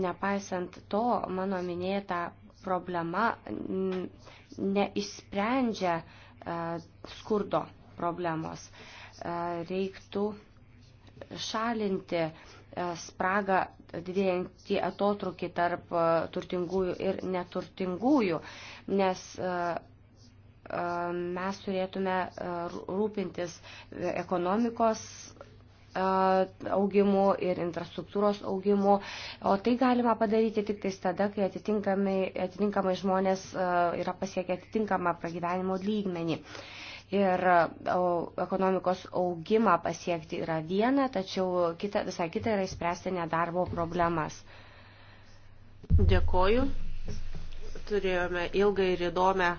Nepaisant to, mano minėta problema neįsprendžia uh, E, skurdo problemos. E, reiktų šalinti e, spragą didėjantį atotrukį tarp turtingųjų ir neturtingųjų, nes mes turėtume rūpintis ekonomikos E, augimu ir infrastruktūros augimu, o tai galima padaryti tik tais tada, kai atitinkamai, atitinkamai žmonės e, yra pasiekę atitinkamą pragyvenimo lygmenį. Ir e, ekonomikos augimą pasiekti yra viena, tačiau kita, visai kita yra įspręsti nedarbo problemas. Dėkoju. Turėjome ilgą ir įdomią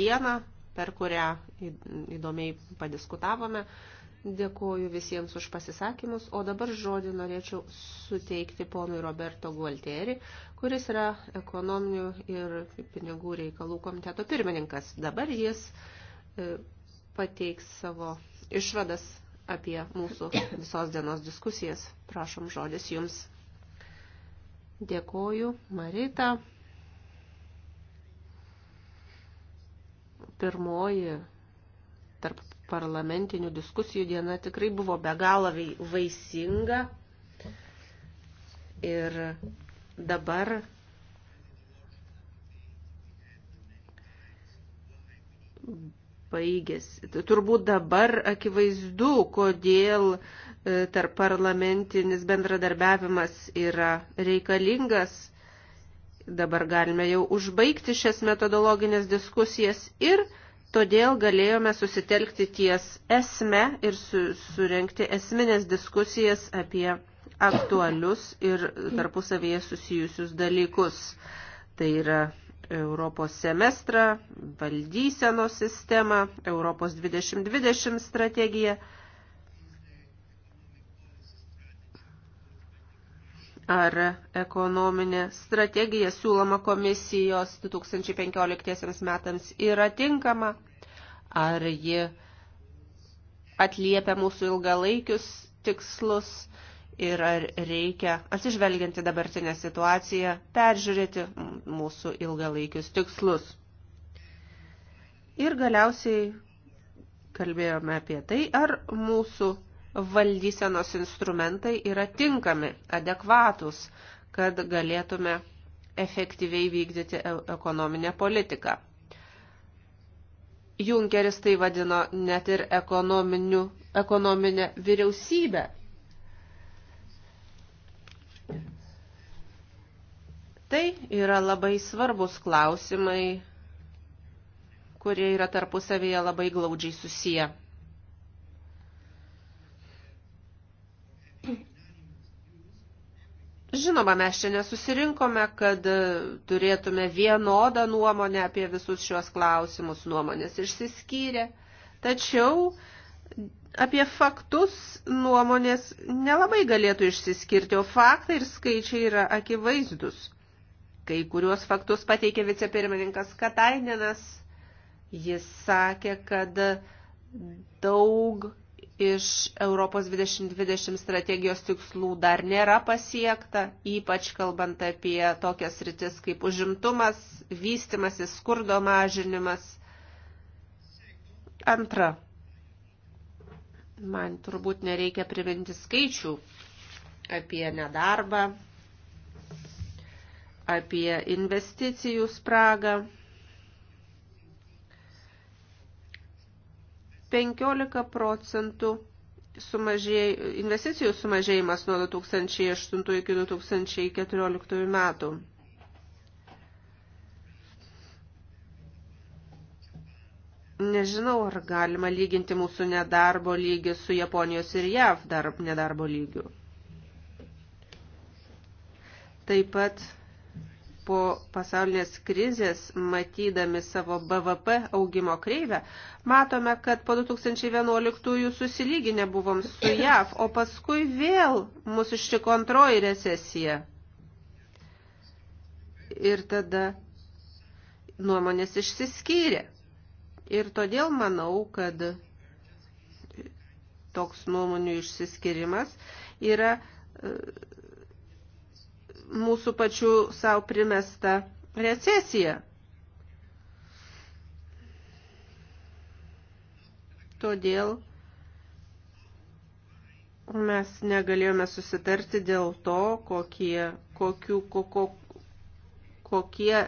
dieną, per kurią įdomiai padiskutavome. Dėkuoju visiems už pasisakymus, o dabar žodį norėčiau suteikti ponui Roberto Gualtieri, kuris yra ekonominių ir pinigų reikalų komiteto pirmininkas. Dabar jis e, pateiks savo išvadas apie mūsų visos dienos diskusijas. Prašom žodis jums. Dėkuoju, Marita. Pirmoji tarp parlamentinių diskusijų diena tikrai buvo be galo vaisinga. Ir dabar baigėsi. Turbūt dabar akivaizdu, kodėl e, tarp parlamentinis bendradarbiavimas yra reikalingas. Dabar galime jau užbaigti šias metodologinės diskusijas ir Todėl galėjome susitelkti ties esme ir su, surenkti esminės diskusijas apie aktualius ir tarpusavėje susijusius dalykus. Tai yra Europos semestrą, valdysenos sistemą, Europos 2020 strategiją ar ekonominė strategija siūloma komisijos 2015 metams yra tinkama, ar ji atliepia mūsų ilgalaikius tikslus ir ar reikia, atsižvelgianti dabartinę situaciją, peržiūrėti mūsų ilgalaikius tikslus. Ir galiausiai kalbėjome apie tai, ar mūsų valdysenos instrumentai yra tinkami, adekvatus, kad galėtume efektyviai vykdyti e- ekonominę politiką. Junkeris tai vadino net ir ekonominę vyriausybę. Tai yra labai svarbus klausimai, kurie yra tarpusavyje labai glaudžiai susiję. Žinoma, mes čia nesusirinkome, kad e, turėtume vienodą nuomonę apie visus šios klausimus, nuomonės išsiskyrė, tačiau apie faktus nuomonės nelabai galėtų išsiskirti, o faktai ir skaičiai yra akivaizdus. Kai kuriuos faktus pateikė vicepirmininkas Katainenas, jis sakė, kad daug iš Europos 2020 strategijos tikslų dar nėra pasiekta, ypač kalbant apie tokias rytis kaip užimtumas, vystimasis, skurdo mažinimas. Antra, man turbūt nereikia priminti skaičių apie nedarbą, apie investicijų spragą. 15 procentų sumažėj, investicijų sumažėjimas nuo 2008 iki 2014 metų. Nežinau, ar galima lyginti mūsų nedarbo lygį su Japonijos ir JAV darb, nedarbo lygiu. Taip pat po pasaulinės krizės, matydami savo BVP augimo kreivę, matome, kad po 2011-ųjų susilyginę buvom su JAV, o paskui vėl mūsų ištiko antroji recesija. Ir tada nuomonės išsiskyrė. Ir todėl manau, kad toks nuomonių išsiskirimas yra mūsų pačių savo primesta recesija. Todėl mes negalėjome susitarti dėl to, kokie, kokių, koko, kokie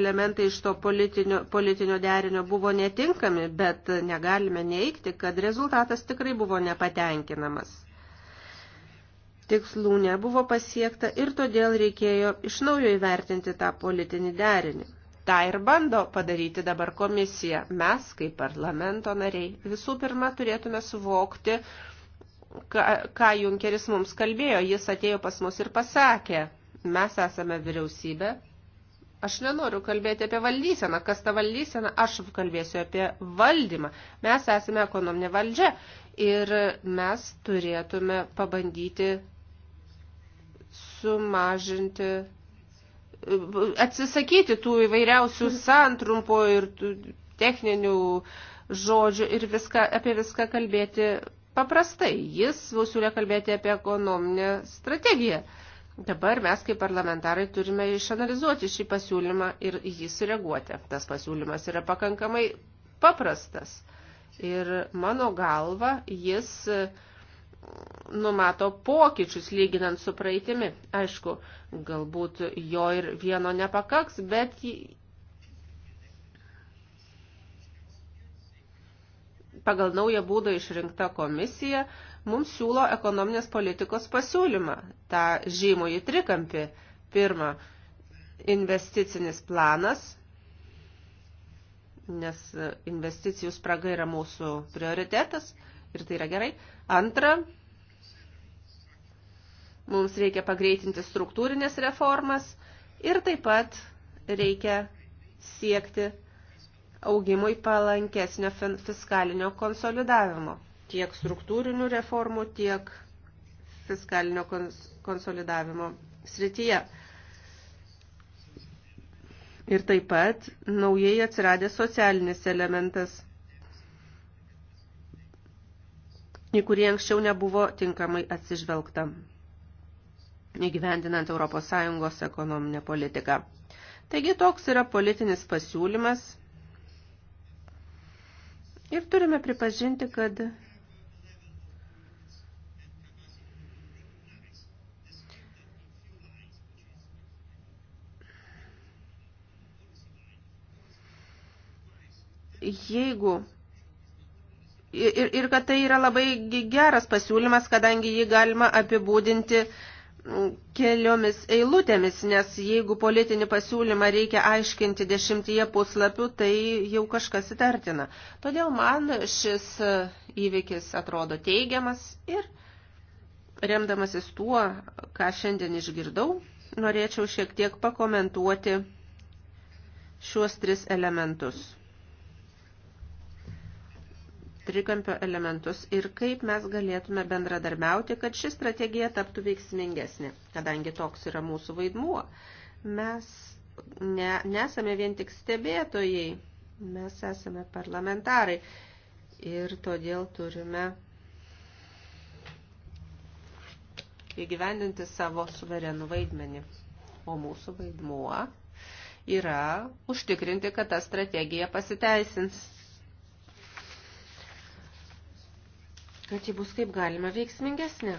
elementai iš to politinio, politinio derinio buvo netinkami, bet negalime neikti, kad rezultatas tikrai buvo nepatenkinamas tikslų nebuvo pasiekta ir todėl reikėjo iš naujo įvertinti tą politinį derinį. Ta ir bando padaryti dabar komisija. Mes, kaip parlamento nariai, visų pirma turėtume suvokti, ką, ką Junkeris mums kalbėjo. Jis atėjo pas mus ir pasakė, mes esame vyriausybė. Aš nenoriu kalbėti apie valdyseną. Kas ta valdysena? Aš kalbėsiu apie valdymą. Mes esame ekonominė valdžia ir mes turėtume pabandyti sumažinti, atsisakyti tų įvairiausių santrumpo ir techninių žodžių ir viską, apie viską kalbėti paprastai. Jis siūlė kalbėti apie ekonominę strategiją. Dabar mes kaip parlamentarai turime išanalizuoti šį pasiūlymą ir jį sureaguoti. Tas pasiūlymas yra pakankamai paprastas. Ir mano galva, jis uh, numato pokyčius lyginant su praeitimi. Aišku, galbūt jo ir vieno nepakaks, bet pagal naują būdą išrinkta komisija mums siūlo ekonominės politikos pasiūlymą, tą žymųjį trikampį. Pirma, investicinis planas, nes investicijų spraga yra mūsų prioritetas – ir tai yra gerai. Antra, mums reikia pagreitinti struktūrinės reformas ir taip pat reikia siekti augimui palankesnio fiskalinio konsolidavimo. Tiek struktūrinių reformų, tiek fiskalinio kons konsolidavimo srityje. Ir taip pat naujai atsiradęs socialinis elementas – į kurį anksčiau nebuvo tinkamai atsižvelgta įgyvendinant ES ekonominę politiką. Taigi toks yra politinis pasiūlymas ir turime pripažinti, kad jeigu ir, ir kad tai yra labai geras pasiūlymas, kadangi jį galima apibūdinti mm, keliomis eilutėmis, nes jeigu politinį pasiūlymą reikia aiškinti dešimtyje puslapių, tai jau kažkas įtartina. Todėl man šis įvykis atrodo teigiamas ir remdamasis tuo, ką šiandien išgirdau, norėčiau šiek tiek pakomentuoti šiuos tris elementus trikampio elementus ir kaip mes galėtume bendradarbiauti, kad ši strategija taptų veiksmingesnė. Kadangi toks yra mūsų vaidmuo, mes ne, nesame vien tik stebėtojai, mes esame parlamentarai ir todėl turime įgyvendinti savo suverenų vaidmenį. O mūsų vaidmuo yra užtikrinti, kad ta strategija pasiteisins. kad ji bus kaip galima veiksmingesnė.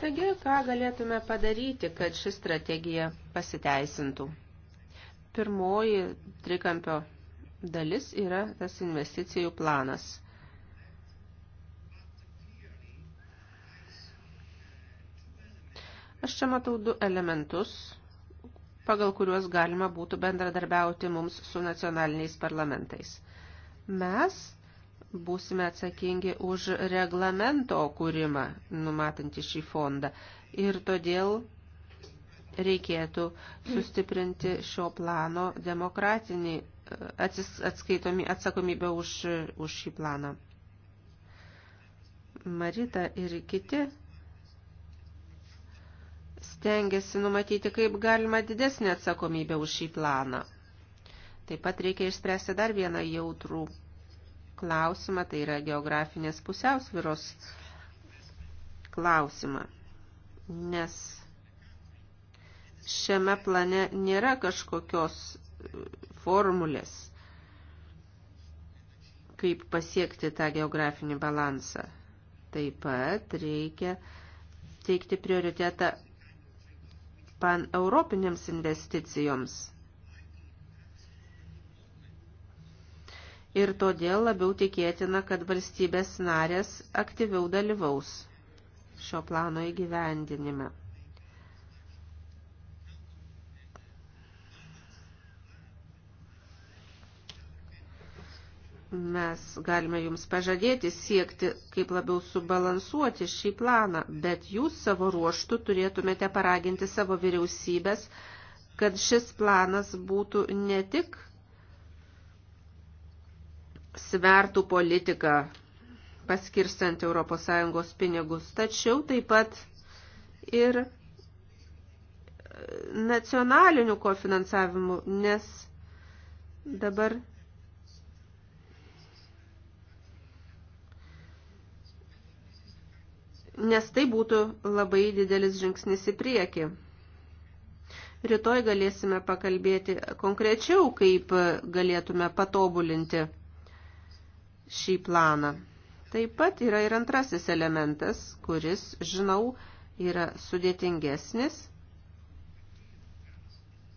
Taigi, ką galėtume padaryti, kad ši strategija pasiteisintų? Pirmoji trikampio dalis yra tas investicijų planas. Aš čia matau du elementus pagal kuriuos galima būtų bendradarbiauti mums su nacionaliniais parlamentais. Mes būsime atsakingi už reglamento kūrimą, numatantį šį fondą, ir todėl reikėtų sustiprinti šio plano demokratinį atskaitomį atsakomybę už, už šį planą. Marita ir kiti stengiasi numatyti kaip galima didesnį atsakomybę už šį planą. Taip pat reikia išspręsti dar vieną jautrų klausimą, tai yra geografinės pusiausviros klausimą, nes šiame plane nėra kažkokios e, formulės, kaip pasiekti tą geografinį balansą. Taip pat reikia teikti prioritetą paneuropinėms investicijoms. Ir todėl labiau tikėtina, kad valstybės narės aktyviau dalyvaus šio plano įgyvendinime. Mes galime jums pažadėti siekti, kaip labiau subalansuoti šį planą, bet jūs savo ruoštų turėtumėte paraginti savo vyriausybės, kad šis planas būtų ne tik svertų politiką paskirstant ES pinigus, tačiau taip pat ir e, nacionaliniu kofinansavimu, nes dabar nes tai būtų labai didelis žingsnis į priekį. Rytoj galėsime pakalbėti konkrečiau, kaip galėtume patobulinti šį planą. Taip pat yra ir antrasis elementas, kuris, žinau, yra sudėtingesnis,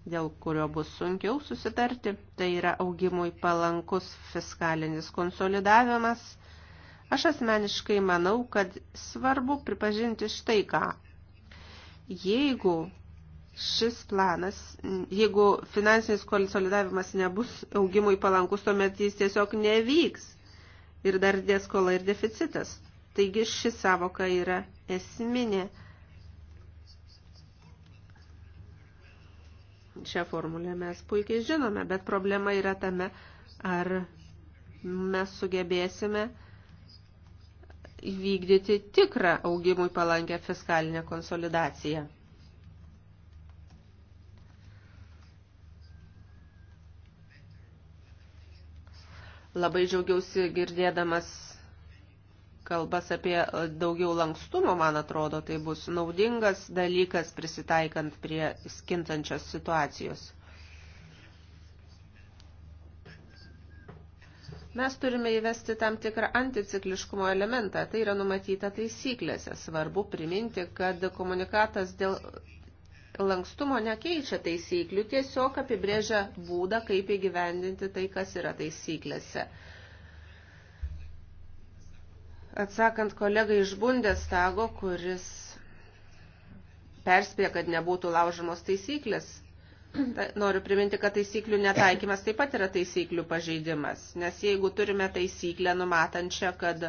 dėl kurio bus sunkiau susitarti. Tai yra augimui palankus fiskalinis konsolidavimas – Aš asmeniškai manau, kad svarbu pripažinti štai ką. Jeigu šis planas, jeigu finansinis konsolidavimas nebus augimui palankus, tuomet jis tiesiog nevyks ir dar dės skola ir deficitas. Taigi ši savoka yra esminė šią formulę mes puikiai žinome, bet problema yra tame, ar mes sugebėsime vykdyti tikrą augimui palankę fiskalinę konsolidaciją. Labai džiaugiausi girdėdamas kalbas apie daugiau lankstumo, man atrodo, tai bus naudingas dalykas prisitaikant prie skintančios situacijos. Mes turime įvesti tam tikrą anticikliškumo elementą, tai yra numatyta taisyklėse. Svarbu priminti, kad komunikatas dėl lankstumo nekeičia taisyklių, tiesiog apibrėžia būdą, kaip įgyvendinti tai, kas yra taisyklėse. Atsakant kolegai iš Bundestago, kuris perspėja, kad nebūtų laužomos taisyklės, Noriu priminti, kad taisyklių netaikymas taip pat yra taisyklių pažeidimas, nes jeigu turime taisyklę numatančią, kad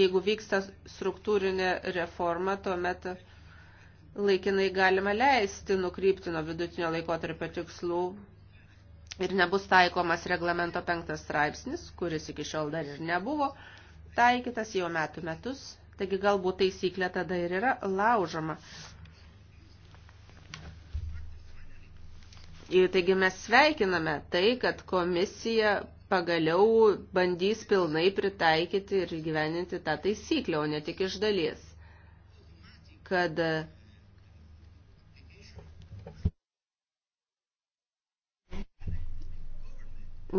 jeigu vyksta struktūrinė reforma, tuomet laikinai galima leisti nukrypti nuo vidutinio laikotarpio tikslų ir nebus taikomas reglamento penktas straipsnis, kuris iki šiol dar ir nebuvo taikytas jau metų metus, taigi galbūt taisyklė tada ir yra laužoma. Taigi mes sveikiname tai, kad komisija pagaliau bandys pilnai pritaikyti ir gyveninti tą taisyklę, o ne tik iš dalies. Kad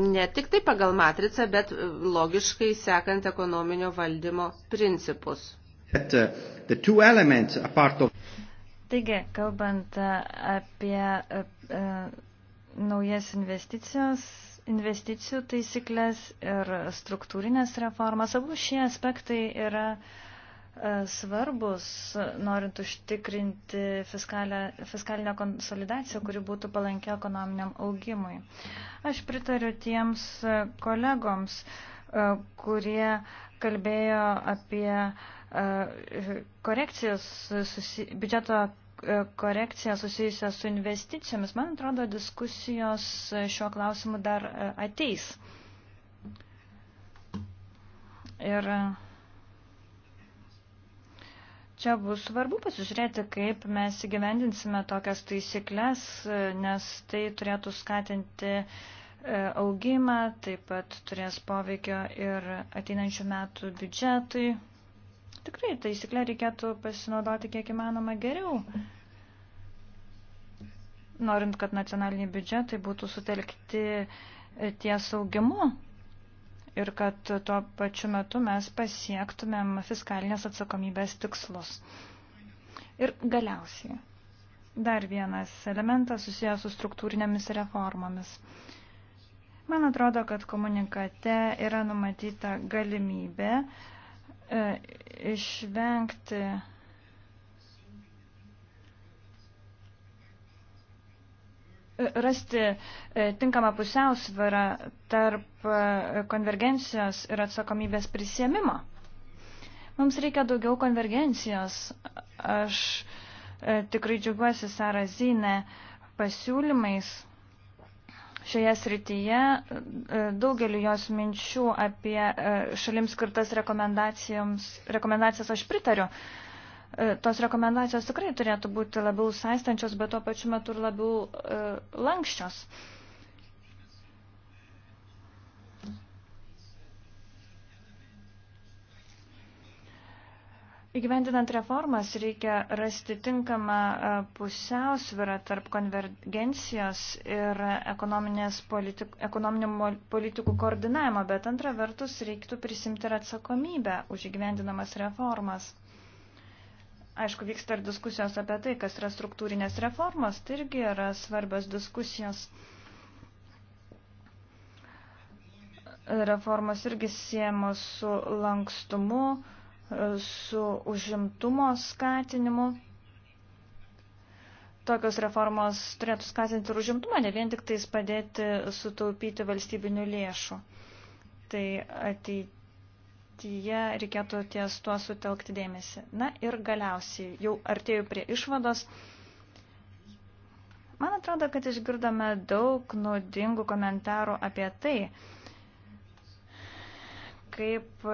ne tik tai pagal matricą, bet logiškai sekant ekonominio valdymo principus. That, uh, Taigi, kalbant e, apie e, e, naujas investicijos, investicijų taisyklės ir struktūrinės reformas, abu šie aspektai yra svarbus, norint užtikrinti fiskalinę konsolidaciją, kuri būtų palankia ekonominiam augimui. Aš pritariu tiems kolegoms, kurie kalbėjo apie korekcijas, susi, biudžeto e, korekciją susijusią su investicijomis. Man atrodo, diskusijos šiuo klausimu dar e, ateis. Ir e, čia bus svarbu pasižiūrėti, kaip mes įgyvendinsime tokias taisyklės, nes tai turėtų skatinti augimą, taip pat turės poveikio ir ateinančių metų biudžetui. Tikrai taisyklę reikėtų pasinaudoti kiek įmanoma geriau, norint, kad nacionaliniai biudžetai būtų sutelkti e, ties augimu ir kad tuo pačiu metu mes pasiektumėm fiskalinės atsakomybės tikslus. Ir galiausiai dar vienas elementas susijęs su struktūrinėmis reformomis. Man atrodo, kad komunikate yra numatyta galimybė uh, E, išvengti e, rasti e, tinkamą pusiausvyrą tarp konvergencijos ir atsakomybės prisėmimo. Mums reikia daugiau konvergencijos. Aš tikrai džiaugiuosi Sarazinę pasiūlymais šioje srityje. E, daugeliu jos minčių apie e, šalims skirtas rekomendacijas aš pritariu. E, tos rekomendacijos tikrai turėtų būti labiau saistančios, bet tuo pačiu metu ir labiau lankščios. Įgyvendinant reformas reikia rasti tinkamą e, pusiausvyrą tarp konvergencijos ir politik, ekonominio politikų koordinavimo, bet antra vertus reiktų prisimti ir atsakomybę už įgyvendinamas reformas. Aišku, vyksta ir diskusijos apie tai, kas yra struktūrinės reformos, tai irgi yra svarbios diskusijos. Reformos irgi siemos su lankstumu su užimtumo skatinimu. Tokios reformos turėtų skatinti ir užimtumą, ne vien tik tais padėti sutaupyti valstybinių lėšų. Tai ateityje reikėtų ties tuo sutelkti dėmesį. Na ir galiausiai, jau artėjau prie išvados. Man atrodo, kad išgirdome daug naudingų komentarų apie tai, kaip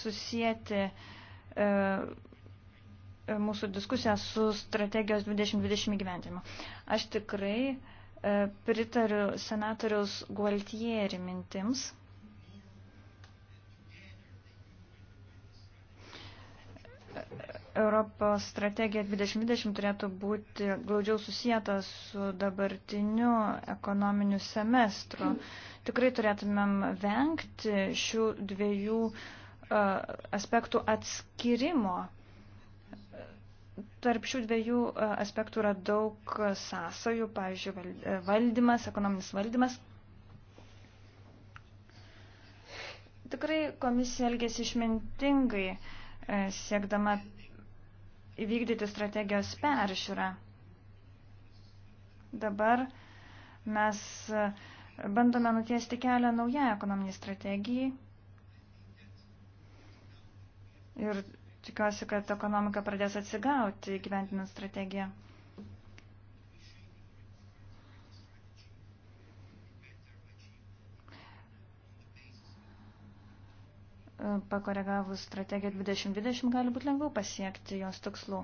susijęti e, e, mūsų diskusiją su strategijos 2020 gyventimu. Aš tikrai e, pritariu senatoriaus Gualtieri mintims. Europos strategija 2020 turėtų būti glaudžiau susijęta su dabartiniu ekonominiu semestru. Tikrai turėtumėm vengti šių dviejų uh, aspektų atskirimo. Tarp šių dviejų aspektų yra daug sąsajų, pavyzdžiui, valdymas, ekonominis valdymas. Tikrai komisija elgėsi išmintingai, siekdama įvykdyti strategijos peržiūrą. Dabar mes bandome nutiesti kelią naują ekonominį strategiją Ir tikiuosi, kad ekonomika pradės atsigauti gyventinant strategiją. Pakoregavus strategiją 2020 gali būti lengviau pasiekti jos tikslų.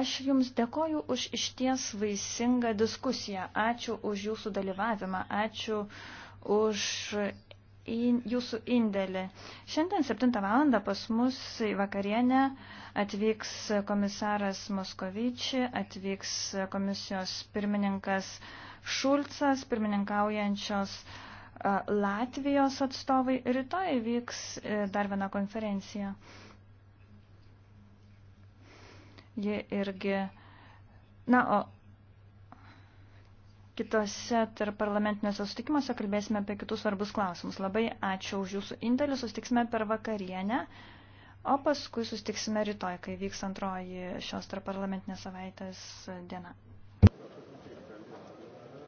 Aš Jums dėkoju už išties vaisingą diskusiją. Ačiū už Jūsų dalyvavimą. Ačiū už in, jūsų indėlį. Šiandien 7 val. pas mus į vakarienę atvyks komisaras Moskovičiai, atvyks komisijos pirmininkas Šulcas, pirmininkaujančios Latvijos atstovai. Rytoj vyks e, dar viena konferencija. Ji irgi. Na, o Kitose tarp parlamentinėse sustikimuose kalbėsime apie kitus svarbus klausimus. Labai ačiū už jūsų indėlį, sustiksime per vakarienę, o paskui sustiksime rytoj, kai vyks antroji šios tarp parlamentinės savaitės diena.